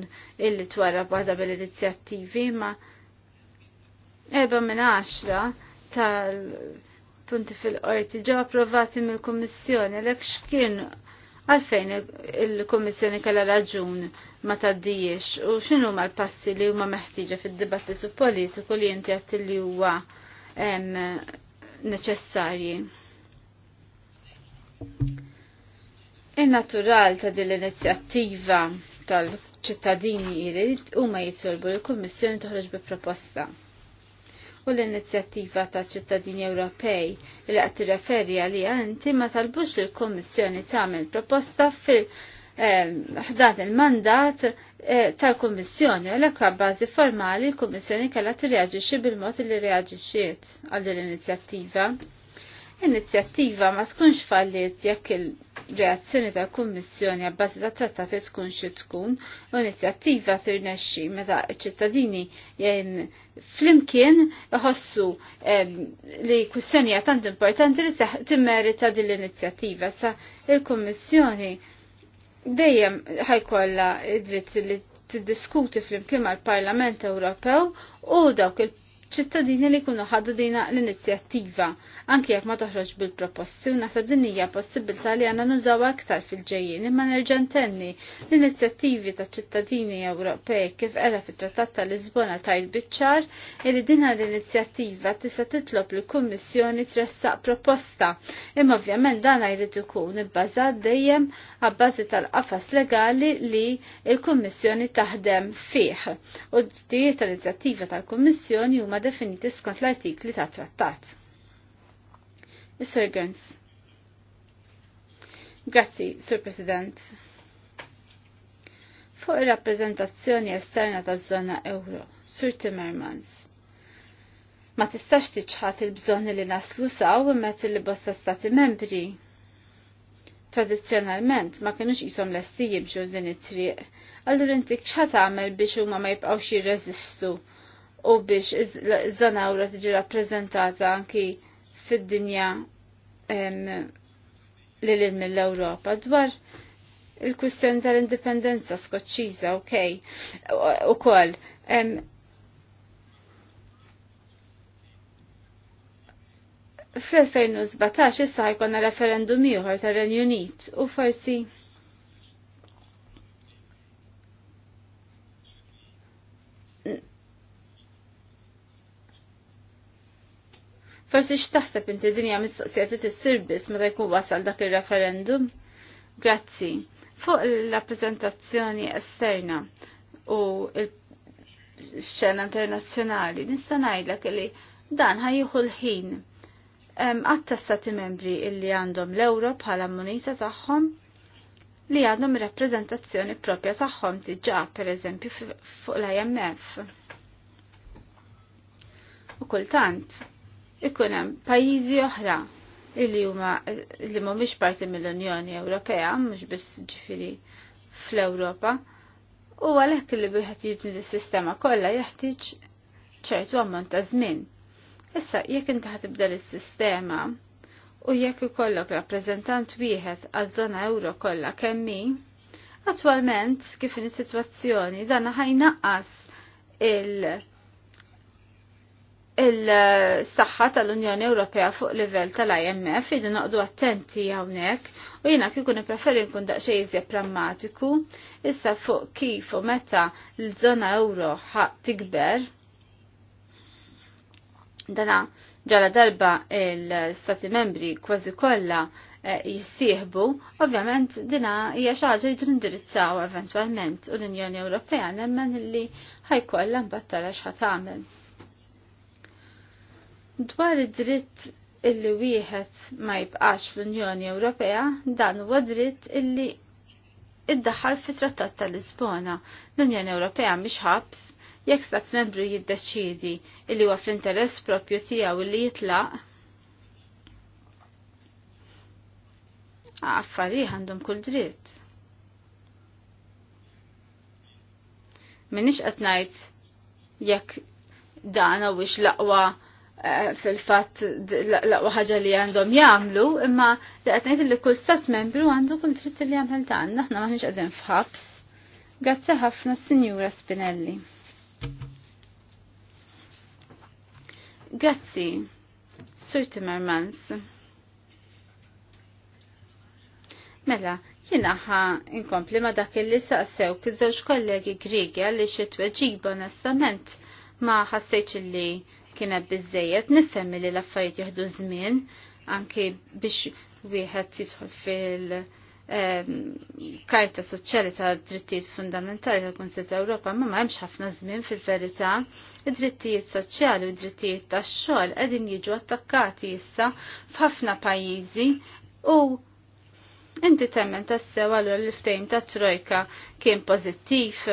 illi twara bada bil-inizjattivi ma erba minn għaxra tal-punti fil-qorti ġo approvati mill-Kommissjoni l xkien għalfejn il-Kommissjoni kella raġun ma taddijiex u xinu ma l-passi li huma meħtieġa fid-dibattitu politiku li inti għat li huwa neċessarji. In-natural ta' din l-inizjattiva tal-ċittadini u huma jitolbu l-Kummissjoni toħroġ bi proposta. U l-inizjattiva ta' ċittadini Ewropej li qed tirreferi għalija inti ma talbux il kummissjoni tagħmel proposta fil- eh, ħdan il-mandat eh, tal-Kommissjoni, għalhekk bazi formali l-Kommissjoni kellha reagġiċi bil-mod li reaġixxiet għal din l-inizjattiva inizjattiva ma skunx fallit jekk il-reazzjoni tal-Kummissjoni għabbati ta' trattati tkun xi tkun u inizjattiva tirnexxi meta ċ-ċittadini flimkien iħossu li hija tant importanti li timmerita din l-inizjattiva sa il-Kummissjoni dejjem ħajkolla id-dritt li tiddiskuti flimkien mal-Parlament Ewropew u dawk il ċittadini li kunu ħaddu dina l-inizjattiva, anki jekk ma toħroġ bil-proposti u nasa dinija hija possibilità li għandna nużaw aktar fil-ġejjin imma nerġa' ntenni l-inizjattivi ta' ċittadini Ewropej kif qela fit-Trattat ta' Lisbona tajt biċ-ċar li dina l-inizjattiva tista' titlob li kummissjoni tressaq proposta. Imma ovvjament dan jrid ikun ibbażat dejjem għabbażi tal-qafas legali li l-Kummissjoni taħdem fih. U d tal-inizjattiva tal-Kummissjoni huma ma definiti skont l-artikli ta' trattat. Mr. sir Gerns. Grazzi, Sir President. Fuq ir-rappreżentazzjoni esterna taż-żona Ewro, Sir Timmermans. Ma tistax tiċħat il-bżonni li naslu saw immet li bosta stati membri. Tradizzjonalment ma kienux jisom lesti jibġu din it-triq, għallur intik ċħat għamel biex huma ma jibqawx jirreżistu u biex iż-żona ewra tiġi rappreżentata anki fid-dinja li l mill-Ewropa dwar il-kwistjoni tal-indipendenza skoċċiża, ok, u koll. Fl-2017 issa ħajkonna referendum ieħor tar-Renju Unit u forsi Forsi x'taħseb inti dinja mistoqsija ti tissirbis meta jkun wasal dak ir-referendum? Grazzi. Fuq il rappreżentazzjoni esterna u l-xena internazzjonali, nista' ngħidlek li dan ħajjieħu l-ħin għatta stati membri illi għandhom l-euro bħala munita tagħhom li għandhom rappresentazzjoni propja tagħhom diġà pereżempju fuq l-IMF. U kultant, ikun hemm pajjiżi oħra illi huma li mhumiex parti mill-Unjoni Ewropea, mhux biss ġifiri fl-Ewropa, u għalhekk li wieħed jibni s-sistema kollha jeħtieġ ċertu ammont ta' żmien. Issa jekk inti ħatibda l-sistema u jekk ikollok rappreżentant wieħed għaż-żona euro kollha kemm min, attwalment kif in-sitwazzjoni dan ħajnaqqas il- il-saħħa tal-Unjoni Ewropea fuq livell tal-IMF idu noqdu attenti hawnhekk u jiena kieku nippreferi nkun daqsxejn iżjed prammatiku issa fuq kif u meta l-żona euro ħaq tikber. Dana ġala darba l-Stati membri kważi kollha eh, jissieħbu, ovvjament dina hija xi ħaġa jridu nindirizzaw eventwalment u l-Unjoni Ewropea nemmen illi ħajkollha mbagħad tara x'ħa tagħmel. Dwar id-dritt illi wieħed ma jibqax fl-Unjoni Ewropea, dan huwa dritt illi iddaħħal fit-Trattat tal-Lisbona. L-Unjoni Ewropea mhix ħabs jekk stat membru jiddeċidi illi huwa fl-interess propju tiegħu illi jitlaq. Affarijiet għandhom kull dritt. Minix qed ngħid jekk dan huwiex l-aqwa Eh, fil-fatt laqwa ħaġa li għandhom jagħmlu, imma li qed li kull stat membru għandu kull dritt li jagħmel dan, aħna maħniex għadin f'ħabs. Grazzi ħafna Sinjura Spinelli. Grazzi, Sur Timmermans. Mela, jina ħa inkompli ma dak li saqsew kiż-żewġ kollegi Grigja li xi tweġiba onestament ma ħassejx li kienet bizzejet, nifhem li l-affarijiet jieħdu żmien anke biex wieħed jidħol fil- ehm, karta soċjali ta' drittijiet fundamentali ta' Kunsil ta' Ewropa ma ma hemmx ħafna żmien fil-verità id-drittijiet soċjali u d-drittijiet tax-xogħol qegħdin jiġu attakkati issa f'ħafna pajjiżi u inti temmen tassew allura l-ftejm ta' Trojka kien pożittiv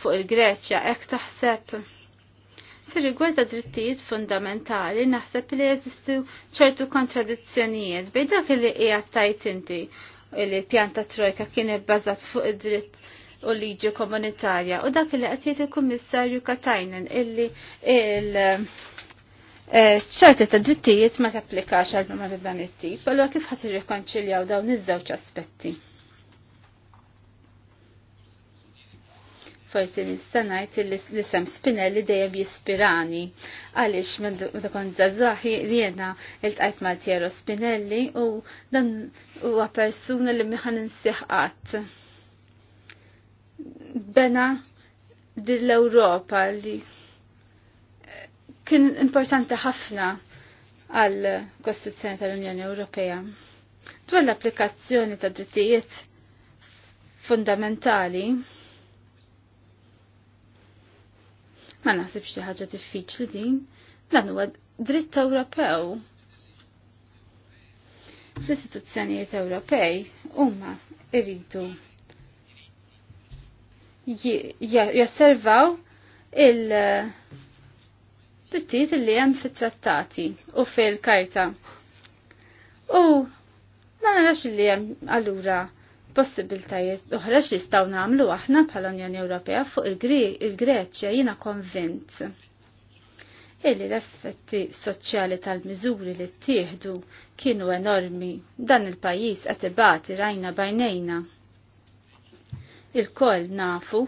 fuq il-Greċja hekk taħseb. Fir-rigward drittijiet fundamentali naħseb li jeżistu ċertu kontradizzjonijiet bejn dak li qiegħed tajt inti li pjanta trojka kien ibbażat fuq id-dritt u liġi komunitarja u dak li qed il-Kummissarju Katajnen illi il e, ċerti ta' drittijiet ma tapplikax għal ma dan it-tip, allura kif ħadd irrikonċiljaw dawn iż-żewġ aspetti? forsi nistanajt l-isem Spinelli dejjem jispirani għaliex kont dakon zazzaħi jiena il-tqajt ma' Spinelli u dan huwa persuna li miħan insiħqat. Bena dill-Ewropa li kien importanti ħafna għal Kostituzzjoni tal-Unjoni Ewropea. Dwar l-applikazzjoni ta' drittijiet fundamentali, Ma naħseb xi ħaġa diffiċli din, dan huwa dritt Ewropew. L-istituzzjonijiet Ewropej huma rridu jasservaw il- drittijiet li hemm fit-trattati u fil-karta. U ma narax li hemm allura possibiltajiet oħra x'jistgħu nagħmlu aħna bħala Unjoni Ewropea fuq il-Greċja jiena konvint illi l-effetti soċjali tal-miżuri li ttieħdu kienu enormi dan il-pajjiż qed ibati rajna bajnejna. Il-koll nafu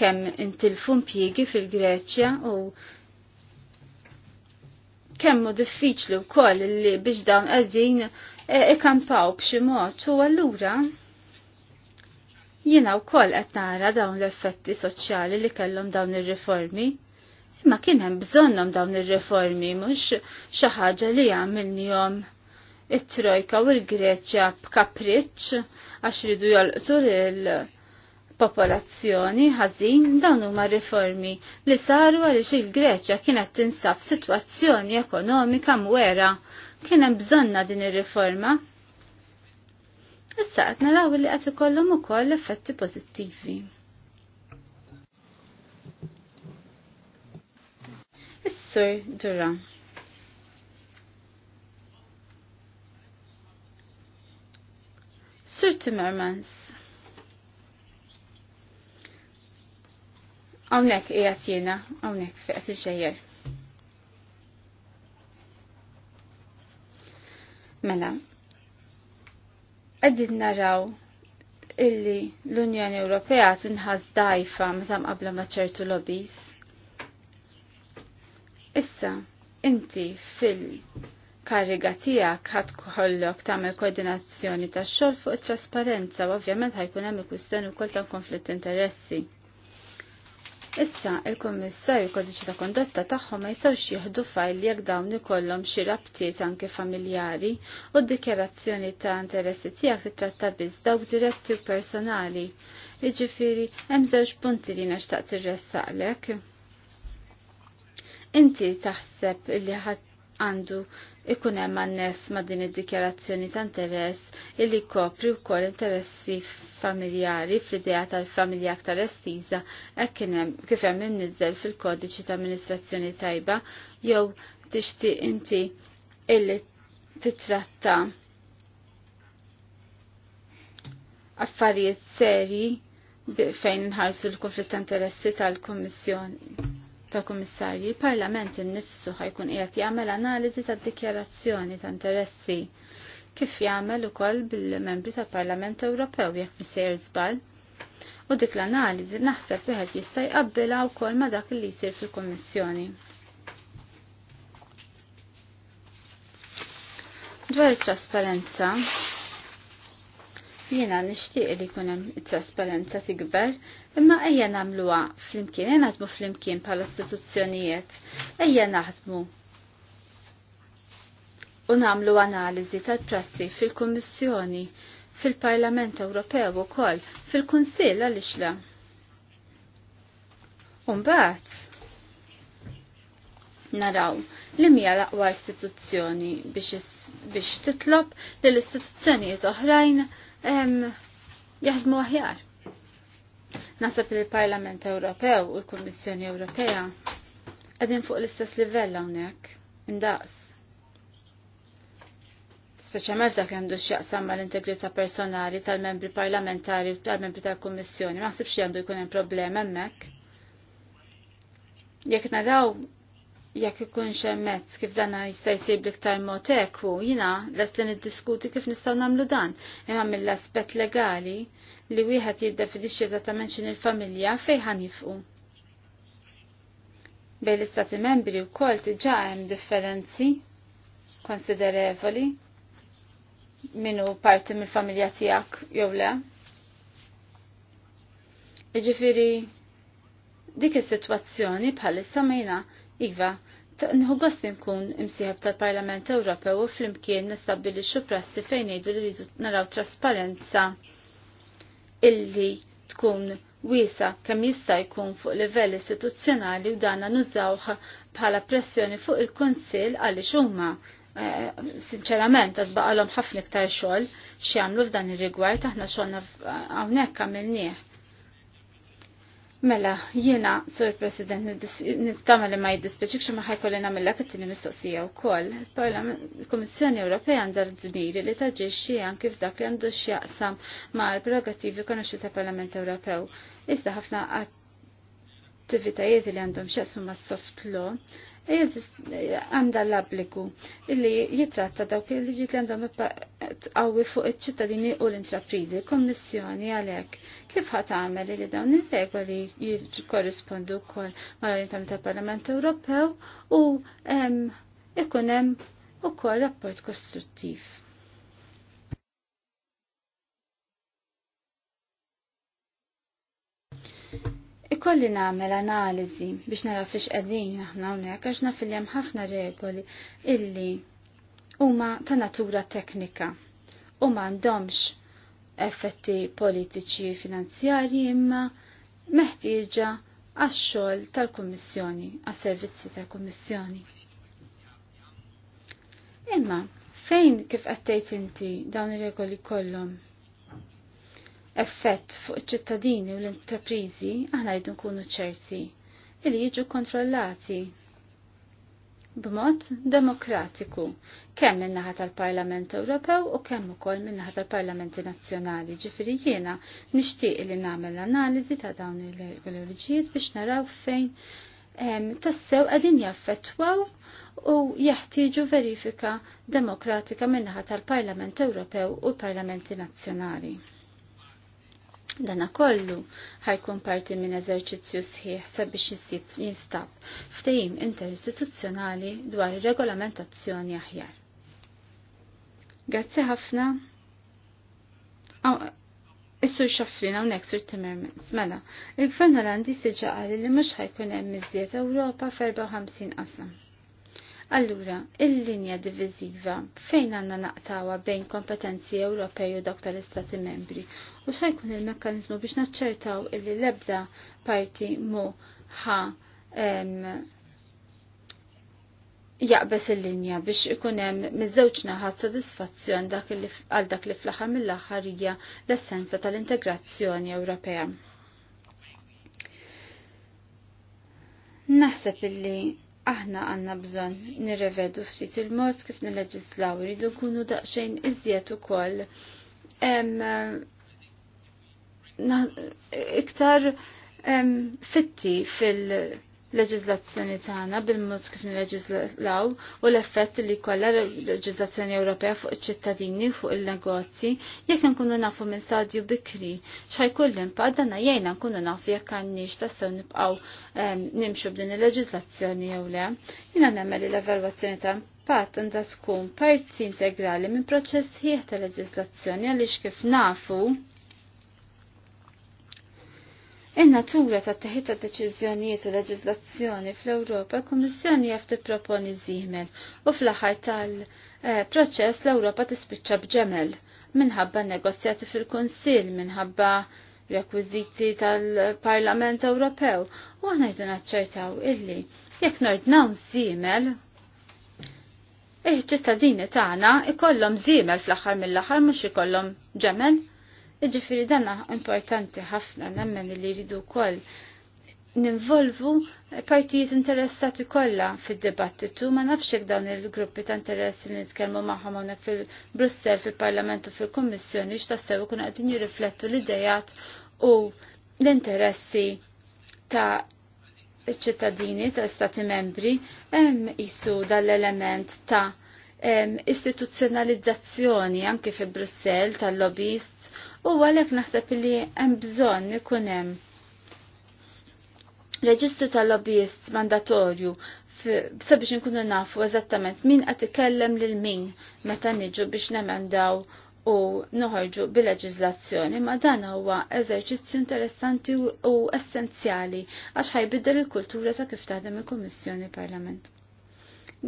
kemm intilfu impjiegi fil-Greċja u kemmu diffiċli wkoll li biex dawn għazin e- ikampaw b'xi mod u allura Jiena wkoll qed nara dawn l-effetti soċjali li kellhom dawn ir-riformi. Imma kien hemm bżonnhom dawn ir-riformi mhux xi ħaġa li jagħmilnihom it-Trojka u l-Greċja b'kapriċċ għax ridu jolqtu lil popolazzjoni ħażin dawn huma riformi li saru għaliex il-Greċja kienet tinsab f'sitwazzjoni ekonomika mwera kien hemm bżonna din ir-riforma Issa qed naraw li qed ikollhom ukoll effetti pożittivi. Is-sur Dura. Sur Timmermans. Hawnhekk ijat jena, hawnhekk fiqat il-ġejjer. Mela, qegħdin naraw illi l-Unjoni Ewropea tinħas dajfa meta qabla ma' ċertu lobbies. Issa, inti fil kariga tiegħek ħadd kollok tagħmel koordinazzjoni tax-xogħol fuq it-trasparenza u ovvjament ħajkun hemm il-kwistjoni wkoll ta' konflitt interessi. Issa il-Kummissarju kodiċi ta' kondotta tagħhom ma jistgħux jieħdu fajl jekk dawn ikollhom xi rabtiet anke familjari u d-dikjerazzjoni ta' interessi tiegħek titratta biss dawk diretti u personali. Jiġifieri hemm żewġ punti li naxtaq tirressaqlek. Inti taħseb li ħadd għandu ikun hemm annes ma' din id-dikjarazzjoni ta' interess illi kopri wkoll interessi familjari fl-idea tal-familja aktar estiża hekk kif hemm imniżżel fil-kodiċi ta' amministrazzjoni tajba jew tixtieq inti illi titratta affarijiet serji fejn nħarsu l-konflitt ta' interessi tal kummissjoni ta' komissarji, il-Parlament innifsu ħajkun qiegħed jagħmel analiżi tad-dikjarazzjoni ta' interessi kif jagħmel ukoll bil-membri tal-Parlament Ewropew jekk misejjer żball. U dik l-analiżi naħseb wieħed jista' jqabbilha wkoll ma' dak li jsir fil-Kummissjoni. Dwar it-trasparenza, Jiena nixtieq li jkun hemm trasparenza tikber, imma ejja nagħmluha flimkien, ejja naħdmu flimkien bħala istituzzjonijiet, ejja naħdmu u nagħmlu analiżi tal-prassi fil-Kummissjoni, fil-Parlament Ewropew ukoll, fil-Kunsill għal le. Umbagħad naraw li mija laqwa istituzzjoni biex, biex titlob li l-istituzzjonijiet oħrajn jaħdmu aħjar. Nasab li l-Parlament Ewropew u l-Kummissjoni Ewropea għedin fuq l-istess livell hawnhekk, indaqs. Speċjalment dak għandu x'jaqsam mal-integrità personali tal-membri parlamentari u tal-membri tal-Kummissjoni, ma naħsibx għandu jkun hemm problem hemmhekk. Jekk naraw jekk ikun xem mezz kif dan jista' jsib l-iktar mod ekwu, jiena lest li niddiskuti kif nistgħu nagħmlu dan, imma mill-aspett legali li wieħed jiddefinixxi eżattament x'in il-familja fejn ħanifqu. Bej l-istati membri wkoll diġà hemm differenzi konsiderevoli minu parti mill-familja tiegħek jew le. Jiġifieri dik is-sitwazzjoni bħalissa ma Iva, nħu nkun imsieħab tal-Parlament Ewropew u flimkien nistabbilixxu prassi fejn ngħidu li rridu naraw trasparenza illi tkun wiesa kemm jista' jkun fuq livell istituzzjonali u dan nużawh bħala pressjoni fuq il-Kunsill għaliex huma eh, sinċerament għad baqalhom ħafna iktar xogħol għamlu f'dan ir-rigward aħna xogħolna hawnhekk għamilnieh Mela, jiena, Sur President, nittama li ma jiddispeċik xa maħar kollina mella kattini mistoqsija u koll. Il-Komissjoni Ewropea għandar dżuniri li li taġiġi anki f'dak li għandu xjaqsam ma' l-prerogativi konoxi ta' Parlament Ewropew. Iżda ħafna attivitajiet li għandhom xjaqsam ma' soft law għanda l-appliku illi jitratta dawk li ġit li għandhom għawi fuq iċ-ċittadini u l-intraprizi, kommissjoni għalhekk. Kif ħat għamel li dawn il-pegwa li jikorrispondu wkoll mal-orientament tal-Parlament Ewropew u ikun hemm ukoll rapport kostruttiv. Kolli nagħmel analiżi biex nara fiex qegħdin aħna hawnhekk għax nafiljem ħafna regoli illi huma ta' natura teknika u m'għandhomx effetti politiċi finanzjarji imma meħtieġa għax-xogħol tal-Kummissjoni, għas-servizzi tal-Kummissjoni. Imma fejn kif qed tgħid inti dawn ir-regoli kollhom effett fuq iċ-ċittadini u l-interprizi, aħna rridu nkunu ċerti li jiġu kontrollati b'mod demokratiku, kemm min-naħa tal-Parlament Ewropew u kemm ukoll min-naħa tal-Parlamenti Nazzjonali. Ġifieri jiena nixtieq li nagħmel analiżi ta' dawn il-ideoloġijiet biex naraw fejn tassew qegħdin jaffettwaw u jeħtieġu verifika demokratika min-naħa tal-Parlament Ewropew u l-Parlamenti Nazzjonali. Dana kollu ħajkun parti minn eżerċizzju sħiħ sabiex jisib jinstab ftehim interistituzzjonali dwar regolamentazzjoni aħjar. Grazzi ħafna. Issu xaffina u sur Timmermans. Mela, il-gvern Olandi siġa li mhux ħajkun hemm miżjed Ewropa f'54 qasam. Allura, il-linja diviziva fejn għanna naqtawa bejn kompetenzi Ewropej u dak tal-Istati membri u xajkun il-mekkanizmu biex naċċertaw illi lebda parti mu ħa jaqbes il-linja biex ikunem miż-żewġ naħat sodisfazzjon għal dak li fl axar mill-aħħar hija l-essenza tal-integrazzjoni Ewropea. Naħseb illi aħna għanna bżon nirrevedu ftit il-mod kif nilleġislaw rridu nkunu daqsxejn iżjed ukoll iktar fitti fil- leġizlazzjoni tagħna bil-mod kif nileġizlaw u l-effett li kollha leġizlazzjoni Ewropea fuq iċ-ċittadini fuq il-negozji jekk nkunu nafu minn stadju bikri x'ħajkun l-impatt dan jgħinna nkunu nafu jekk għandniex tassew nibqgħu ehm, nimxu b'din il-leġizlazzjoni jew le. Jiena nemmel li l-evalwazzjoni ta' impatt għandha tkun parti integrali minn proċess ħieħ ta' leġizlazzjoni għaliex kif nafu In-natura ta' teħita ta' deċiżjonijiet u leġizlazzjoni fl-Ewropa, l-Kummissjoni jaf tipproponi żiemel u fl-aħħar tal-proċess eh, l-Ewropa tispiċċa b'ġemel minħabba negozjati fil-Kunsill, minħabba rekwiziti tal-Parlament Ewropew u għana jdu naċċertaw illi jekk nordnaw zimel il-ċittadini tagħna ikollhom zimel fl-aħħar mill-aħħar mhux ikollhom ġemel. Iġifiri danna importanti ħafna nemmen li jridu kol ninvolvu partijiet interessati kollha fid-dibattitu ma nafx hekk dawn il-gruppi ta' interessi li nitkellmu magħhom fil-Brussell, fil-Parlament u fil-Kummissjoni x'tassew kuna għedin jirriflettu l-idejat u l-interessi ta' ċittadini ta' stati membri hemm isu dal-element ta' istituzzjonalizzazzjoni anke fi Brussell tal-lobbyists u għalhekk naħseb li hemm bżonn ikun hemm reġistru tal-lobbyist mandatorju sabiex nkunu nafu eżattament min qed ikellem lil min meta niġu biex nemendaw u noħorġu bil-leġizlazzjoni, ma dan huwa eżerċizzju interessanti u essenzjali għax ħajbiddel il-kultura ta' kif taħdem il-Kummissjoni Parlament.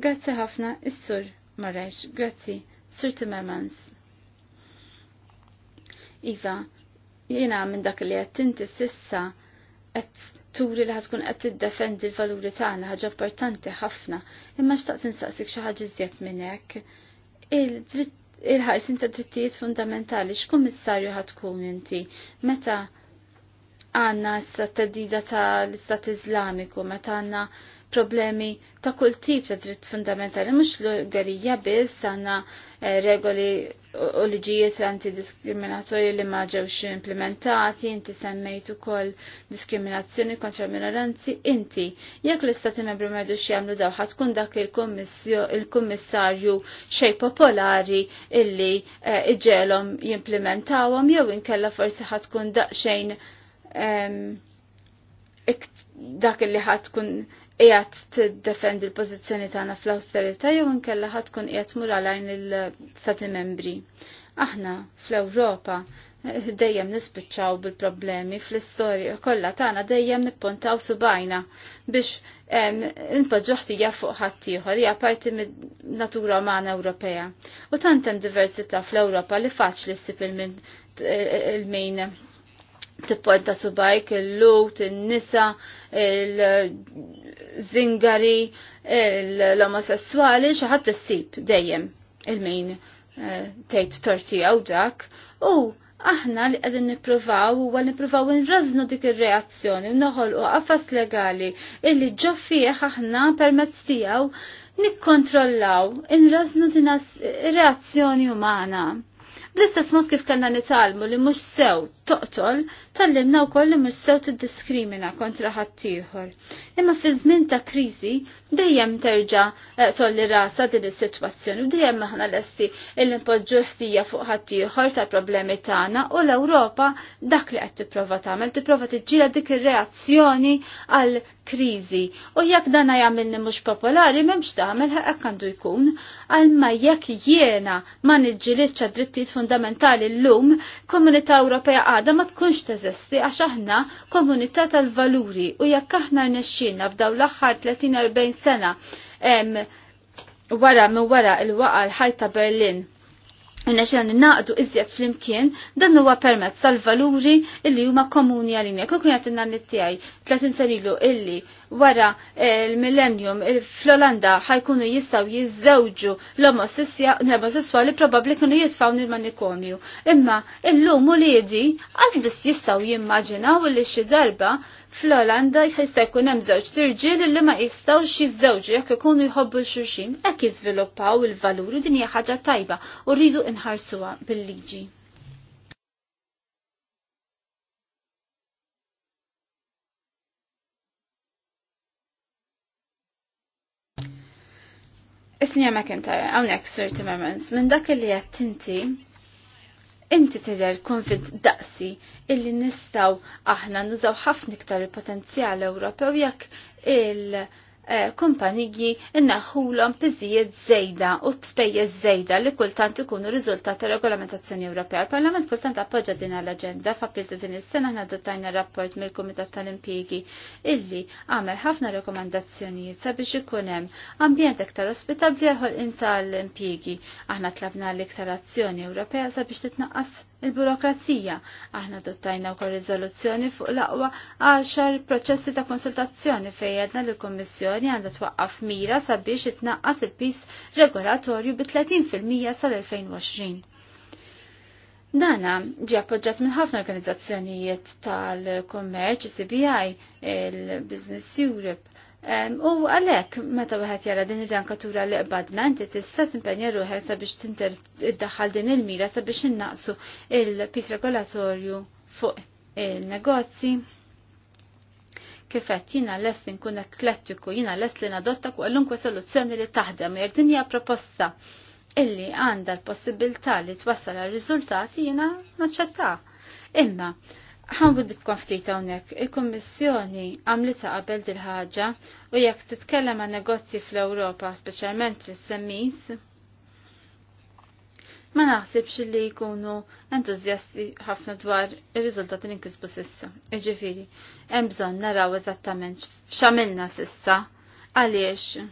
Grazzi ħafna is-Sur Marex, grazzi Sur Timmermans. Iva, jiena minn dak li qed tinti sissa qed turi li għed qed tiddefendi l-valuri tagħna ħaġa importanti ħafna, imma xtaqt insaqsik xi ħaġa iżjed minn hekk. Il-ħarsin ta' drittijiet fundamentali x'kummissarju ħatkun inti meta għanna s-tadida ta' l-Istat Islamiku, meta għanna problemi ta' kull tip ta' dritt fundamentali, mux l għarija biz, għanna eh, regoli u liġijiet antidiskriminatorji li ma ġewx implementati, inti semmejt ukoll diskriminazzjoni kontra minoranzi, inti jekk l-istati membri ma jdux jagħmlu daw ħatkun dak il-kummissarju xej popolari illi eh, iġelhom jimplementawhom jew inkella forsi ħatkun daqsxejn ehm, dak li ħadd tkun qiegħed tiddefend il-pożizzjoni tagħna fl-awsterità jew inkella ħadd tkun qiegħed mur għalajn il-Stati membri. Aħna fl-Ewropa eh, dejjem nispiċċaw bil-problemi fl-istorja kollha tagħna dejjem nippuntaw subajna biex npoġġoħtija fuq ħadd ieħor hija parti mid-natura umana Ewropea. U tant hemm diversità fl-Ewropa li faċli ssib il-min tippoġġa subajk il-lut, il-nisa, il-zingari, l-omosessuali, xaħat issib dejjem il-min eh, tgħid torti għaw dak. U aħna li qegħdin nippruvaw huwa nippruvaw nrażnu dik ir-reazzjoni u għafas legali illi ġo aħna permezz tiegħu nikkontrollaw, nraznu din reazzjoni umana. L-istess mod kif kellna nitalmu li mhux sew toqtol, tallimna wkoll li mhux sew tiddiskrimina kontra ħaddieħor. Imma fi żmien ta' kriżi dejjem terġa' eh, tolli rasa din is-sitwazzjoni u dejjem aħna lesti illi npoġġu ħtija fuq ħaddieħor ta' problemi tagħna u l-Ewropa dak li qed tipprova tagħmel, tipprova tiġġiela dik ir-reazzjoni għal kriżi. U jekk dana jagħmilni mhux popolari m'hemmx tagħmel ħekk għandu jkun għalma jekk jiena ma niġġilitx drittijiet fundamentali l-lum, komunità Ewropea għada ma tkunx teżisti għax aħna komunità tal-valuri u jekk aħna rnexxilna f'daw l-aħħar 30-40 sena wara minn wara il-waqa l-ħajta Berlin Inna xena naqdu iżjed fl-imkien, dan huwa permezz tal-valuri illi huma komuni għalina. Kun n għatinna nittijaj, 30 senilu illi wara eh, il-millennium fl-Olanda ħajkunu jistaw jizzewġu l-omosessuali probabli kienu jitfaw nil-manikomju. Imma illum u liedi għalbis jistaw jimmaġinaw illi xi darba fl-Olanda jħista jkun hemm żewġ tirġiel li ma jistgħux jiżżewġu jekk ikunu jħobbu xulxin hekk jiżviluppaw il-valuri din hija ħaġa tajba u rridu nħarsuha bil-liġi. Is-Sinja McIntyre, għawnek Sir Timmermans, minn dak li għattinti inti tidher konfint daqsi illi nistaw aħna nużaw ħafna iktar il-potenzjal Ewropew jekk il- Eh, kumpaniji innaħħulhom piżijiet żejda u spejjeż żejda li kultant ikunu riżultat ta' regolamentazzjoni Ewropea. Il-Parlament kultant appoġġa din l-aġenda f'April ta' din is-sena aħna adottajna rapport mill-Kumitat tal-Impjiegi illi għamel ħafna rekomandazzjonijiet sabiex ikun hemm ambjent iktar ospitabbli għal tal-impjiegi. Aħna tlabna l-iktar azzjoni Ewropea sabiex titnaqqas il-burokrazija. Aħna dottajna u rizoluzzjoni fuq l-aqwa għaxar proċessi ta' konsultazzjoni fej għedna l kommissjoni għandha twaqqaf mira sabiex itnaqqas il-pis regolatorju bi 30% sal-2020. Dana ġi appoġġat minn ħafna organizzazzjonijiet tal-kommerċ, CBI, il-Business Europe, U għalek, meta wieħed jara din ir-rankatura li qbadna, inti tista' timpenja ruħek sabiex tinter iddaħħal din il-mira sabiex innaqsu il-pis regolatorju fuq il-negozji. Kifet jina lest nkun eklettiku, jina lest li nadotta kwalunkwe soluzzjoni li taħdem, jekk din hija proposta illi għandha l-possibilità li twassal għal riżultati jina naċċettaha. Imma, ħanwiddibkom ftit hawnhekk, il-Kummissjoni għamlita qabel dil-ħaġa u jekk titkellem għan negozji fl-Ewropa, speċjalment fis-semmis, ma naħsibx li jkunu entużjasti ħafna dwar ir-riżultati li nkisbu sissa. Iġifiri, hemm bżonn naraw eżattament x'għamilna sissa għaliex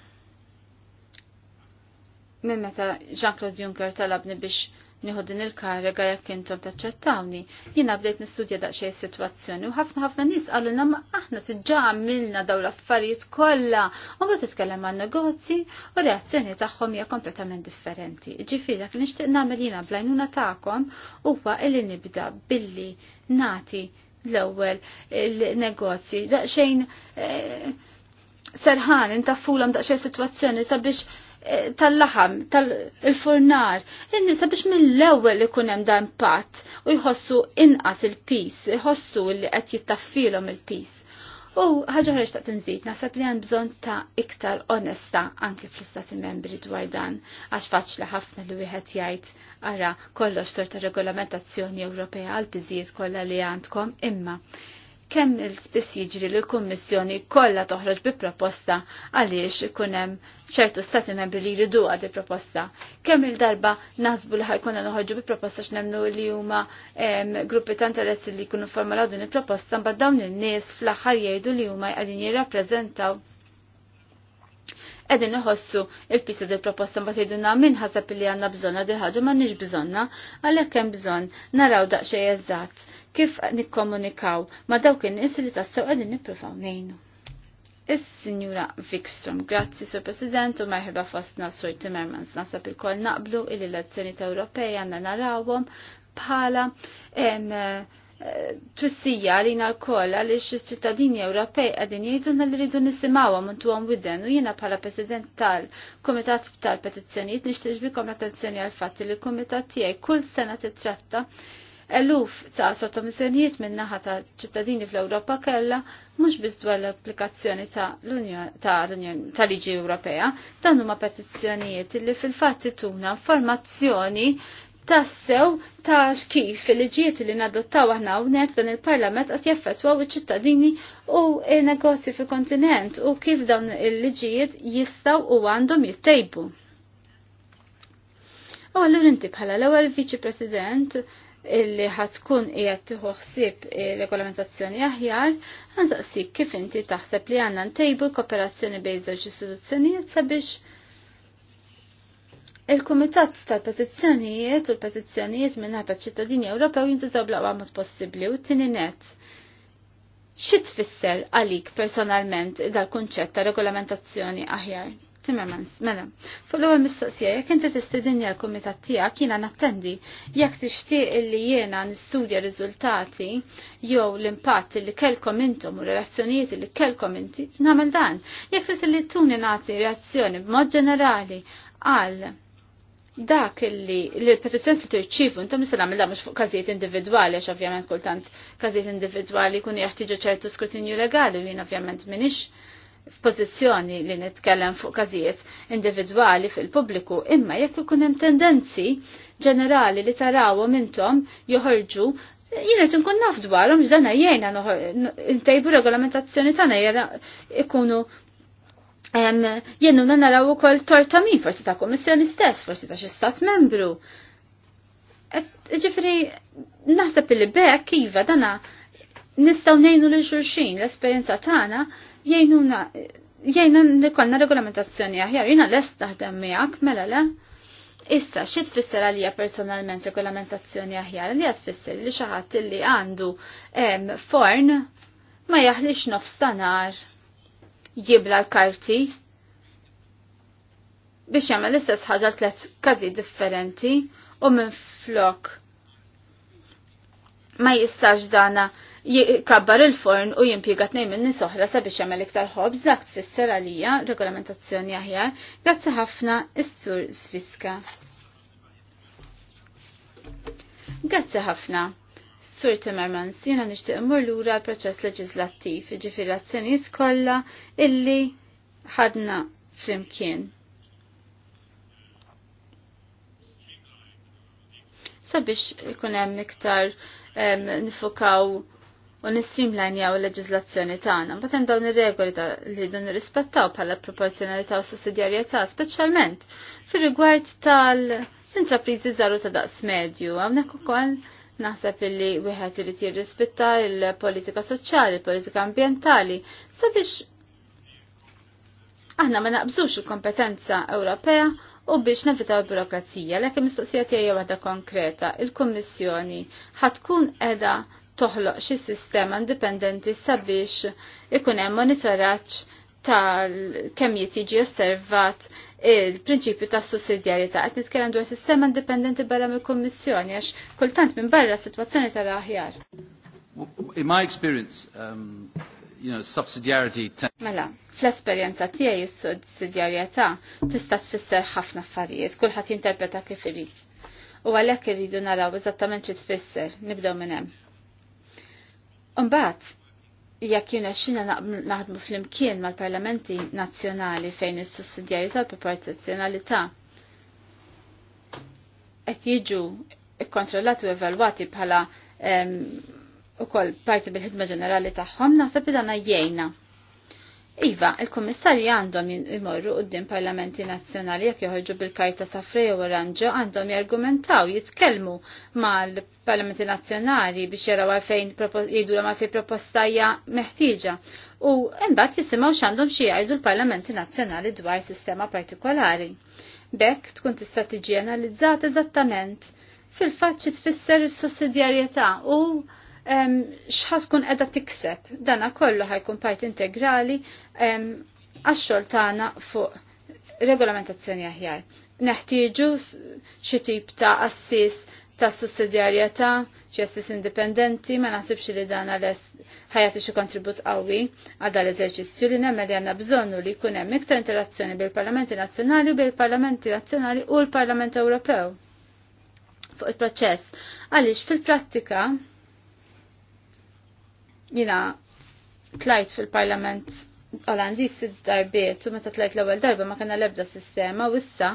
minn meta Jean-Claude Juncker talabni biex nieħu din il-kariga jekk intom taċċettawni. Jiena bdejt nistudja daqsxejn is-sitwazzjoni u ħafna ħafna nies qalu ma aħna tiġà għamilna daw l-affarijiet kollha u ma titkellem għan negozji u reazzjoni tagħhom hija kompletament differenti. Ġifieri dak li nixtieq nagħmel jiena blajnuna tagħkom huwa illi nibda billi nati l-ewwel il-negozji daqsxejn eh, serħan intaffulhom daqsxejn sitwazzjoni sabiex Eh, tal-laħam, tal-furnar. Il-nisa biex mill-ewwel ikun hemm dan impatt u jħossu inqas il-pis, jħossu li qed jittaffilhom il-pis. U ħaġa ħreġ ta' tinżid, naħseb li hemm bżonn ta' iktar onesta anke fl-istati membri dwar dan, għax faċli ħafna li wieħed jgħid ara kollox sorta regolamentazzjoni Ewropea għal biżijiet kollha li għandkom imma kemm il-spiss jiġri li l-Kummissjoni kollha toħroġ bi proposta għaliex ikun hemm ċertu stati membri li jridu il proposta. Kemm il-darba naħsbu li ħajkunna noħorġu bi proposta x'nemnu li huma gruppi ta' interessi li jkunu formalaw din il-proposta mbagħad dawn in-nies fl-aħħar jgħidu li huma qegħdin jirrappreżentaw Edin iħossu il-pisa del proposta ma jgħidulna min ħasab li għandna bżonna dil ħaġa m'għandniex bżonna, għalhekk hemm bżonn naraw daqsxejn eżatt kif nikkomunikaw ma dawk in-nies li tassew qegħdin nippruvaw ngħinu. Is-Sinjura Vikstrom, grazzi Sur President u marħiba fostna Sur Timmermans nasab il-kol naqblu il-elezzjoni ta' Ewropej għandna narawhom bħala twissija li l li x ċittadini Ewropej għadin jgħidulna li rridu nisimawa muntu għom widen u jena pala president tal-Komitat tal-Petizzjoniet nishtiġbikom attenzjoni għal fatti li l-Komitat tijaj kull sena titratta eluf ta' sottomissjonijiet minn naħa ta' ċittadini fl-Ewropa kella mhux biss dwar l-applikazzjoni ta' liġi Ewropea, dan huma petizzjonijiet li fil-fatt tuna informazzjoni tassew tax kif il-ġiet li nadottaw aħna hawnhekk dan il-Parlament qed jaffettwaw iċ-ċittadini u negozji fil-kontinent u kif dawn il-liġijiet jistaw u għandhom jittejbu. U għallur inti bħala l-ewwel Viċi President illi ħatkun qiegħed tieħu ħsieb regolamentazzjoni aħjar, ħansaqsik kif inti taħseb li għandna ntejbu l-kooperazzjoni bejn żewġ istituzzjonijiet sabiex Il-Kumitat tal-Petizzjonijiet u l-Petizzjonijiet minn minnata ċittadini Ewropew jintużaw bl mod possibbli u t-tini net. Xi tfisser għalik personalment dal-kunċett ta' regolamentazzjoni aħjar? Timmermans, mela, Fullu ewwel mistoqsija jekk inti tistidinja l-kumitat tiegħek jiena nattendi jekk tixtieq illi jiena nistudja riżultati jew l-impatt li kellkom intom u relazzjonijiet li kellkom inti nagħmel dan. Jekk trid li tuni nagħti reazzjoni b'mod ġenerali għal dak illi l-petizzjoni li tirċivu intom nista' nagħmilha mhux fuq każijiet individwali għax ovvjament kultant każijiet individwali kun jeħtieġu ċertu skrutinju legali u jien ovvjament m'iniex f'pożizzjoni li nitkellem fuq każijiet individwali fil-pubbliku, imma jekk ikun hemm tendenzi ġenerali li tarawhom intom joħorġu jiena qed inkun naf dwarhom x'dana jgħinha ntejbu regolamentazzjoni tagħna jara ikunu jennu na naraw ukoll torta min, forsi ta' kommissjoni stess, forsi ta' xi stat membru. Ġifri, naħseb li bekk iva dana nistaw nejnu li xurxin l-esperienza tagħna jgħinuna jajna li konna regolamentazzjoni aħjar, jina lest taħdem miegħek mela le. Issa, xie tfisser għalija personalment regolamentazzjoni aħjar, li tfisser li xaħat li għandu forn ma jaħlix nofstanar jibla l-karti biex jagħmel l-istess ħaġa tliet każi differenti u minn flok ma jistax dana jikabbar il-forn u jimpjega tnejn minn nies oħra sabiex jagħmel iktar ħobż dak tfisser għalija regolamentazzjoni aħjar grazzi ħafna is-sur Sfiska. Grazzi ħafna. Sur Timmermans, jiena nishtiq immur lura l-proċess leġislattiv, jiġifieri l azzjonijiet kollha illi ħadna flimkien. Sabiex ikun hemm iktar nifukaw u nistreamlinejaw il-leġizlazzjoni tagħna, mbagħad hemm dawn ir-regoli li dun nirrispettaw bħala proporzjonalità u sussidjarjetà, speċjalment fir-rigward tal-intrapriżi żaru ta' daqs medju, hawnhekk ukoll Naħseb illi wieħed irid jirrispetta l-politika soċjali, l-politika ambjentali, sabiex aħna ma naqbżux il-kompetenza Ewropea u biex nevitaw il-burokrazija, l mistoqsija tiegħi waħda konkreta, il-Kummissjoni ħatkun qiegħda toħloq xi sistema indipendenti sabiex ikun hemm monitoraġġ tal-kemm jitiġi osservat il-prinċipju ta' sussidjarjetà Għet nitkellem dwar sistema indipendenti barra mill-Kummissjoni għax kultant minn barra sitwazzjoni tal-aħjar. In my experience, um, you know, subsidiarity Mela, fl-esperjenza tiegħi s-sussidjarjetà tista' tfisser ħafna affarijiet, kulħadd jinterpreta kif irid. U għalhekk irridu naraw eżattament xi tfisser, nibdew minn hemm. Imbagħad, jekk jina xina naħdmu fl-imkien mal-parlamenti nazzjonali fejn is-sussidjarità u proporzjonalità qed jiġu kontrollati u evalwati bħala ehm, ukoll parti bil-ħidma ġenerali tagħhom naħseb li dan jgħinna Iva, il-Kummissarji għandhom imorru qudiem parlamenti nazzjonali jekk joħorġu bil-karta ta' Frejo Oranġo għandhom jargumentaw, jitkellmu mal-parlamenti nazzjonali biex jaraw għalfejn jgħidu l għalfejn proposta hija meħtieġa. U imbagħad jisimgħu x'għandhom xi jgħidu l-parlamenti nazzjonali dwar sistema partikolari. Bekk tkun tista' tiġi analizzata eżattament fil-fatt xi tfisser is-sussidjarjetà u xħas kun edha tikseb. Dana kollu ħajkun part integrali għaxxol tagħna fuq regolamentazzjoni aħjar. Neħtieġu xi tip ta' assis ta' sussidjarjetà, xi assis indipendenti, ma naħsibx li dan għaless ħajati xi kontribut qawwi għal dan l-eżerċizzju li nemmel li bżonnu li jkun hemm iktar interazzjoni bil-Parlamenti Nazzjonali u bil-Parlamenti Nazzjonali u l-Parlament Ewropew fuq il-proċess. Għaliex fil-prattika Jina tlajt fil-parlament Olandis id-darbiet u meta tlajt l-ewwel darba ma kellna l-ebda sistema u issa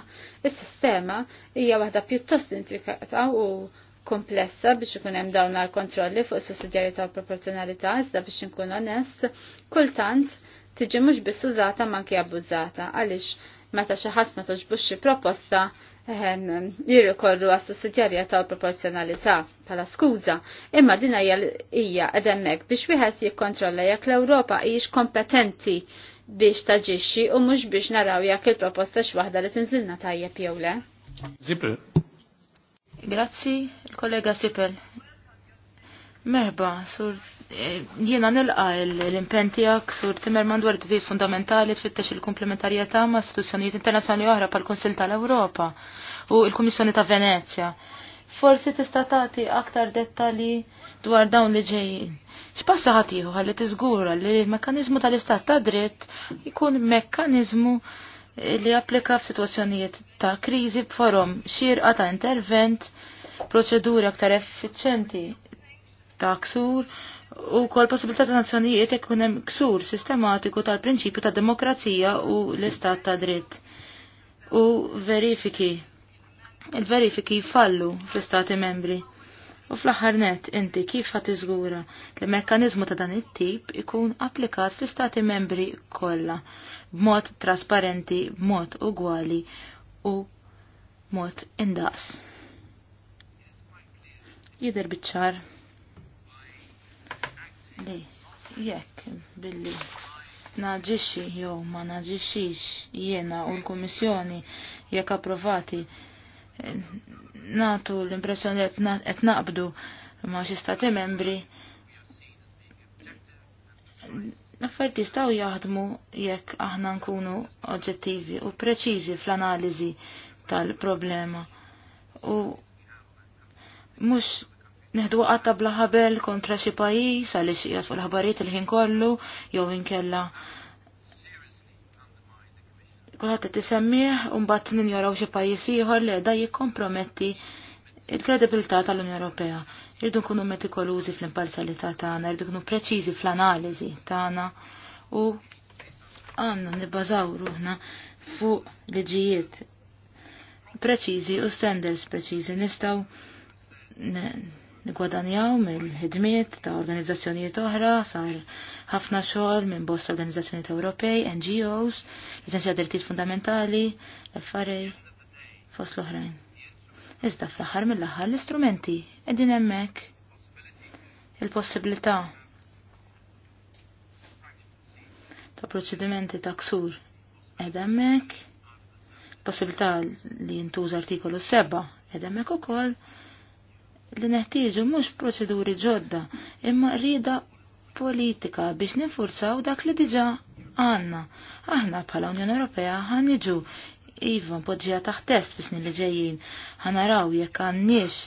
is-sistema hija waħda pjuttost intrikata u komplessa biex ikun hemm dawn għall-kontrolli fuq is-sussidjarjetà u proporzjonalità iżda biex inkun onest, kultant tiġi mhux biss użata ma anke abbużata għaliex meta xi ħadd ma toġbux xi proposta Ehm, jirrikorru għas sussidjarja tal-proporzjonalità pala skuża, imma din hija qed biex wieħed jikkontrolla jekk l-Ewropa hijiex kompetenti biex taġixxi u mhux biex naraw jekk il-proposta x'waħda li tinżilna tajjeb jew le. Zipel. Grazzi, il-kollega Zipel. Merba, sur jiena nilqa l-impentijak sur Timmerman dwar id fundamentali tfittex il-komplementarjetà ma' istituzzjonijiet internazzjonali oħra pal-Kunsil tal-Ewropa u l-Kummissjoni ta' Venezja. Forsi tista' tagħti aktar dettalji dwar dawn li ġejjin. X'passa ħatiħu ħalli tiżgura li l-mekkaniżmu tal-istat ta' dritt jkun mekkaniżmu li applika f'sitwazzjonijiet ta' kriżi b'forom xirqa ta' intervent, proċeduri aktar effiċenti ta' ksur u kol possibilità ta' nazzjonijiet ikun hemm ksur sistematiku tal-prinċipju ta' demokrazija u l-istat ta' dritt. U verifiki. Il-verifiki jfallu fl-istati membri. U fl-aħħar net inti kif ħadd iżgura li mekkaniżmu ta' dan it-tip ikun applikat fl-istati membri kollha b'mod trasparenti, b'mod ugwali u mod indaqs. Jidher biċ-ċar li jekk billi naġixxi jew ma naġiċiċ jiena u l-Kummissjoni jekk approvati eh, natu l-impressjoni li qed naqbdu ma' xi stati membri l staw jistgħu jaħdmu jekk aħna nkunu oġġettivi u preċiżi fl-analiżi tal-problema u mux neħdu għatta bla ħabel kontra xi pajjiż għaliex qiegħed fuq l ħbarijiet il-ħin kollu jew inkella kulħadd qed isemmih u mbagħad ninjoraw xi pajjiż ieħor li qiegħda jikkomprometti il-kredibilità tal-Unjoni Ewropea. Irdu nkunu metikolużi fl-imparzjalità tagħna, irdu nkunu preċiżi fl-analiżi tagħna u għandna nibbażaw ruħna fuq liġijiet preċiżi u standards preċiżi nistgħu nikwadanjaw mill-ħidmiet ta' organizzazzjonijiet oħra, sar ħafna xogħol minn bost organizzazzjonijiet Ewropej, NGOs, l Drittijiet Fundamentali, l-affarej, fost l-oħrajn. Iżda fl-aħħar mill-aħħar l-istrumenti qegħdin hemmhekk il-possibilità ta' proċedimenti ta' ksur qiegħda hemmhekk, possibilità li jintuż artikolu 7 qiegħda hemmhekk ukoll li neħtieġu mhux proċeduri ġodda, imma rida politika biex ninfurzaw dak li diġà għandna. Aħna bħala Unjoni Ewropea ħanniġu iva poġġija taħt test fis-snin li ġejjin, ħanaraw jekk għandniex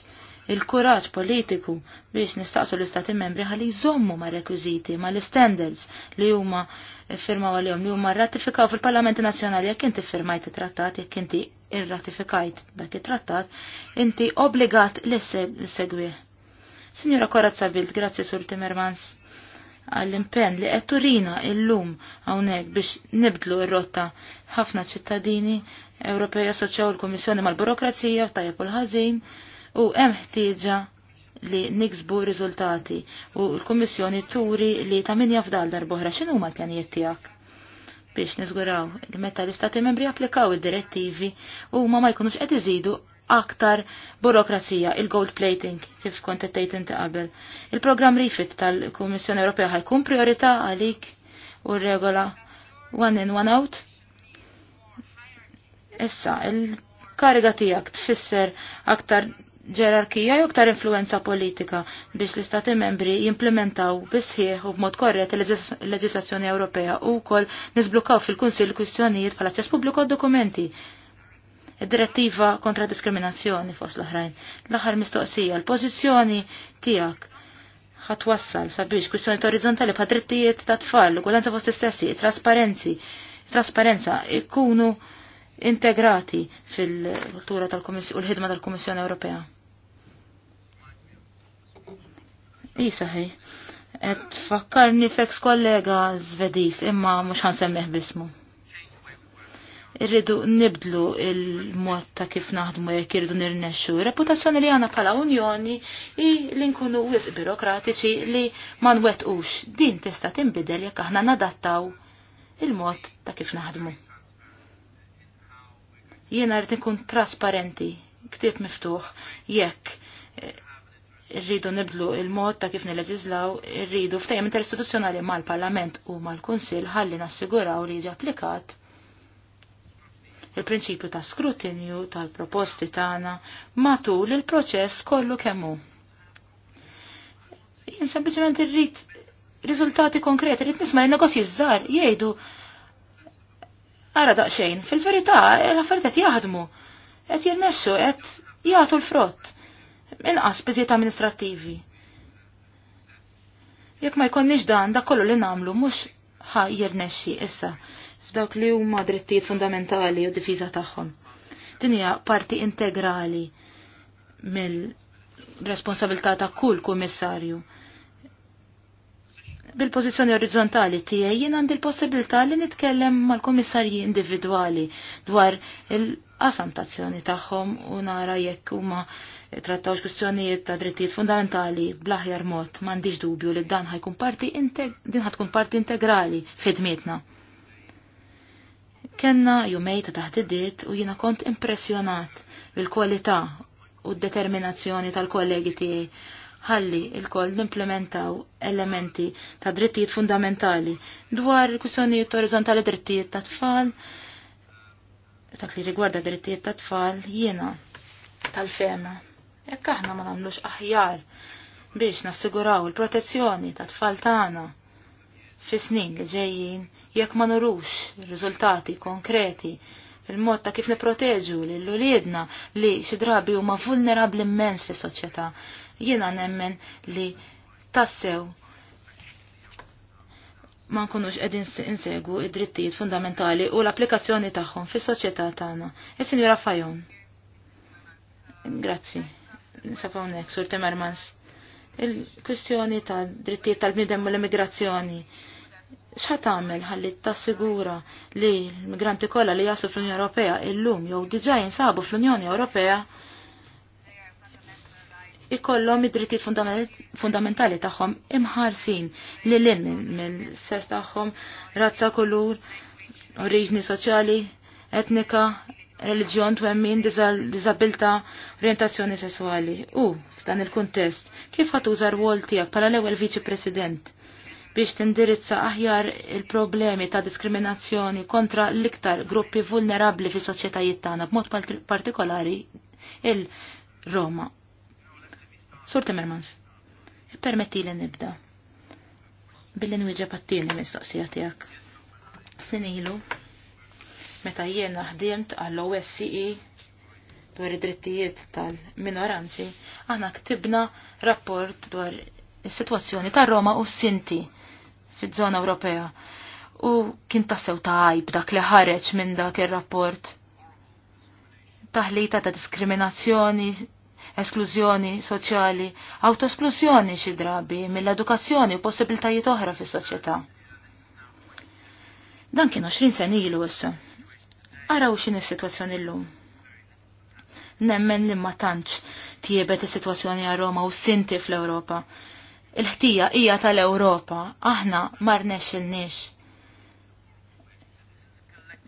il-kuraġġ politiku biex nistaqsu l-istati membri ħalli jżommu ma' rekwiżiti ma' l-standards li huma firmaw għalihom li huma rratifikaw fil-Parlamenti Nazzjonali jekk inti firmajt it-trattat jekk inti irratifikajt dak it-trattat, inti obbligat li segwi. Signora Korazza Bild, grazzi Sur Timmermans għall-impenn li qed turina illum hawnhekk biex nibdlu r-rotta ħafna ċittadini Ewropej assoċjaw l-Kummissjoni mal-Burokrazija tajjeb u l-ħażin u hemm ħtieġa li niksbu riżultati u l-Kummissjoni turi li ta' min jafdal darbohra x'inhuma l-pjanijiet tiegħek biex nizguraw li meta l-istati membri applikaw id-direttivi u ma ma jkunux qed iżidu aktar burokrazija, il-gold plating, kif skont tgħid inti qabel. Il-programm refit tal-Kummissjoni Ewropea ħajkun priorità għalik u regola one in one out. Issa, il-kariga tiegħek tfisser aktar ġerarkija jew iktar influenza politika biex l-istati membri jimplementaw bisħieħ u b'mod korret il-leġislazzjoni Ewropea u wkoll nisblukaw fil-Kunsill kwistjonijiet bħala ċess pubbliku dokumenti id-direttiva kontra diskriminazzjoni fost l-oħrajn. L-aħħar mistoqsija, l-pożizzjoni tiegħek ħatwassal sabiex kwistjoni orizzontali bħad drittijiet ta' tfal, ugwalanza fost istessi, trasparenzi, trasparenza ikunu integrati fil-kultura tal-Komissjoni u l-ħidma tal-Komissjoni Ewropea. Isaħi, et fakkarni feks kollega zvedis imma mux semmeħ bismu. Irridu nibdlu il-mod ta' kif naħdmu jekk irridu nirnexxu. Reputazzjoni li għandna bħala Unjoni li nkunu wisq birokratiċi li ma nwettqux. Din tista' tinbidel jekk aħna nadattaw il-mod ta' kif naħdmu. Jiena rrid nkun trasparenti, ktieb miftuħ, jekk eh, rridu nibdlu il-mod ta' kif nileġislaw, rridu ftajem interistituzzjonali mal-Parlament u mal-Kunsil ħalli nassiguraw li jiġi applikat il-prinċipju ta' skrutinju tal-proposti tagħna matul il-proċess kollu kemmu. Jien sempliċement irrid riżultati konkreti, rrid nisma' negozji żgħar jgħidu ara daqsxejn, fil-verità l-affarijiet qed jaħdmu, qed jirnexxu, qed jagħtu l-frott inqas biżiet amministrattivi. Jekk ma jkollniex dan dak kollu li nagħmlu mhux ħa jirnexxi issa f'dawk li huma drittijiet fundamentali u difiża tagħhom. Din hija parti integrali mill-responsabilità ta' kull kummissarju bil pożizzjoni orizzontali tiegħi jien għandi l-possibilità li nitkellem mal kummissarji individwali dwar il-qasam tazzjoni tagħhom u nara jekk huma trattawx kwistjonijiet ta' drittijiet fundamentali blaħjar mod m'għandix dubju li dan ħajkun parti din ħatkun parti integrali fidmietna. Kenna jumej ta' taħt id-diet u jiena kont impressjonat bil-kwalità u d-determinazzjoni tal-kollegi tiegħi ħalli il-koll nimplementaw elementi ta' drittijiet fundamentali dwar kwistjonijiet orizzontali drittijiet ta' tfal, ta' li rigwarda drittijiet ta' tfal jiena tal-fema Jekk aħna ma nagħmlux aħjar biex nassiguraw il-protezzjoni ta' tfal tagħna fi snin li ġejjin, jekk ma nurux riżultati konkreti il-mod ta' kif nipproteġu l-uliedna li xi drabi huma vulnerabli immens fis soċjetà jiena nemmen li tassew ma nkunux qegħdin insegwu id-drittijiet fundamentali u l-applikazzjoni tagħhom fis-soċjetà tagħna. Is-Sinjura e-, Fajon. Grazzi. Nisafawnek, Sur Timmermans. Il-kwistjoni ta' drittijiet tal-bnidem u l-immigrazzjoni. X'ħat tagħmel ħalli tassigura li l-migranti kollha li jaslu fl-Unjoni Ewropea il-lum jew diġà jinsabu fl-Unjoni Ewropea ikollhom id-drittijiet fundamentali tagħhom imħarsin li lin mill-sess tagħhom, razza, kulur, oriġni soċjali, etnika, reliġjon twemmin diżabilità orientazzjoni sessuali. U, f'dan il-kuntest, kif użar rwol tiegħek bħala l-ewwel viċi president biex tindirizza aħjar il-problemi ta' diskriminazzjoni kontra l-iktar gruppi vulnerabli fi soċjetajiet tagħna b'mod partikolari il-Roma. Sur Timmermans, permetti li nibda billi nwieġeb għat-tieni mistoqsija tiegħek. Snin ilu, Meta jiena ħdimt għall-OSCE dwar id-drittijiet tal-minoranzi, aħna ktibna rapport dwar is-sitwazzjoni ta' Roma u Sinti fiż-żona Ewropea. U kien tassew ta' għajb dak li ħareġ minn dak ir-rapport. Taħlita ta' diskriminazzjoni, esklużjoni soċjali, autoesklużjoni xi drabi mill-edukazzjoni u possibiltajiet oħra fis-soċjetà. Dan kien 20 sen ilu issa. Araw xin is-sitwazzjoni llum. Nemmen li ma tantx tiebet is-sitwazzjoni għal Roma u sinti fl-Ewropa. Il-ħtija hija tal-Ewropa, aħna mar nexxilniex.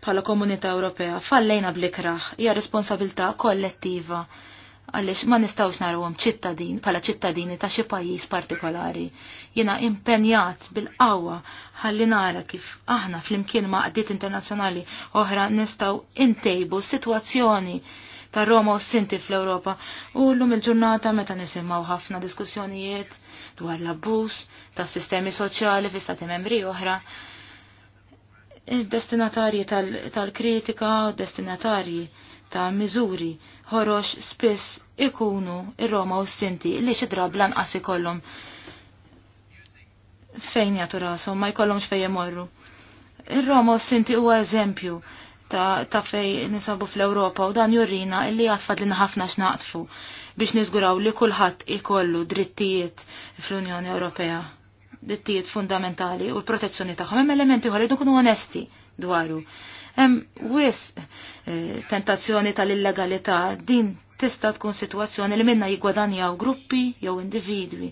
Bħala Komunità Ewropea fallejna blikraħ hija responsabilità kollettiva għalix ma nistawx narwom ċittadin, pala ċittadini ta' xi pajjiż partikolari. Jena impenjat bil-qawwa ħalli nara kif aħna fl-imkien ma' għaddit internazzjonali oħra nistaw intejbu situazzjoni ta' Roma u Sinti fl-Europa u l-lum il-ġurnata meta nisimaw ħafna diskussjonijiet dwar l-abbuż ta' sistemi soċjali fi stati membri oħra. Destinatarji tal-kritika, tal destinatarji ta' miżuri ħorox spiss ikunu ir-Roma u s-Sinti li xi drab lanqas ikollhom fejn jagħtu rashom ma jkollhomx fejn jmorru. Ir-Roma u s-Sinti huwa eżempju ta', ta fej nisabu fl-Ewropa u dan jurrina illi għatfad li ħafna x'naqtfu biex niżguraw li kulħadd ikollu drittijiet fl-Unjoni Ewropea drittijiet fundamentali u l-protezzjoni tagħhom hemm elementi għalli dukunu onesti dwaru. Hemm wis eh, tentazzjoni tal-illegalità din tista' tkun sitwazzjoni li minna jigwadanjaw gruppi jew individwi.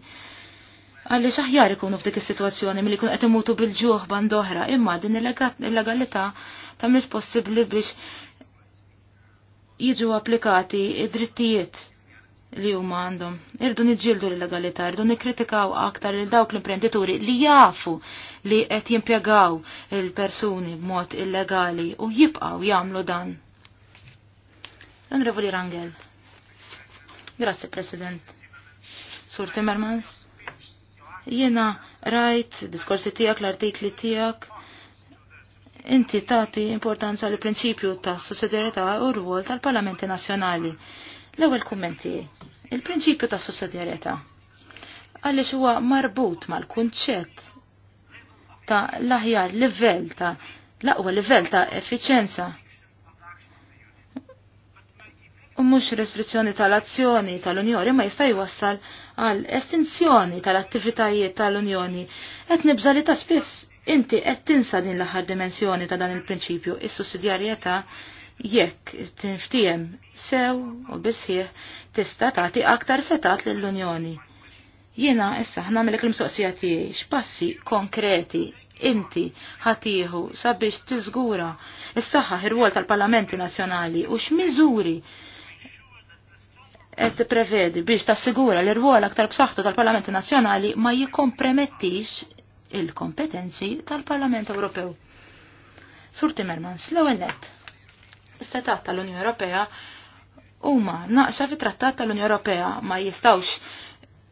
Għalli xaħjar ikunu f'dik is-sitwazzjoni milli jkun qed imutu bil-ġuħ band oħra, imma din illegalità tagħmilx possibbli biex jiġu applikati id-drittijiet li huma għandhom. Irdu niġġieldu l-legalità, irdu nikkritikaw aktar il dawk l-imprenditori li jafu li qed jimpjegaw il-persuni b'mod illegali u jibqgħu jagħmlu dan. Onorevoli Rangel. Grazzi President. Sur Timmermans. Jiena rajt diskorsi tiegħek l-artikli tiegħek inti tagħti importanza l prinċipju ta' sussidjarjetà u rwol tal-Parlamenti Nazzjonali. L-ewwel kummenti. Il-prinċipju ta' sussidjarjetà għaliex huwa marbut mal-kunċett ta' l-aħjar livell ta' l-aqwa livell ta' effiċenza u mhux restrizzjoni tal-azzjoni tal-Unjoni ma jista' jwassal għal estinzjoni tal-attivitajiet tal-Unjoni qed nibża li ta' spiss inti qed tinsa din l-aħħar dimensjoni ta' dan il-prinċipju is-sussidjarjetà il jekk tinftijem sew u bisħieħ tista' tagħti aktar setat lill-Unjoni. Jiena issa ħnamilek l imsoqsija tiegħi x'passi konkreti inti ħatiħu sabiex tiżgura s saħħa ir-rwol tal-Parlamenti Nazzjonali u x'miżuri qed tipprevedi biex tassigura li rwol aktar b'saħħtu tal-Parlamenti Nazzjonali ma jikkompremettix il-kompetenzi tal-Parlament Ewropew. Sur Timmermans, l-ewwel nett setat tal-Unjoni Ewropea huma naqsa fit-Trattat tal-Unjoni Ewropea ma jistawx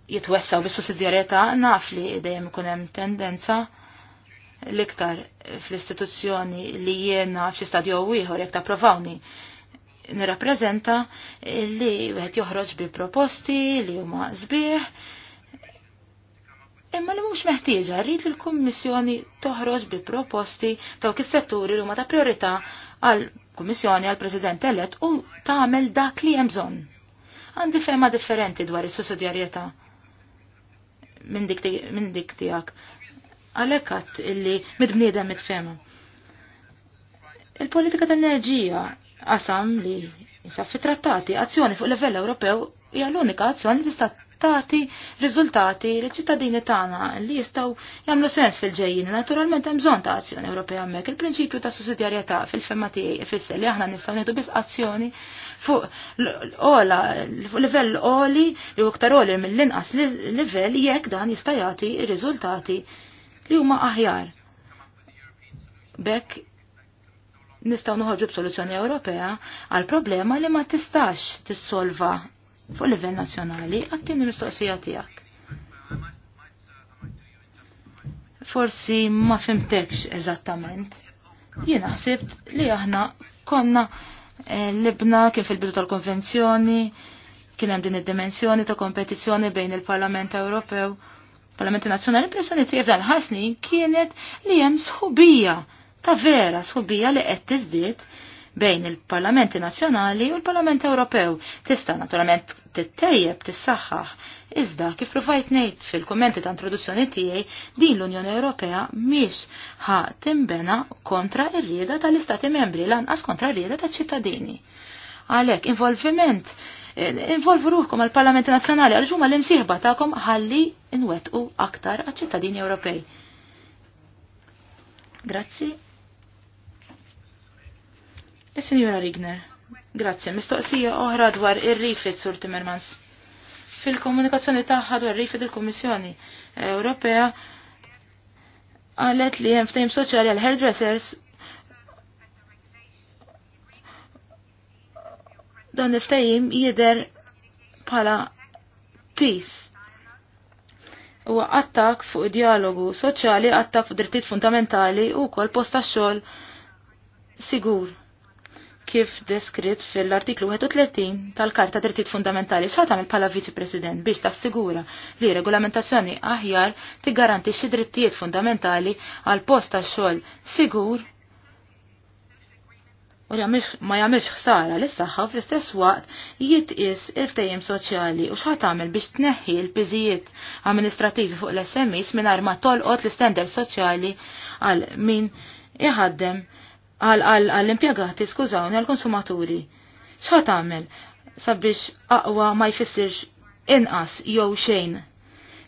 jitwessaw bis-sussidjarjetà naf li dejjem ikun hemm tendenza l-iktar fl-istituzzjoni li jiena f'xi stadju ieħor jekk tapprovawni nirrappreżenta li wieħed joħroġ bi proposti li huma sbieħ imma li mhux meħtieġa rrid il l-Kummissjoni toħroġ bi proposti taw kis setturi li huma ta' priorità għal kummissjoni għal president elet u tagħmel dak li hemm bżonn. Għandi fema differenti dwar is-sussidjarjetà minn dik tiegħek. Għalhekk għadd illi mid-bniedem mitfema. Il-politika ta' enerġija qasam li jinsab fit trattati azzjoni fuq livell Ewropew hija l-unika azzjoni li tista' Tati, riżultati li ċittadini tagħna li jistgħu jagħmlu sens fil-ġejjin. Naturalment hemm bżonn ta' azzjoni Ewropea hemmhekk. Il-prinċipju ta' sussidjarjetà fil-femma tiegħi ifisser li aħna nistgħu nieħdu biss azzjoni fuq l-ogħla livell oli li iktar oli mill-inqas livell jekk dan jista' jagħti riżultati li huma aħjar. Bekk nistgħu noħorġu b'soluzzjoni Ewropea għal problema li ma tistax tissolva fuq livell nazzjonali għattini mistoqsija tiegħek. Forsi ma fimtekx eżattament. Jien ħsibt li aħna konna eh, libna kien fil-bidu tal-konvenzjoni, kien hemm din id-dimensjoni ta' kompetizzjoni bejn il-Parlament Ewropew, Parlamenti Nazzjonali, impressjoni tiegħek dan ħasni kienet li hemm sħubija ta' vera sħubija li qed tiżdied bejn il-Parlamenti Nazzjonali u l-Parlament Ewropew. Tista' naturalment tittejjeb tissaħħaħ. Iżda kif rufajt ngħid fil-kummenti ta' introduzzjoni tiegħi din l-Unjoni Ewropea mhix ħa timbena kontra r-rieda tal-Istati Membri lanqas kontra r-rieda taċ-ċittadini. Għalhekk involviment involvu ruħkom għal Parlamenti Nazzjonali għal ġumma l-imsieħba tagħkom ħalli nwettqu aktar għaċ-ċittadini Ewropej. Grazzi. Signora Rigner. grazie. mistoqsija oħra dwar ir-rifit sur Timmermans. Fil-komunikazzjoni tagħha dwar rifit il-Kummissjoni Ewropea qalet li hemm ftehim soċjali għal hairdressers dan il-ftehim jidher bħala peace huwa attak fuq dialogu soċjali, attak fuq drittijiet fundamentali u kol posta xogħol sigur kif deskritt fil-artiklu 31 tal-Karta Drittijiet Fundamentali x'għad tagħmel bħala Viċi President biex tassigura li regolamentazzjoni aħjar tiggarantixxi drittijiet fundamentali għal post tax-xogħol sigur u ma jagħmilx ħsara lis saħħa fl-istess waqt jitqis il-ftejjem soċjali u x'ħad tagħmel biex tneħħi l-biżijiet amministrativi fuq l-SMEs mingħajr ma tolqot l istender soċjali għal min iħaddem għal impjegati skużawni, għall-konsumaturi. X'ħat għamil sabiex aqwa ma jfissirx inqas jew xejn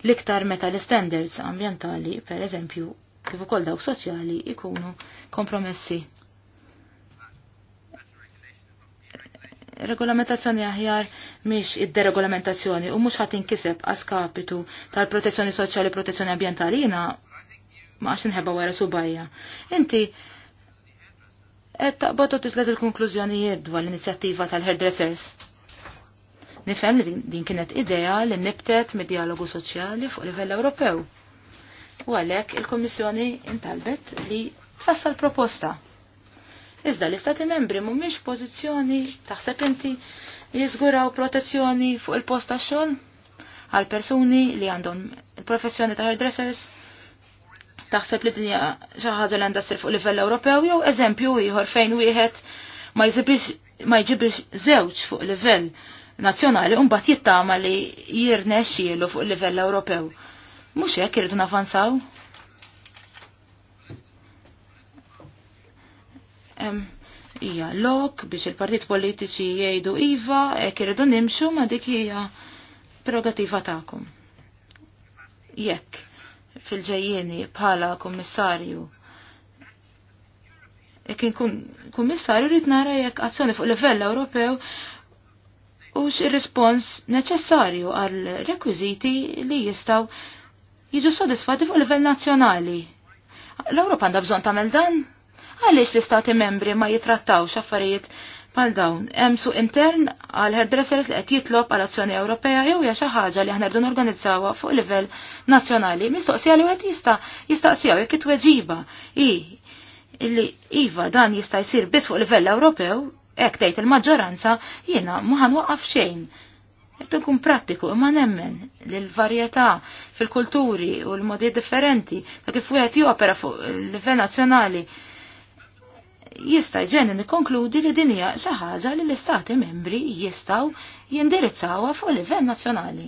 l-iktar meta l-standards ambientali, per eżempju, kif ukoll dawk soċjali ikunu kompromessi. regolamentazzjoni aħjar miex id-deregolamentazzjoni u mhux ħadd inkiseb għaskapitu tal-protezzjoni soċjali protezzjoni ambientali jiena ma għax inħebba wara subajja. Inti qed taqbad u tiżlet il-konklużjonijiet dwar l-inizjattiva tal-hairdressers. Nifhem li din kienet idea li nibtet mid-dialogu soċjali fuq livell Ewropew. U għalhekk il-Kommissjoni intalbet li tfassal proposta. Iżda l-Istati membri mhumiex pożizzjoni taħseb inti li jiżguraw protezzjoni fuq il posta tax-xogħol għal persuni li għandhom il-professjoni ta' hairdressers Taħseb li dinja xi ħaġa li għandha ssir fuq livell Ewropew jew eżempju ieħor fejn wieħed ma jġibix ma jġibix żewġ fuq livell nazzjonali u mbagħad jittama li jirnexxielu fuq livell Ewropew. Mhux hekk irridu navanzaw. Ija lok biex il-partit politiċi jgħidu iva, hekk iridu nimxu ma dik hija prerogativa tagħkom. Jekk fil-ġejjeni bħala kommissarju. Jekk inkun kummissarju rrid nara jekk azzjoni fuq level Ewropew u x-respons neċessarju għal rekwiżiti li jistaw jiġu sodisfati fuq livell nazzjonali. L-Ewropa għandha bżonn tagħmel dan? Għaliex l-istati membri ma jitrattawx affarijiet pal dawn. Hemm suq intern għal hairdressers li qed jitlob għal azzjoni Ewropea jew hija xi ħaġa li aħna rridu norganizzawha fuq livell nazzjonali. Mistoqsija li wieħed jista' jistaqsijaw jekk it-tweġiba hi illi iva dan jista' jsir biss fuq livell Ewropew, hekk tgħid il-maġġoranza jiena ma ħanwaqqaf xejn. Jekk nkun prattiku imma nemmen li l-varjetà fil-kulturi u l-modi differenti ta' kif wieħed jopera fuq livell nazzjonali jista' ġenni nikkonkludi li din hija xi ħaġa li l-istati membri jistgħu jindirizzawha fuq livell nazzjonali.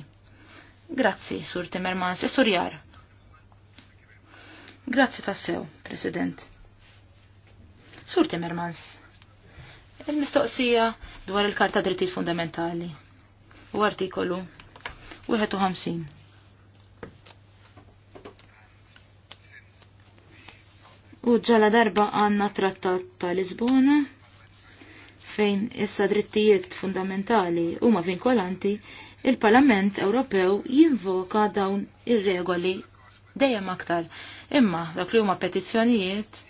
Grazzi, Sur Timmermans, e, Sur Jar. Grazzi tassew, President. Sur Timmermans, il-mistoqsija dwar il-Karta Drittijiet Fundamentali u artikolu 51 U ġala darba għanna trattat ta' Lisbona fejn issa drittijiet fundamentali huma vinkolanti, il-Parlament Ewropew jinvoka dawn ir-regoli dejjem aktar. Imma dak li huma petizzjonijiet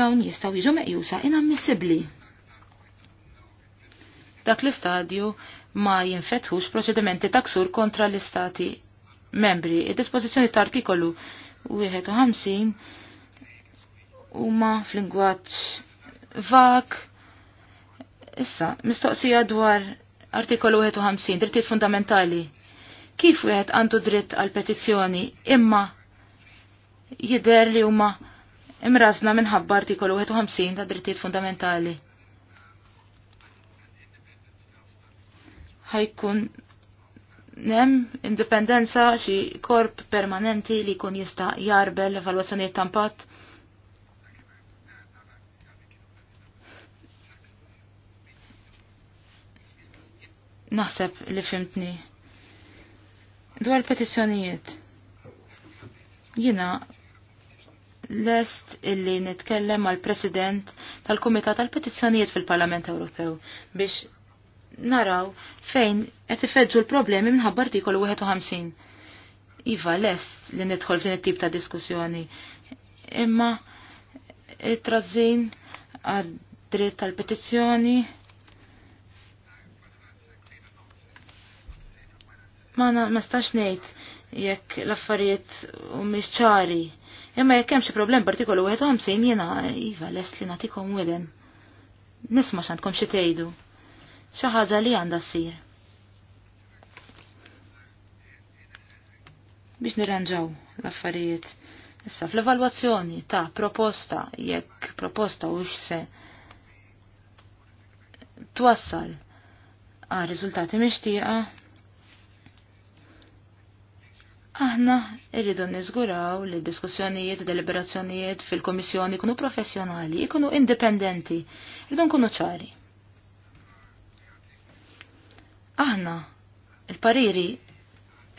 dawn jistgħu jiġu meqjusa inammissibbli. Dak l-istadju ma jinfetħux proċedimenti taksur kontra l-istati membri. Id-dispożizzjoni ta' artikolu 51 huma f'lingwaġġ vak. Issa, mistoqsija dwar artikolu 51, drittijiet fundamentali. Kif wieħed għandu dritt għal petizzjoni imma jidher li huma imrażna minħabba artikolu 51 ta' drittijiet fundamentali. ħajkun nem indipendenza xi korp permanenti li jkun jista' jarbel l-evalwazzjonijiet ta' impatt Naħseb li fimtni. Dwar petizzjonijiet. Jina lest illi nitkellem għal president tal-Kumitat tal-Petizzjonijiet fil-Parlament Ewropew biex naraw fejn qed ifeġġu l-problemi minħabba artikolu 51. Iva lest li nidħol f'din it-tip ta' diskussjoni. Imma it-trażin għad dritt tal-petizzjoni ma nistax ngħid jekk l-affarijiet u ċari. Imma jekk hemm xi problem partikolu 51 jiena iva lest li nagħtikom widen. Nisma' x'għandkom xi tgħidu. Xi ħaġa li għandha ssir. Biex nirranġaw l-affarijiet. Issa fl-evalwazzjoni ta' proposta jekk proposta u se twassal għal riżultati mixtieqa Aħna irridu niżguraw li diskussjonijiet u deliberazzjonijiet fil-Komissjoni jkunu professjonali, ikunu indipendenti, irridu nkunu ċari. Aħna il-pariri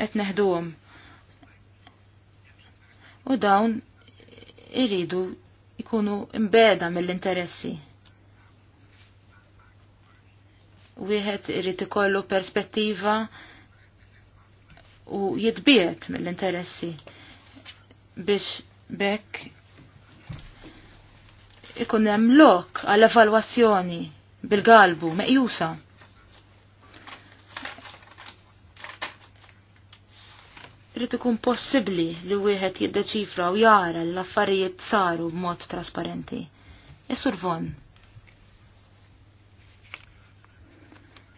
qed neħduhom u dawn irridu jkunu imbeda mill-interessi. Wieħed irrid ikollu perspettiva u jitbiet mill-interessi biex bekk ikun hemm lok għall evalwazzjoni bil-galbu meqjusa. Rrid ikun possibbli li wieħed jiddeċifra u jara l-affarijiet saru b'mod trasparenti. Isur von.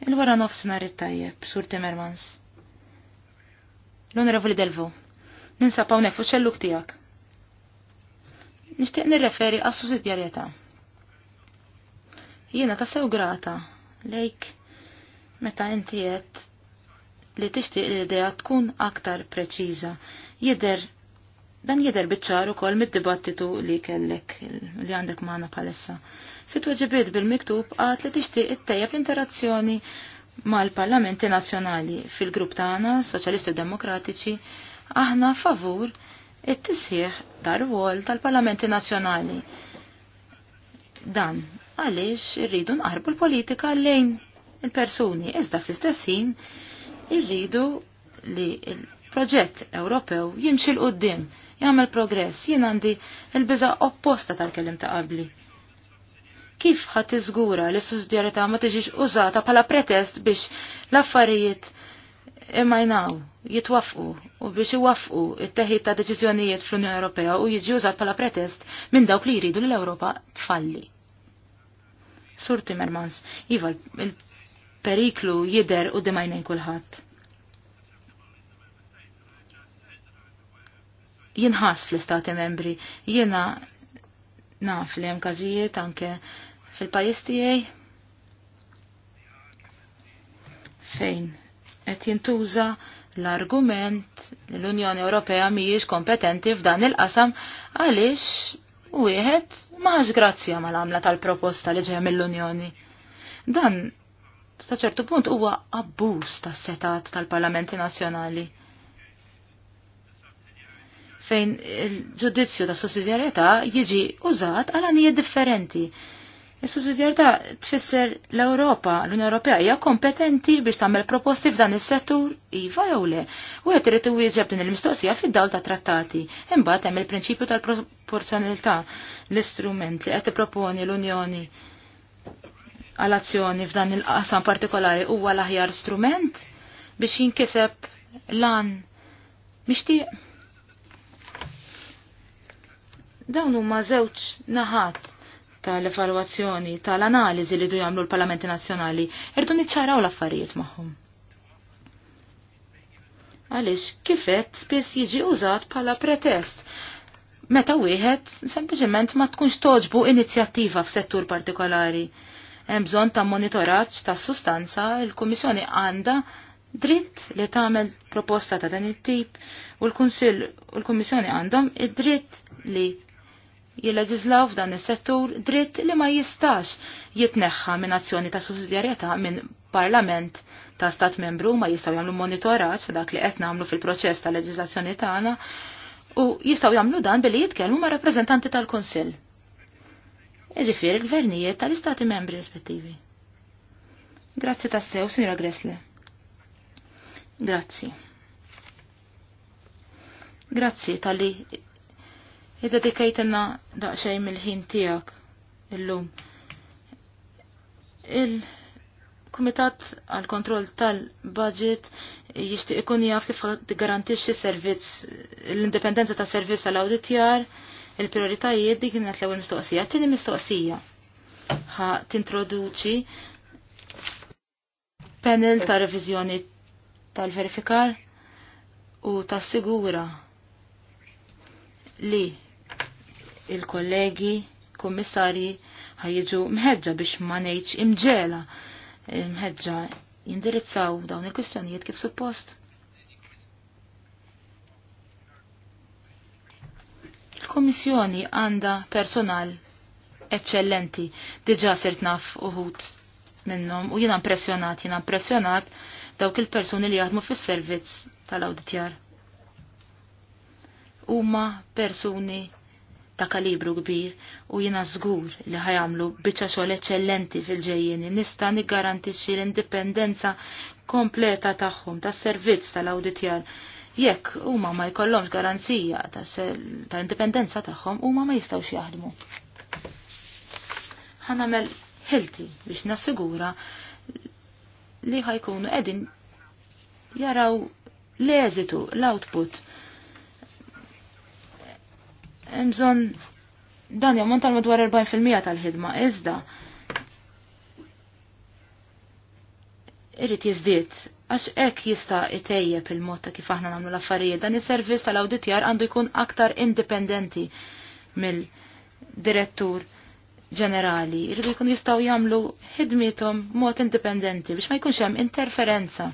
Il-wara nofsinhar it-tajjeb, Sur Timmermans. L-Onorevoli Delvo, ninsa pawnek fuq xelluk tijak. Nishtiq nirreferi għas sussidjarjetà. Jiena ta' sew grata, lejk, meta inti qed li tixtieq l-idea tkun aktar preċiża. Jider dan jider ċar ukoll mid-dibattitu li kellek li għandek magħna bħalissa. Fit-tweġibiet bil-miktub għad li tixtieq ittejjeb l-interazzjoni mal-Parlamenti Nazzjonali fil-grupp tagħna Soċjalisti Demokratiċi aħna favur it-tisħiħ dar-rwol tal-Parlamenti Nazzjonali. Dan għaliex irridu nqarbu l-politika lejn il-persuni iżda fl-istess ħin irridu li il-proġett Ewropew jimxi l-qoddim jagħmel progress jien għandi il-biża opposta tal-kelim ta' qabli kif ħat tiżgura li s-sussidjarità ma tiġix użata bħala pretest biex l-affarijiet imajnaw, jitwafqu u biex iwafqu it-teħid ta' deċiżjonijiet fl-Unjoni Ewropea u jiġi użat bħala pretest minn dawk li jridu li l-Ewropa tfalli. Sur Timmermans, iva il-periklu jider u dimajnejn kulħadd. Jinħas fl-istati membri, jiena naf li hemm każijiet anke fil-pajis tiegħi fejn qed jintuża l-argument li l-Unjoni Ewropea mhijiex kompetenti f'dan il-qasam għaliex wieħed maħax grazzja mal-għamla tal-proposta li ġejja mill-Unjoni. Dan sta ċertu punt huwa abbuż tas-setat tal-Parlamenti Nazzjonali fejn il-ġudizzju ta' sussidjarjetà jiġi użat għal anijiet differenti is sussidjarità tfisser l-Ewropa, l-Unjoni Ewropea hija kompetenti biex tagħmel proposti f'dan is-settur iva jew le. U qed irid iwieġeb din il-mistoqsija fid-dawl ta' trattati. Imbagħad hemm il-prinċipju tal-proporzjonalità l-istrument li qed tipproponi l-Unjoni għal azzjoni f'dan il-qasam partikolari huwa l-aħjar strument biex jinkiseb lan mixtieq. Dawn huma żewġ naħat tal-evaluazzjoni, tal-analizi li du jagħmlu l-Parlamenti Nazzjonali, irdu niċċaraw l-affarijiet magħhom. Għaliex kifet spiss jiġi użat bħala pretest meta wieħed sempliċement ma tkunx toġbu inizjattiva f'settur partikolari. Hemm bżonn ta' monitoraġġ ta' sustanza, il-Kummissjoni għandha dritt li tagħmel proposta ta' dan it-tip u l-Kunsill u l-Kummissjoni għandhom id-dritt li jilleġislaw f'dan is-settur dritt li ma jistax jitneħħa minn azzjoni ta' sussidjarjetà minn parlament ta' stat membru ma jistaw jagħmlu monitoraġġ dak li qed nagħmlu fil-proċess ta' leġiżlazzjoni tagħna u jistaw jagħmlu dan billi jitkellmu ma' rappreżentanti tal-Kunsill. Iġifieri gvernijiet tal-istati membri rispettivi. Grazzi tassew, Sinjora Gressle. Grazzi. Grazzi tal-li Idda dikajtna daqxaj mil ħin tijak illum. Il-Kumitat għal kontroll tal-Budget jishtiq ikun jaf kif garantixxi servizz l-indipendenza ta' servizz għal awditjar il-prioritajiet dik kienet l-ewwel mistoqsija. T'ini mistoqsija ħa tintroduċi panel ta' reviżjoni tal-verifikar u ta' sigura li il-kollegi, kommissari, ħajġu mħedġa biex ma ngħidx imġela mħedġa jindirizzaw dawn il-kwistjonijiet kif suppost. Il-Kommissjoni għanda personal eccellenti, diġa sirt naf uħut minnom u jina impressionat, jina impressionat dawk il-personi li jaħdmu fis-servizz tal-auditjar. Huma persuni ta' kalibru kbir u jina zgur li ħajamlu biċċa xogħol eċċellenti fil-ġejjeni nista' niggarantixxi l-indipendenza kompleta tagħhom tas-servizz tal-awditjar jekk huma ma jkollhomx garanzija tal-indipendenza tagħhom huma ma jistgħux jaħdmu. Ħanamel ħilti biex nassigura li ħajkunu qegħdin jaraw l-eżitu, l-output Mżon dan jammont tal madwar 40% tal-ħidma, iżda irrit jizdiet, għax ek jista itejjeb il-mod ta' kif aħna nagħmlu l-affarijiet, dan is-servizz tal-awditjar għandu jkun aktar indipendenti mill-direttur ġenerali, Irrit jkun jistgħu jagħmlu ħidmietom mod indipendenti biex ma jkunx hemm interferenza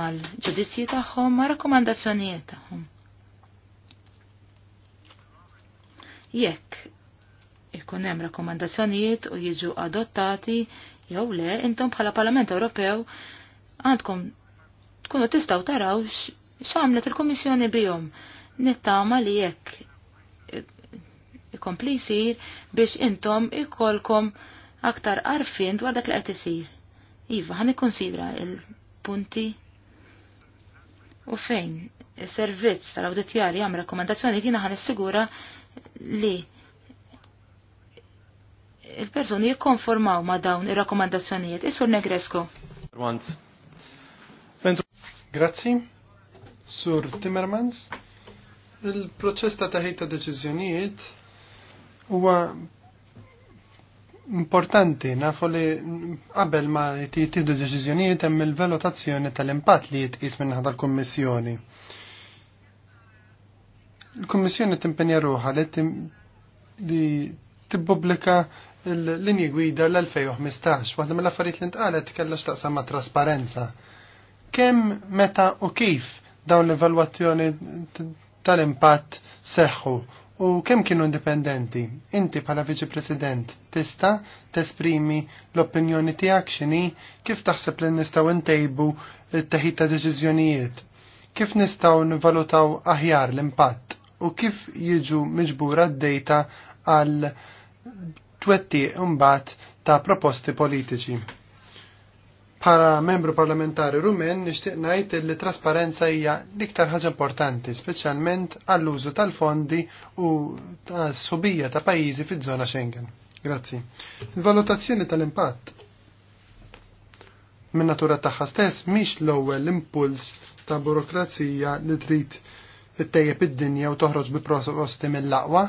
mal-ġudizzji tagħhom ma' rakkomandazzjonijiet tagħhom. jekk ikun hemm rakkomandazzjonijiet u jiġu adottati jew le intom bħala Parlament Ewropew għandkom tkunu tistgħu taraw x'għamlet il-Kummissjoni bihom nittama li jekk ikompli jsir biex intom ikolkom aktar arfin dwar dak li qed isir. Iva, ħan ikkonsidra il-punti u fejn is-servizz tal-awditjar jagħmel rakkomandazzjoni jiena ħan issigura li il-personi jikkonformaw ma dawn ir-rakkomandazzjonijiet. Isur Negresko. Grazzi. Sur Timmermans. Il-proċess ta' taħi ta' deċiżjonijiet huwa importanti nafu li qabel ma jtieħdu deċiżjonijiet hemm il-valutazzjoni tal-impatt li jitqis minn naħa tal kummissjoni il kummissjoni timpenja ruħa li tibbubblika l-linji gwida l-2015, waħda mill-affarijiet li ntqalet kellha x'taqsam ma' trasparenza. Kemm meta u kif dawn l-evalwazzjoni tal-impatt seħħu u kemm kienu indipendenti? Inti bħala Viċi President tista' tesprimi l-opinjoni tiegħek x'inhi kif taħseb li nistgħu ntejbu t-teħid ta' deċiżjonijiet? Kif nistgħu nivalutaw aħjar l-impatt? u kif jiġu miġbura d-dejta għal twetti mbagħad ta' proposti politiċi. Para membru parlamentari rumen nixtieq ngħid li trasparenza hija l-iktar ħaġa importanti, speċjalment għall-użu tal-fondi u tas-subija ta' pajjiżi fiż-żona Schengen. Grazzi. Il-valutazzjoni tal-impatt min natura tagħha stess mhix l-ewwel impuls ta' burokrazija li trid ittejjeb id-dinja u toħroġ bi proposti mill laqwa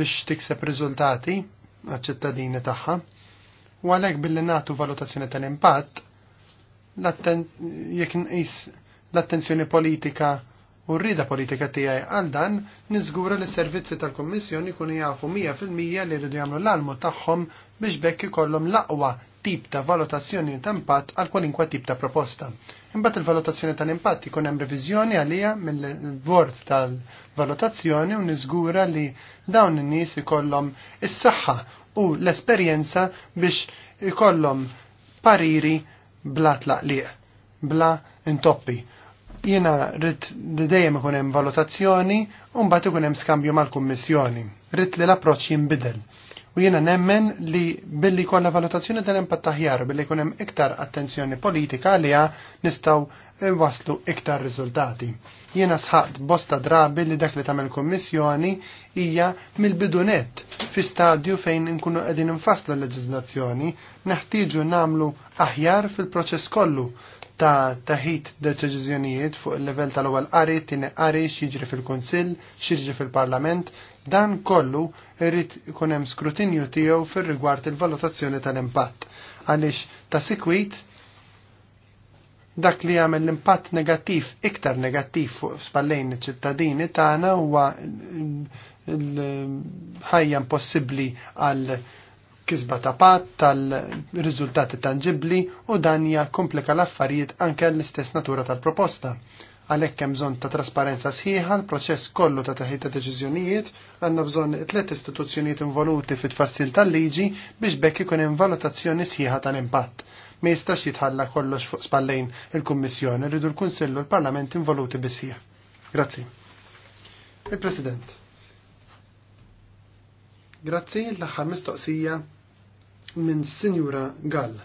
biex tikseb riżultati għaċ-ċittadini tagħha. U għalhekk billi nagħtu valutazzjoni tal-impatt jekk nqis l-attenzjoni politika u rrida politika tiegħi għal dan niżgura li servizzi tal kummissjoni kunu jafu 100% li jridu jagħmlu l-almu tagħhom biex bekk ikollhom l-aqwa tip ta' valutazzjoni ta' impatt għal kwalinkwa tip ta' proposta. Imbagħad il-valutazzjoni tal-impatt ikun hemm reviżjoni għalija mill-bord tal-valutazzjoni u niżgura li dawn in-nies ikollhom is-saħħa u l-esperjenza biex ikollhom pariri bla tlaqliq, bla intoppi jiena rrit dejjem ikun hemm valutazzjoni u mbagħad ikun hemm skambju mal-kummissjoni. Rrit li l-approċċ jinbidel. U jiena nemmen li billi kolla valutazzjoni tal-impatt aħjar, billi jkun hemm iktar attenzjoni politika għaliha nistgħu waslu iktar riżultati. Jiena sħaqt bosta drabi li dak li tagħmel Kommissjoni hija mill-bidunet fi stadju fejn nkunu qegħdin infasslu l-leġiżlazzjoni, neħtieġu nagħmlu aħjar fil-proċess kollu ta' taħit deċiżjonijiet fuq il-level tal-ewwel qari, tieni qari, x'jiġri fil-Kunsill, x'jiġri fil-Parlament, dan kollu irrid ikun hemm skrutinju tiegħu fir-rigward il-valutazzjoni tal-impatt. Għaliex ta' sikwit dak li għamil l-impatt negattiv, iktar negattiv fuq spallejn iċ-ċittadini tagħna huwa l-ħajja impossibbli għal kisba ta' pat tal-riżultati tangibli u dan komplika l-affarijiet anke l-istess natura tal-proposta. Għalhekk hemm bżonn ta' trasparenza sħiħa l-proċess kollu ta' taħid ta' deċiżjonijiet għandna bżonn tliet istituzzjonijiet involuti fit-tfassil tal-liġi biex bekk ikun hemm valutazzjoni sħiħa tal-impatt ma jistax jitħalla kollox fuq spallejn il-Kummissjoni, rridu l-Kunsillu l-Parlament involuti bisħieħ. Grazzi. Il-President. Grazzi l-aħħar mistoqsija minn Sinjura Gall.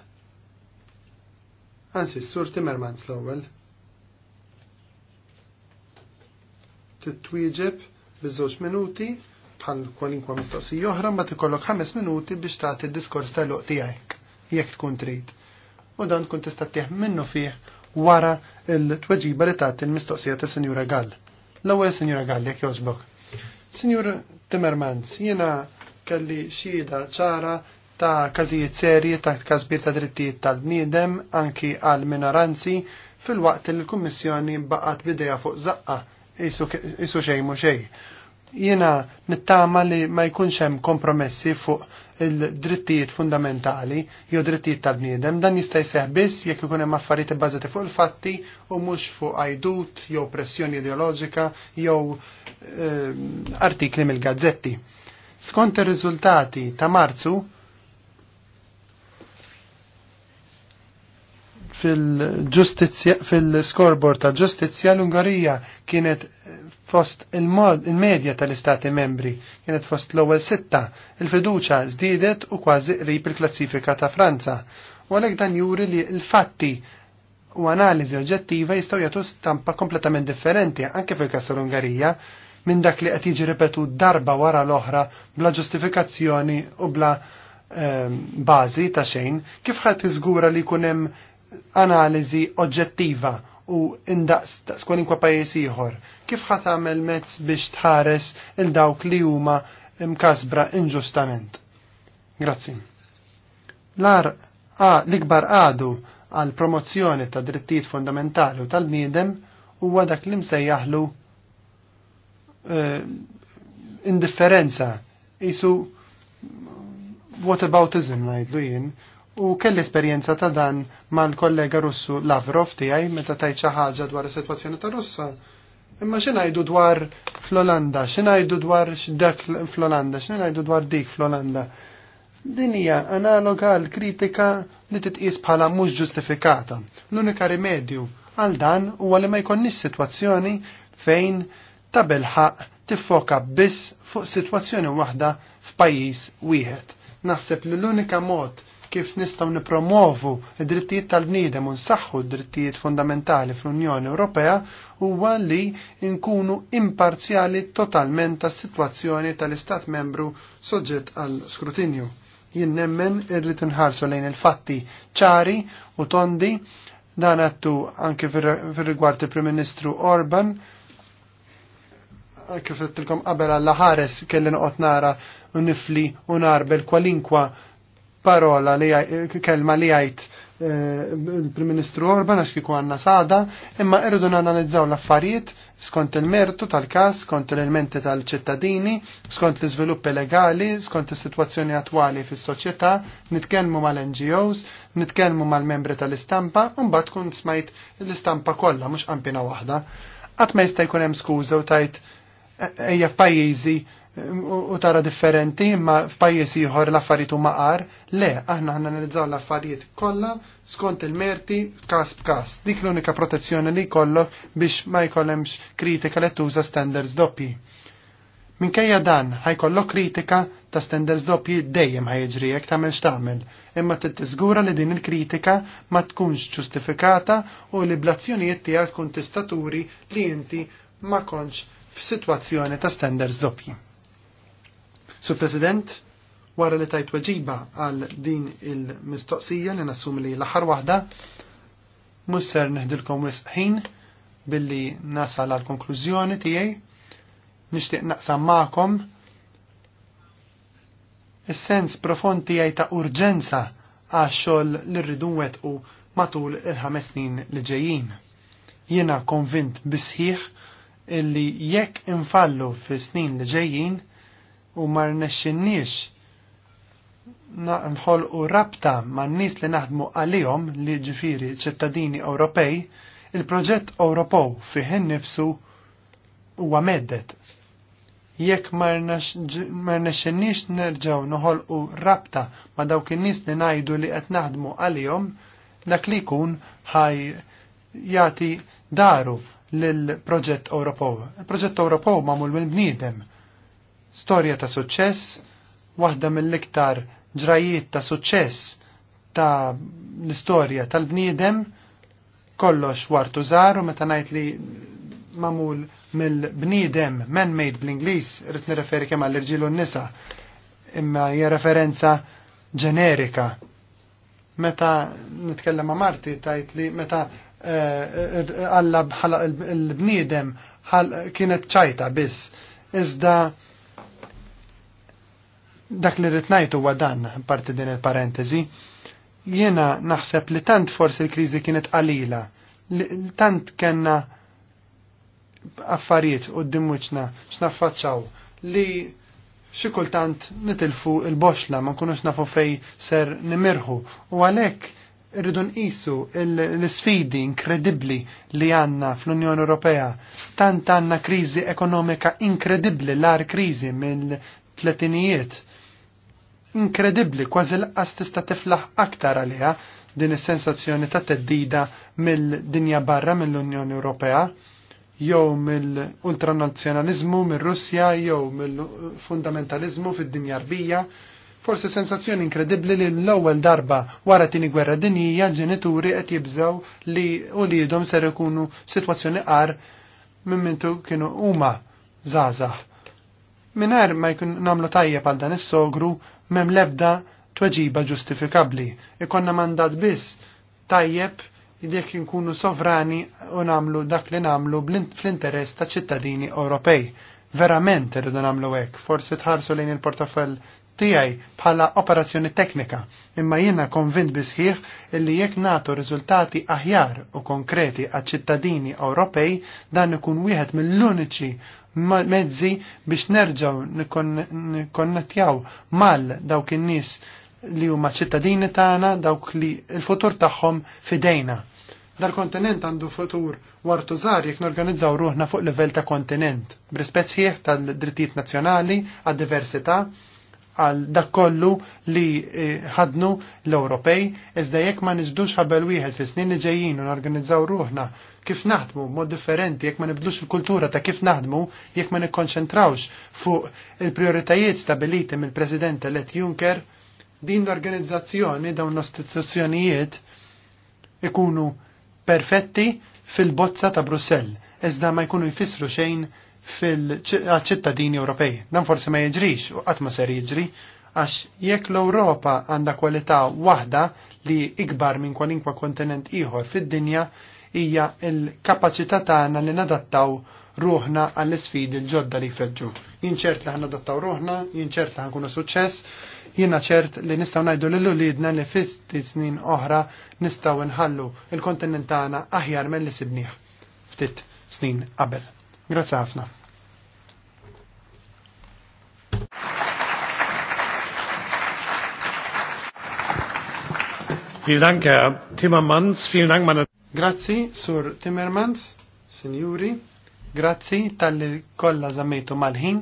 Anzi, s-sur Timmermans l-ewwel. Tittwieġeb biż-żewġ minuti bħal kwalinkwa mistoqsija oħra ma tikollok ħames minuti biex tagħti d-diskors tal-luq tiegħek jekk tkun trid. U dan kun tista' tieħ minnu fih wara l-tweġiba li tagħti l-mistoqsija ta' Sinjura Gall. L-ewwel Sinjura Gall jekk jogħġbok. Sinjur Timmermans, jiena kelli xieda ċara ta' każijiet serji ta' kazbir ta' drittijiet tal-bniedem anki għal minoranzi fil-waqt li l-Kummissjoni baqgħet bidejha fuq zaqqa isu xej mu xejn. Jiena nittama li ma jkunx hemm kompromessi fuq il-drittijiet fundamentali jew drittijiet tal-bniedem dan jista' jseħ biss jekk ikun hemm affarijiet ibbażati fuq il-fatti u mhux fuq ajdut jew pressjoni ideoloġika jew ehm, artikli mill-gazzetti. Skont ir-riżultati ta' Marzu, fil-scoreboard ta' ġustizzja l-Ungarija kienet fost il-medja tal-istati membri, kienet fost l-ewwel sitta, il-fiduċa żdiedet u kważi qrib il-klassifika ta' Franza. U għalhekk dan juri li l-fatti u analiżi oġġettiva jistgħu jagħtu stampa kompletament differenti anke fil-każ tal-Ungarija minn dak li qed jiġi ripetut darba wara l-oħra bla ġustifikazzjoni u bla ehm, bazi ta' xejn, kif ħadd iżgura li jkun hemm analiżi oġġettiva u indaqs daqs kwalinkwa pajjiż ieħor. Kif ħat tagħmel mezz biex tħares il dawk li huma mkasbra inġustament? Grazzi. l a, l-ikbar għadu għal promozzjoni ta' drittijiet fundamentali u tal-bniedem huwa dak li msejjaħlu uh, indifferenza isu whataboutism ngħidlu jien u kell esperjenza ta' dan mal-kollega Russu Lavrov tiegħi meta ta' ħaġa dwar is-sitwazzjoni ta' Russa. Imma xi ngħidu dwar fl-Olanda, xinajdu dwar dak fl-Olanda, xinajdu dwar dik fl-Olanda. Din hija analoga għal kritika li titqis bħala mhux ġustifikata. L-unika rimedju għal dan huwa li ma jkollniex sitwazzjoni fejn ta' belħaq tiffoka biss fuq sitwazzjoni waħda f'pajjiż wieħed. Naħseb li l-unika mod kif nistgħu nipromovu id-drittijiet tal-bniedem u nsaħħu d-drittijiet fundamentali fl-Unjoni Ewropea huwa li nkunu imparzjali totalment tas-sitwazzjoni tal-Istat membru soġġett għal skrutinju. Jien nemmen irrid inħarsu lejn il-fatti ċari u tondi dan għattu anke fir-rigward il-Prim Ministru Orban kif qed qabel għall ħares kelli noqgħod nara u nifli u narbel kwalinkwa parola li kelma li għajt eh, il-Prim Ministru Orban għax kiku għanna sada, imma irridu nanalizzaw l-affarijiet skont il-mertu tal-kas, skont l-elementi tal-ċittadini, skont l-izviluppi legali, skont il-situazzjoni attwali fis soċjetà nitkelmu mal-NGOs, nitkelmu mal-membri tal-istampa, un-bat tkun smajt l-istampa kollha mhux qampina waħda. Qatt ma jista' jkun hemm u tajt ejja f'pajjiżi u tara differenti, imma f'pajjiżi ieħor l-affarijiet huma qar, le, aħna ħanna analizzaw l-affarijiet kollha skont il-merti każ b'każ. Dik l-unika protezzjoni li jkollok biex ma jkollemx kritika li tuża standards doppji. Minkejja dan ħajkollok kritika ta' standards doppji dejjem ħajġri jekk tagħmel x'tagħmel, imma tittiżgura li din il-kritika ma tkunx ġustifikata u li iblazzjonijiet tiegħek tkun tistaturi li inti ma kontx f'sitwazzjoni ta' standards doppji. Sur President, wara li tajt weġiba għal din il-mistoqsija li nassum li l-aħħar waħda, musser neħdilkom wisħin billi nasal l konklużjoni tiegħi nixtieq naqsam magħkom is-sens profond tiegħi ta' urġenza għax-xogħol li rridu nwettqu matul il-ħames snin li ġejjin. Jiena konvint bisħiħ illi jekk infallu fi snin li ġejjin u ma rnexxinniex nħolqu rabta man nies li naħdmu għalihom li ġifiri ċittadini Ewropej, il-proġett Ewropew fih innifsu huwa meddet. Jekk ma rnexxinniex nerġgħu noħolqu rabta ma dawk in-nies li ngħidu li qed naħdmu għalihom, dak li jkun ħaj jagħti daru l proġett Ewropew. Il-proġett Ewropew magħmul mill-bniedem. Storja ta' suċċess, waħda mill-iktar ġrajiet ta' suċċess ta' l-istorja tal-bniedem kollox wartu żaru meta ngħid li mamul mill-bniedem man-made bl ingliż rrid nirreferi kemm għall irġiel u nisa imma hija referenza ġenerika. Meta nitkellem ma' Marti tajt li meta Eh, għalla bħala il-bniedem kienet ċajta biss. Iżda dak li ritnajtu dan parti din il-parentesi, jiena naħseb li tant forsi l-krizi kienet qalila, tant kena affarijiet u d-dimmuċna x'naffaċċaw li xikultant nitilfu il-boxla ma nkunux nafu fej ser nimirħu u għalek irridu nqisu l-sfidi inkredibbli li għanna fl-Unjoni Ewropea. Tant għanna kriżi ekonomika inkredibbli l-ar kriżi mill-tletinijiet. Inkredibbli kważi l-qas tista' tiflaħ aktar għaliha din is-sensazzjoni ta' teddida mill-dinja barra mill-Unjoni Ewropea jew mill-ultranazzjonalizmu mill-Russja jew mill-fundamentalizmu fid-dinja rbija Forsi sensazzjoni inkredibbli li l-ewwel darba wara tini gwerra dinjija ġenituri qed jibżgħu li u lidhom ser ikunu f'sitwazzjoni qar minn mintu kienu huma żgħażagħ. Mingħajr ma jkun nagħmlu tajjeb għal dan is-sogru m'hemm l-ebda tweġiba ġustifikabbli. Ikonna mandat biss tajjeb jekk nkunu sovrani u namlu dak li namlu fl-interess ta' ċittadini Ewropej. Verament irridu namlu hekk, forsi tħarsu lejn il-portafell tijaj bħala operazzjoni teknika, imma jiena konvint bisħiħ illi jekk nagħtu riżultati aħjar u konkreti għaċ-ċittadini Ewropej dan ikun wieħed mill-uniċi mezzi biex nerġaw nikkonnettjaw mal dawk in-nies li huma ċittadini tagħna dawk li l-futur tagħhom fidejna. Dar kontinent għandu futur wartu żgħar jekk norganizzaw ruħna fuq livell ta' kontinent, b'rispett sħiħ tad-drittijiet nazzjonali, għad-diversità, għal dak kollu li eh, ħadnu l-Ewropej, iżda jekk ma nizdux ħabel wieħed fis snin li ġejjin u norganizzaw ruħna kif naħdmu mod differenti, jekk ma nibdlux il-kultura ta' kif naħdmu, jekk ma nikkonċentrawx fuq il-prioritajiet stabiliti mill-President elett Juncker, din l-organizzazzjoni dawn l-istituzzjonijiet ikunu perfetti fil-bozza ta' Brussell, iżda ma jkunu jfissru xejn fil-ċittadini Ewropej. Dan forsi ma jiġrix u qatt ma ser jiġri għax jekk l-Ewropa għandha kwalità waħda li ikbar minn kwalinkwa kontinent ieħor fid-dinja hija l-kapaċità tagħna li nadattaw ruħna għall sfidi l-ġodda li jfeġġu. Jinċert li ħanna ruħna, jien ċert li ħankunu suċċess, jiena ċert li nistgħu ngħidu lil ulidna li fist snin oħra nistgħu nħallu il tagħna aħjar mill-li sibniħ ftit snin qabel. Grazie ħafna. Vielen Dank, Herr Timmermans. Vielen Dank, meine... Grazzi, Sur Timmermans, Signori. Grazzi tal-li kolla zammetu mal-ħin.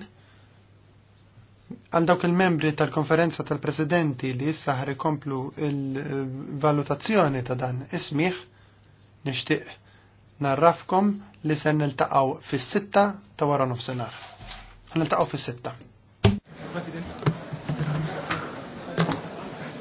il-membri tal-konferenza tal-presidenti li issa ħar komplu il-valutazzjoni ta' dan ismiħ, nixtieq narrafkom li se niltaqgħu fis-sitta ta' wara nofsinhar. Niltaqgħu fis-sitta.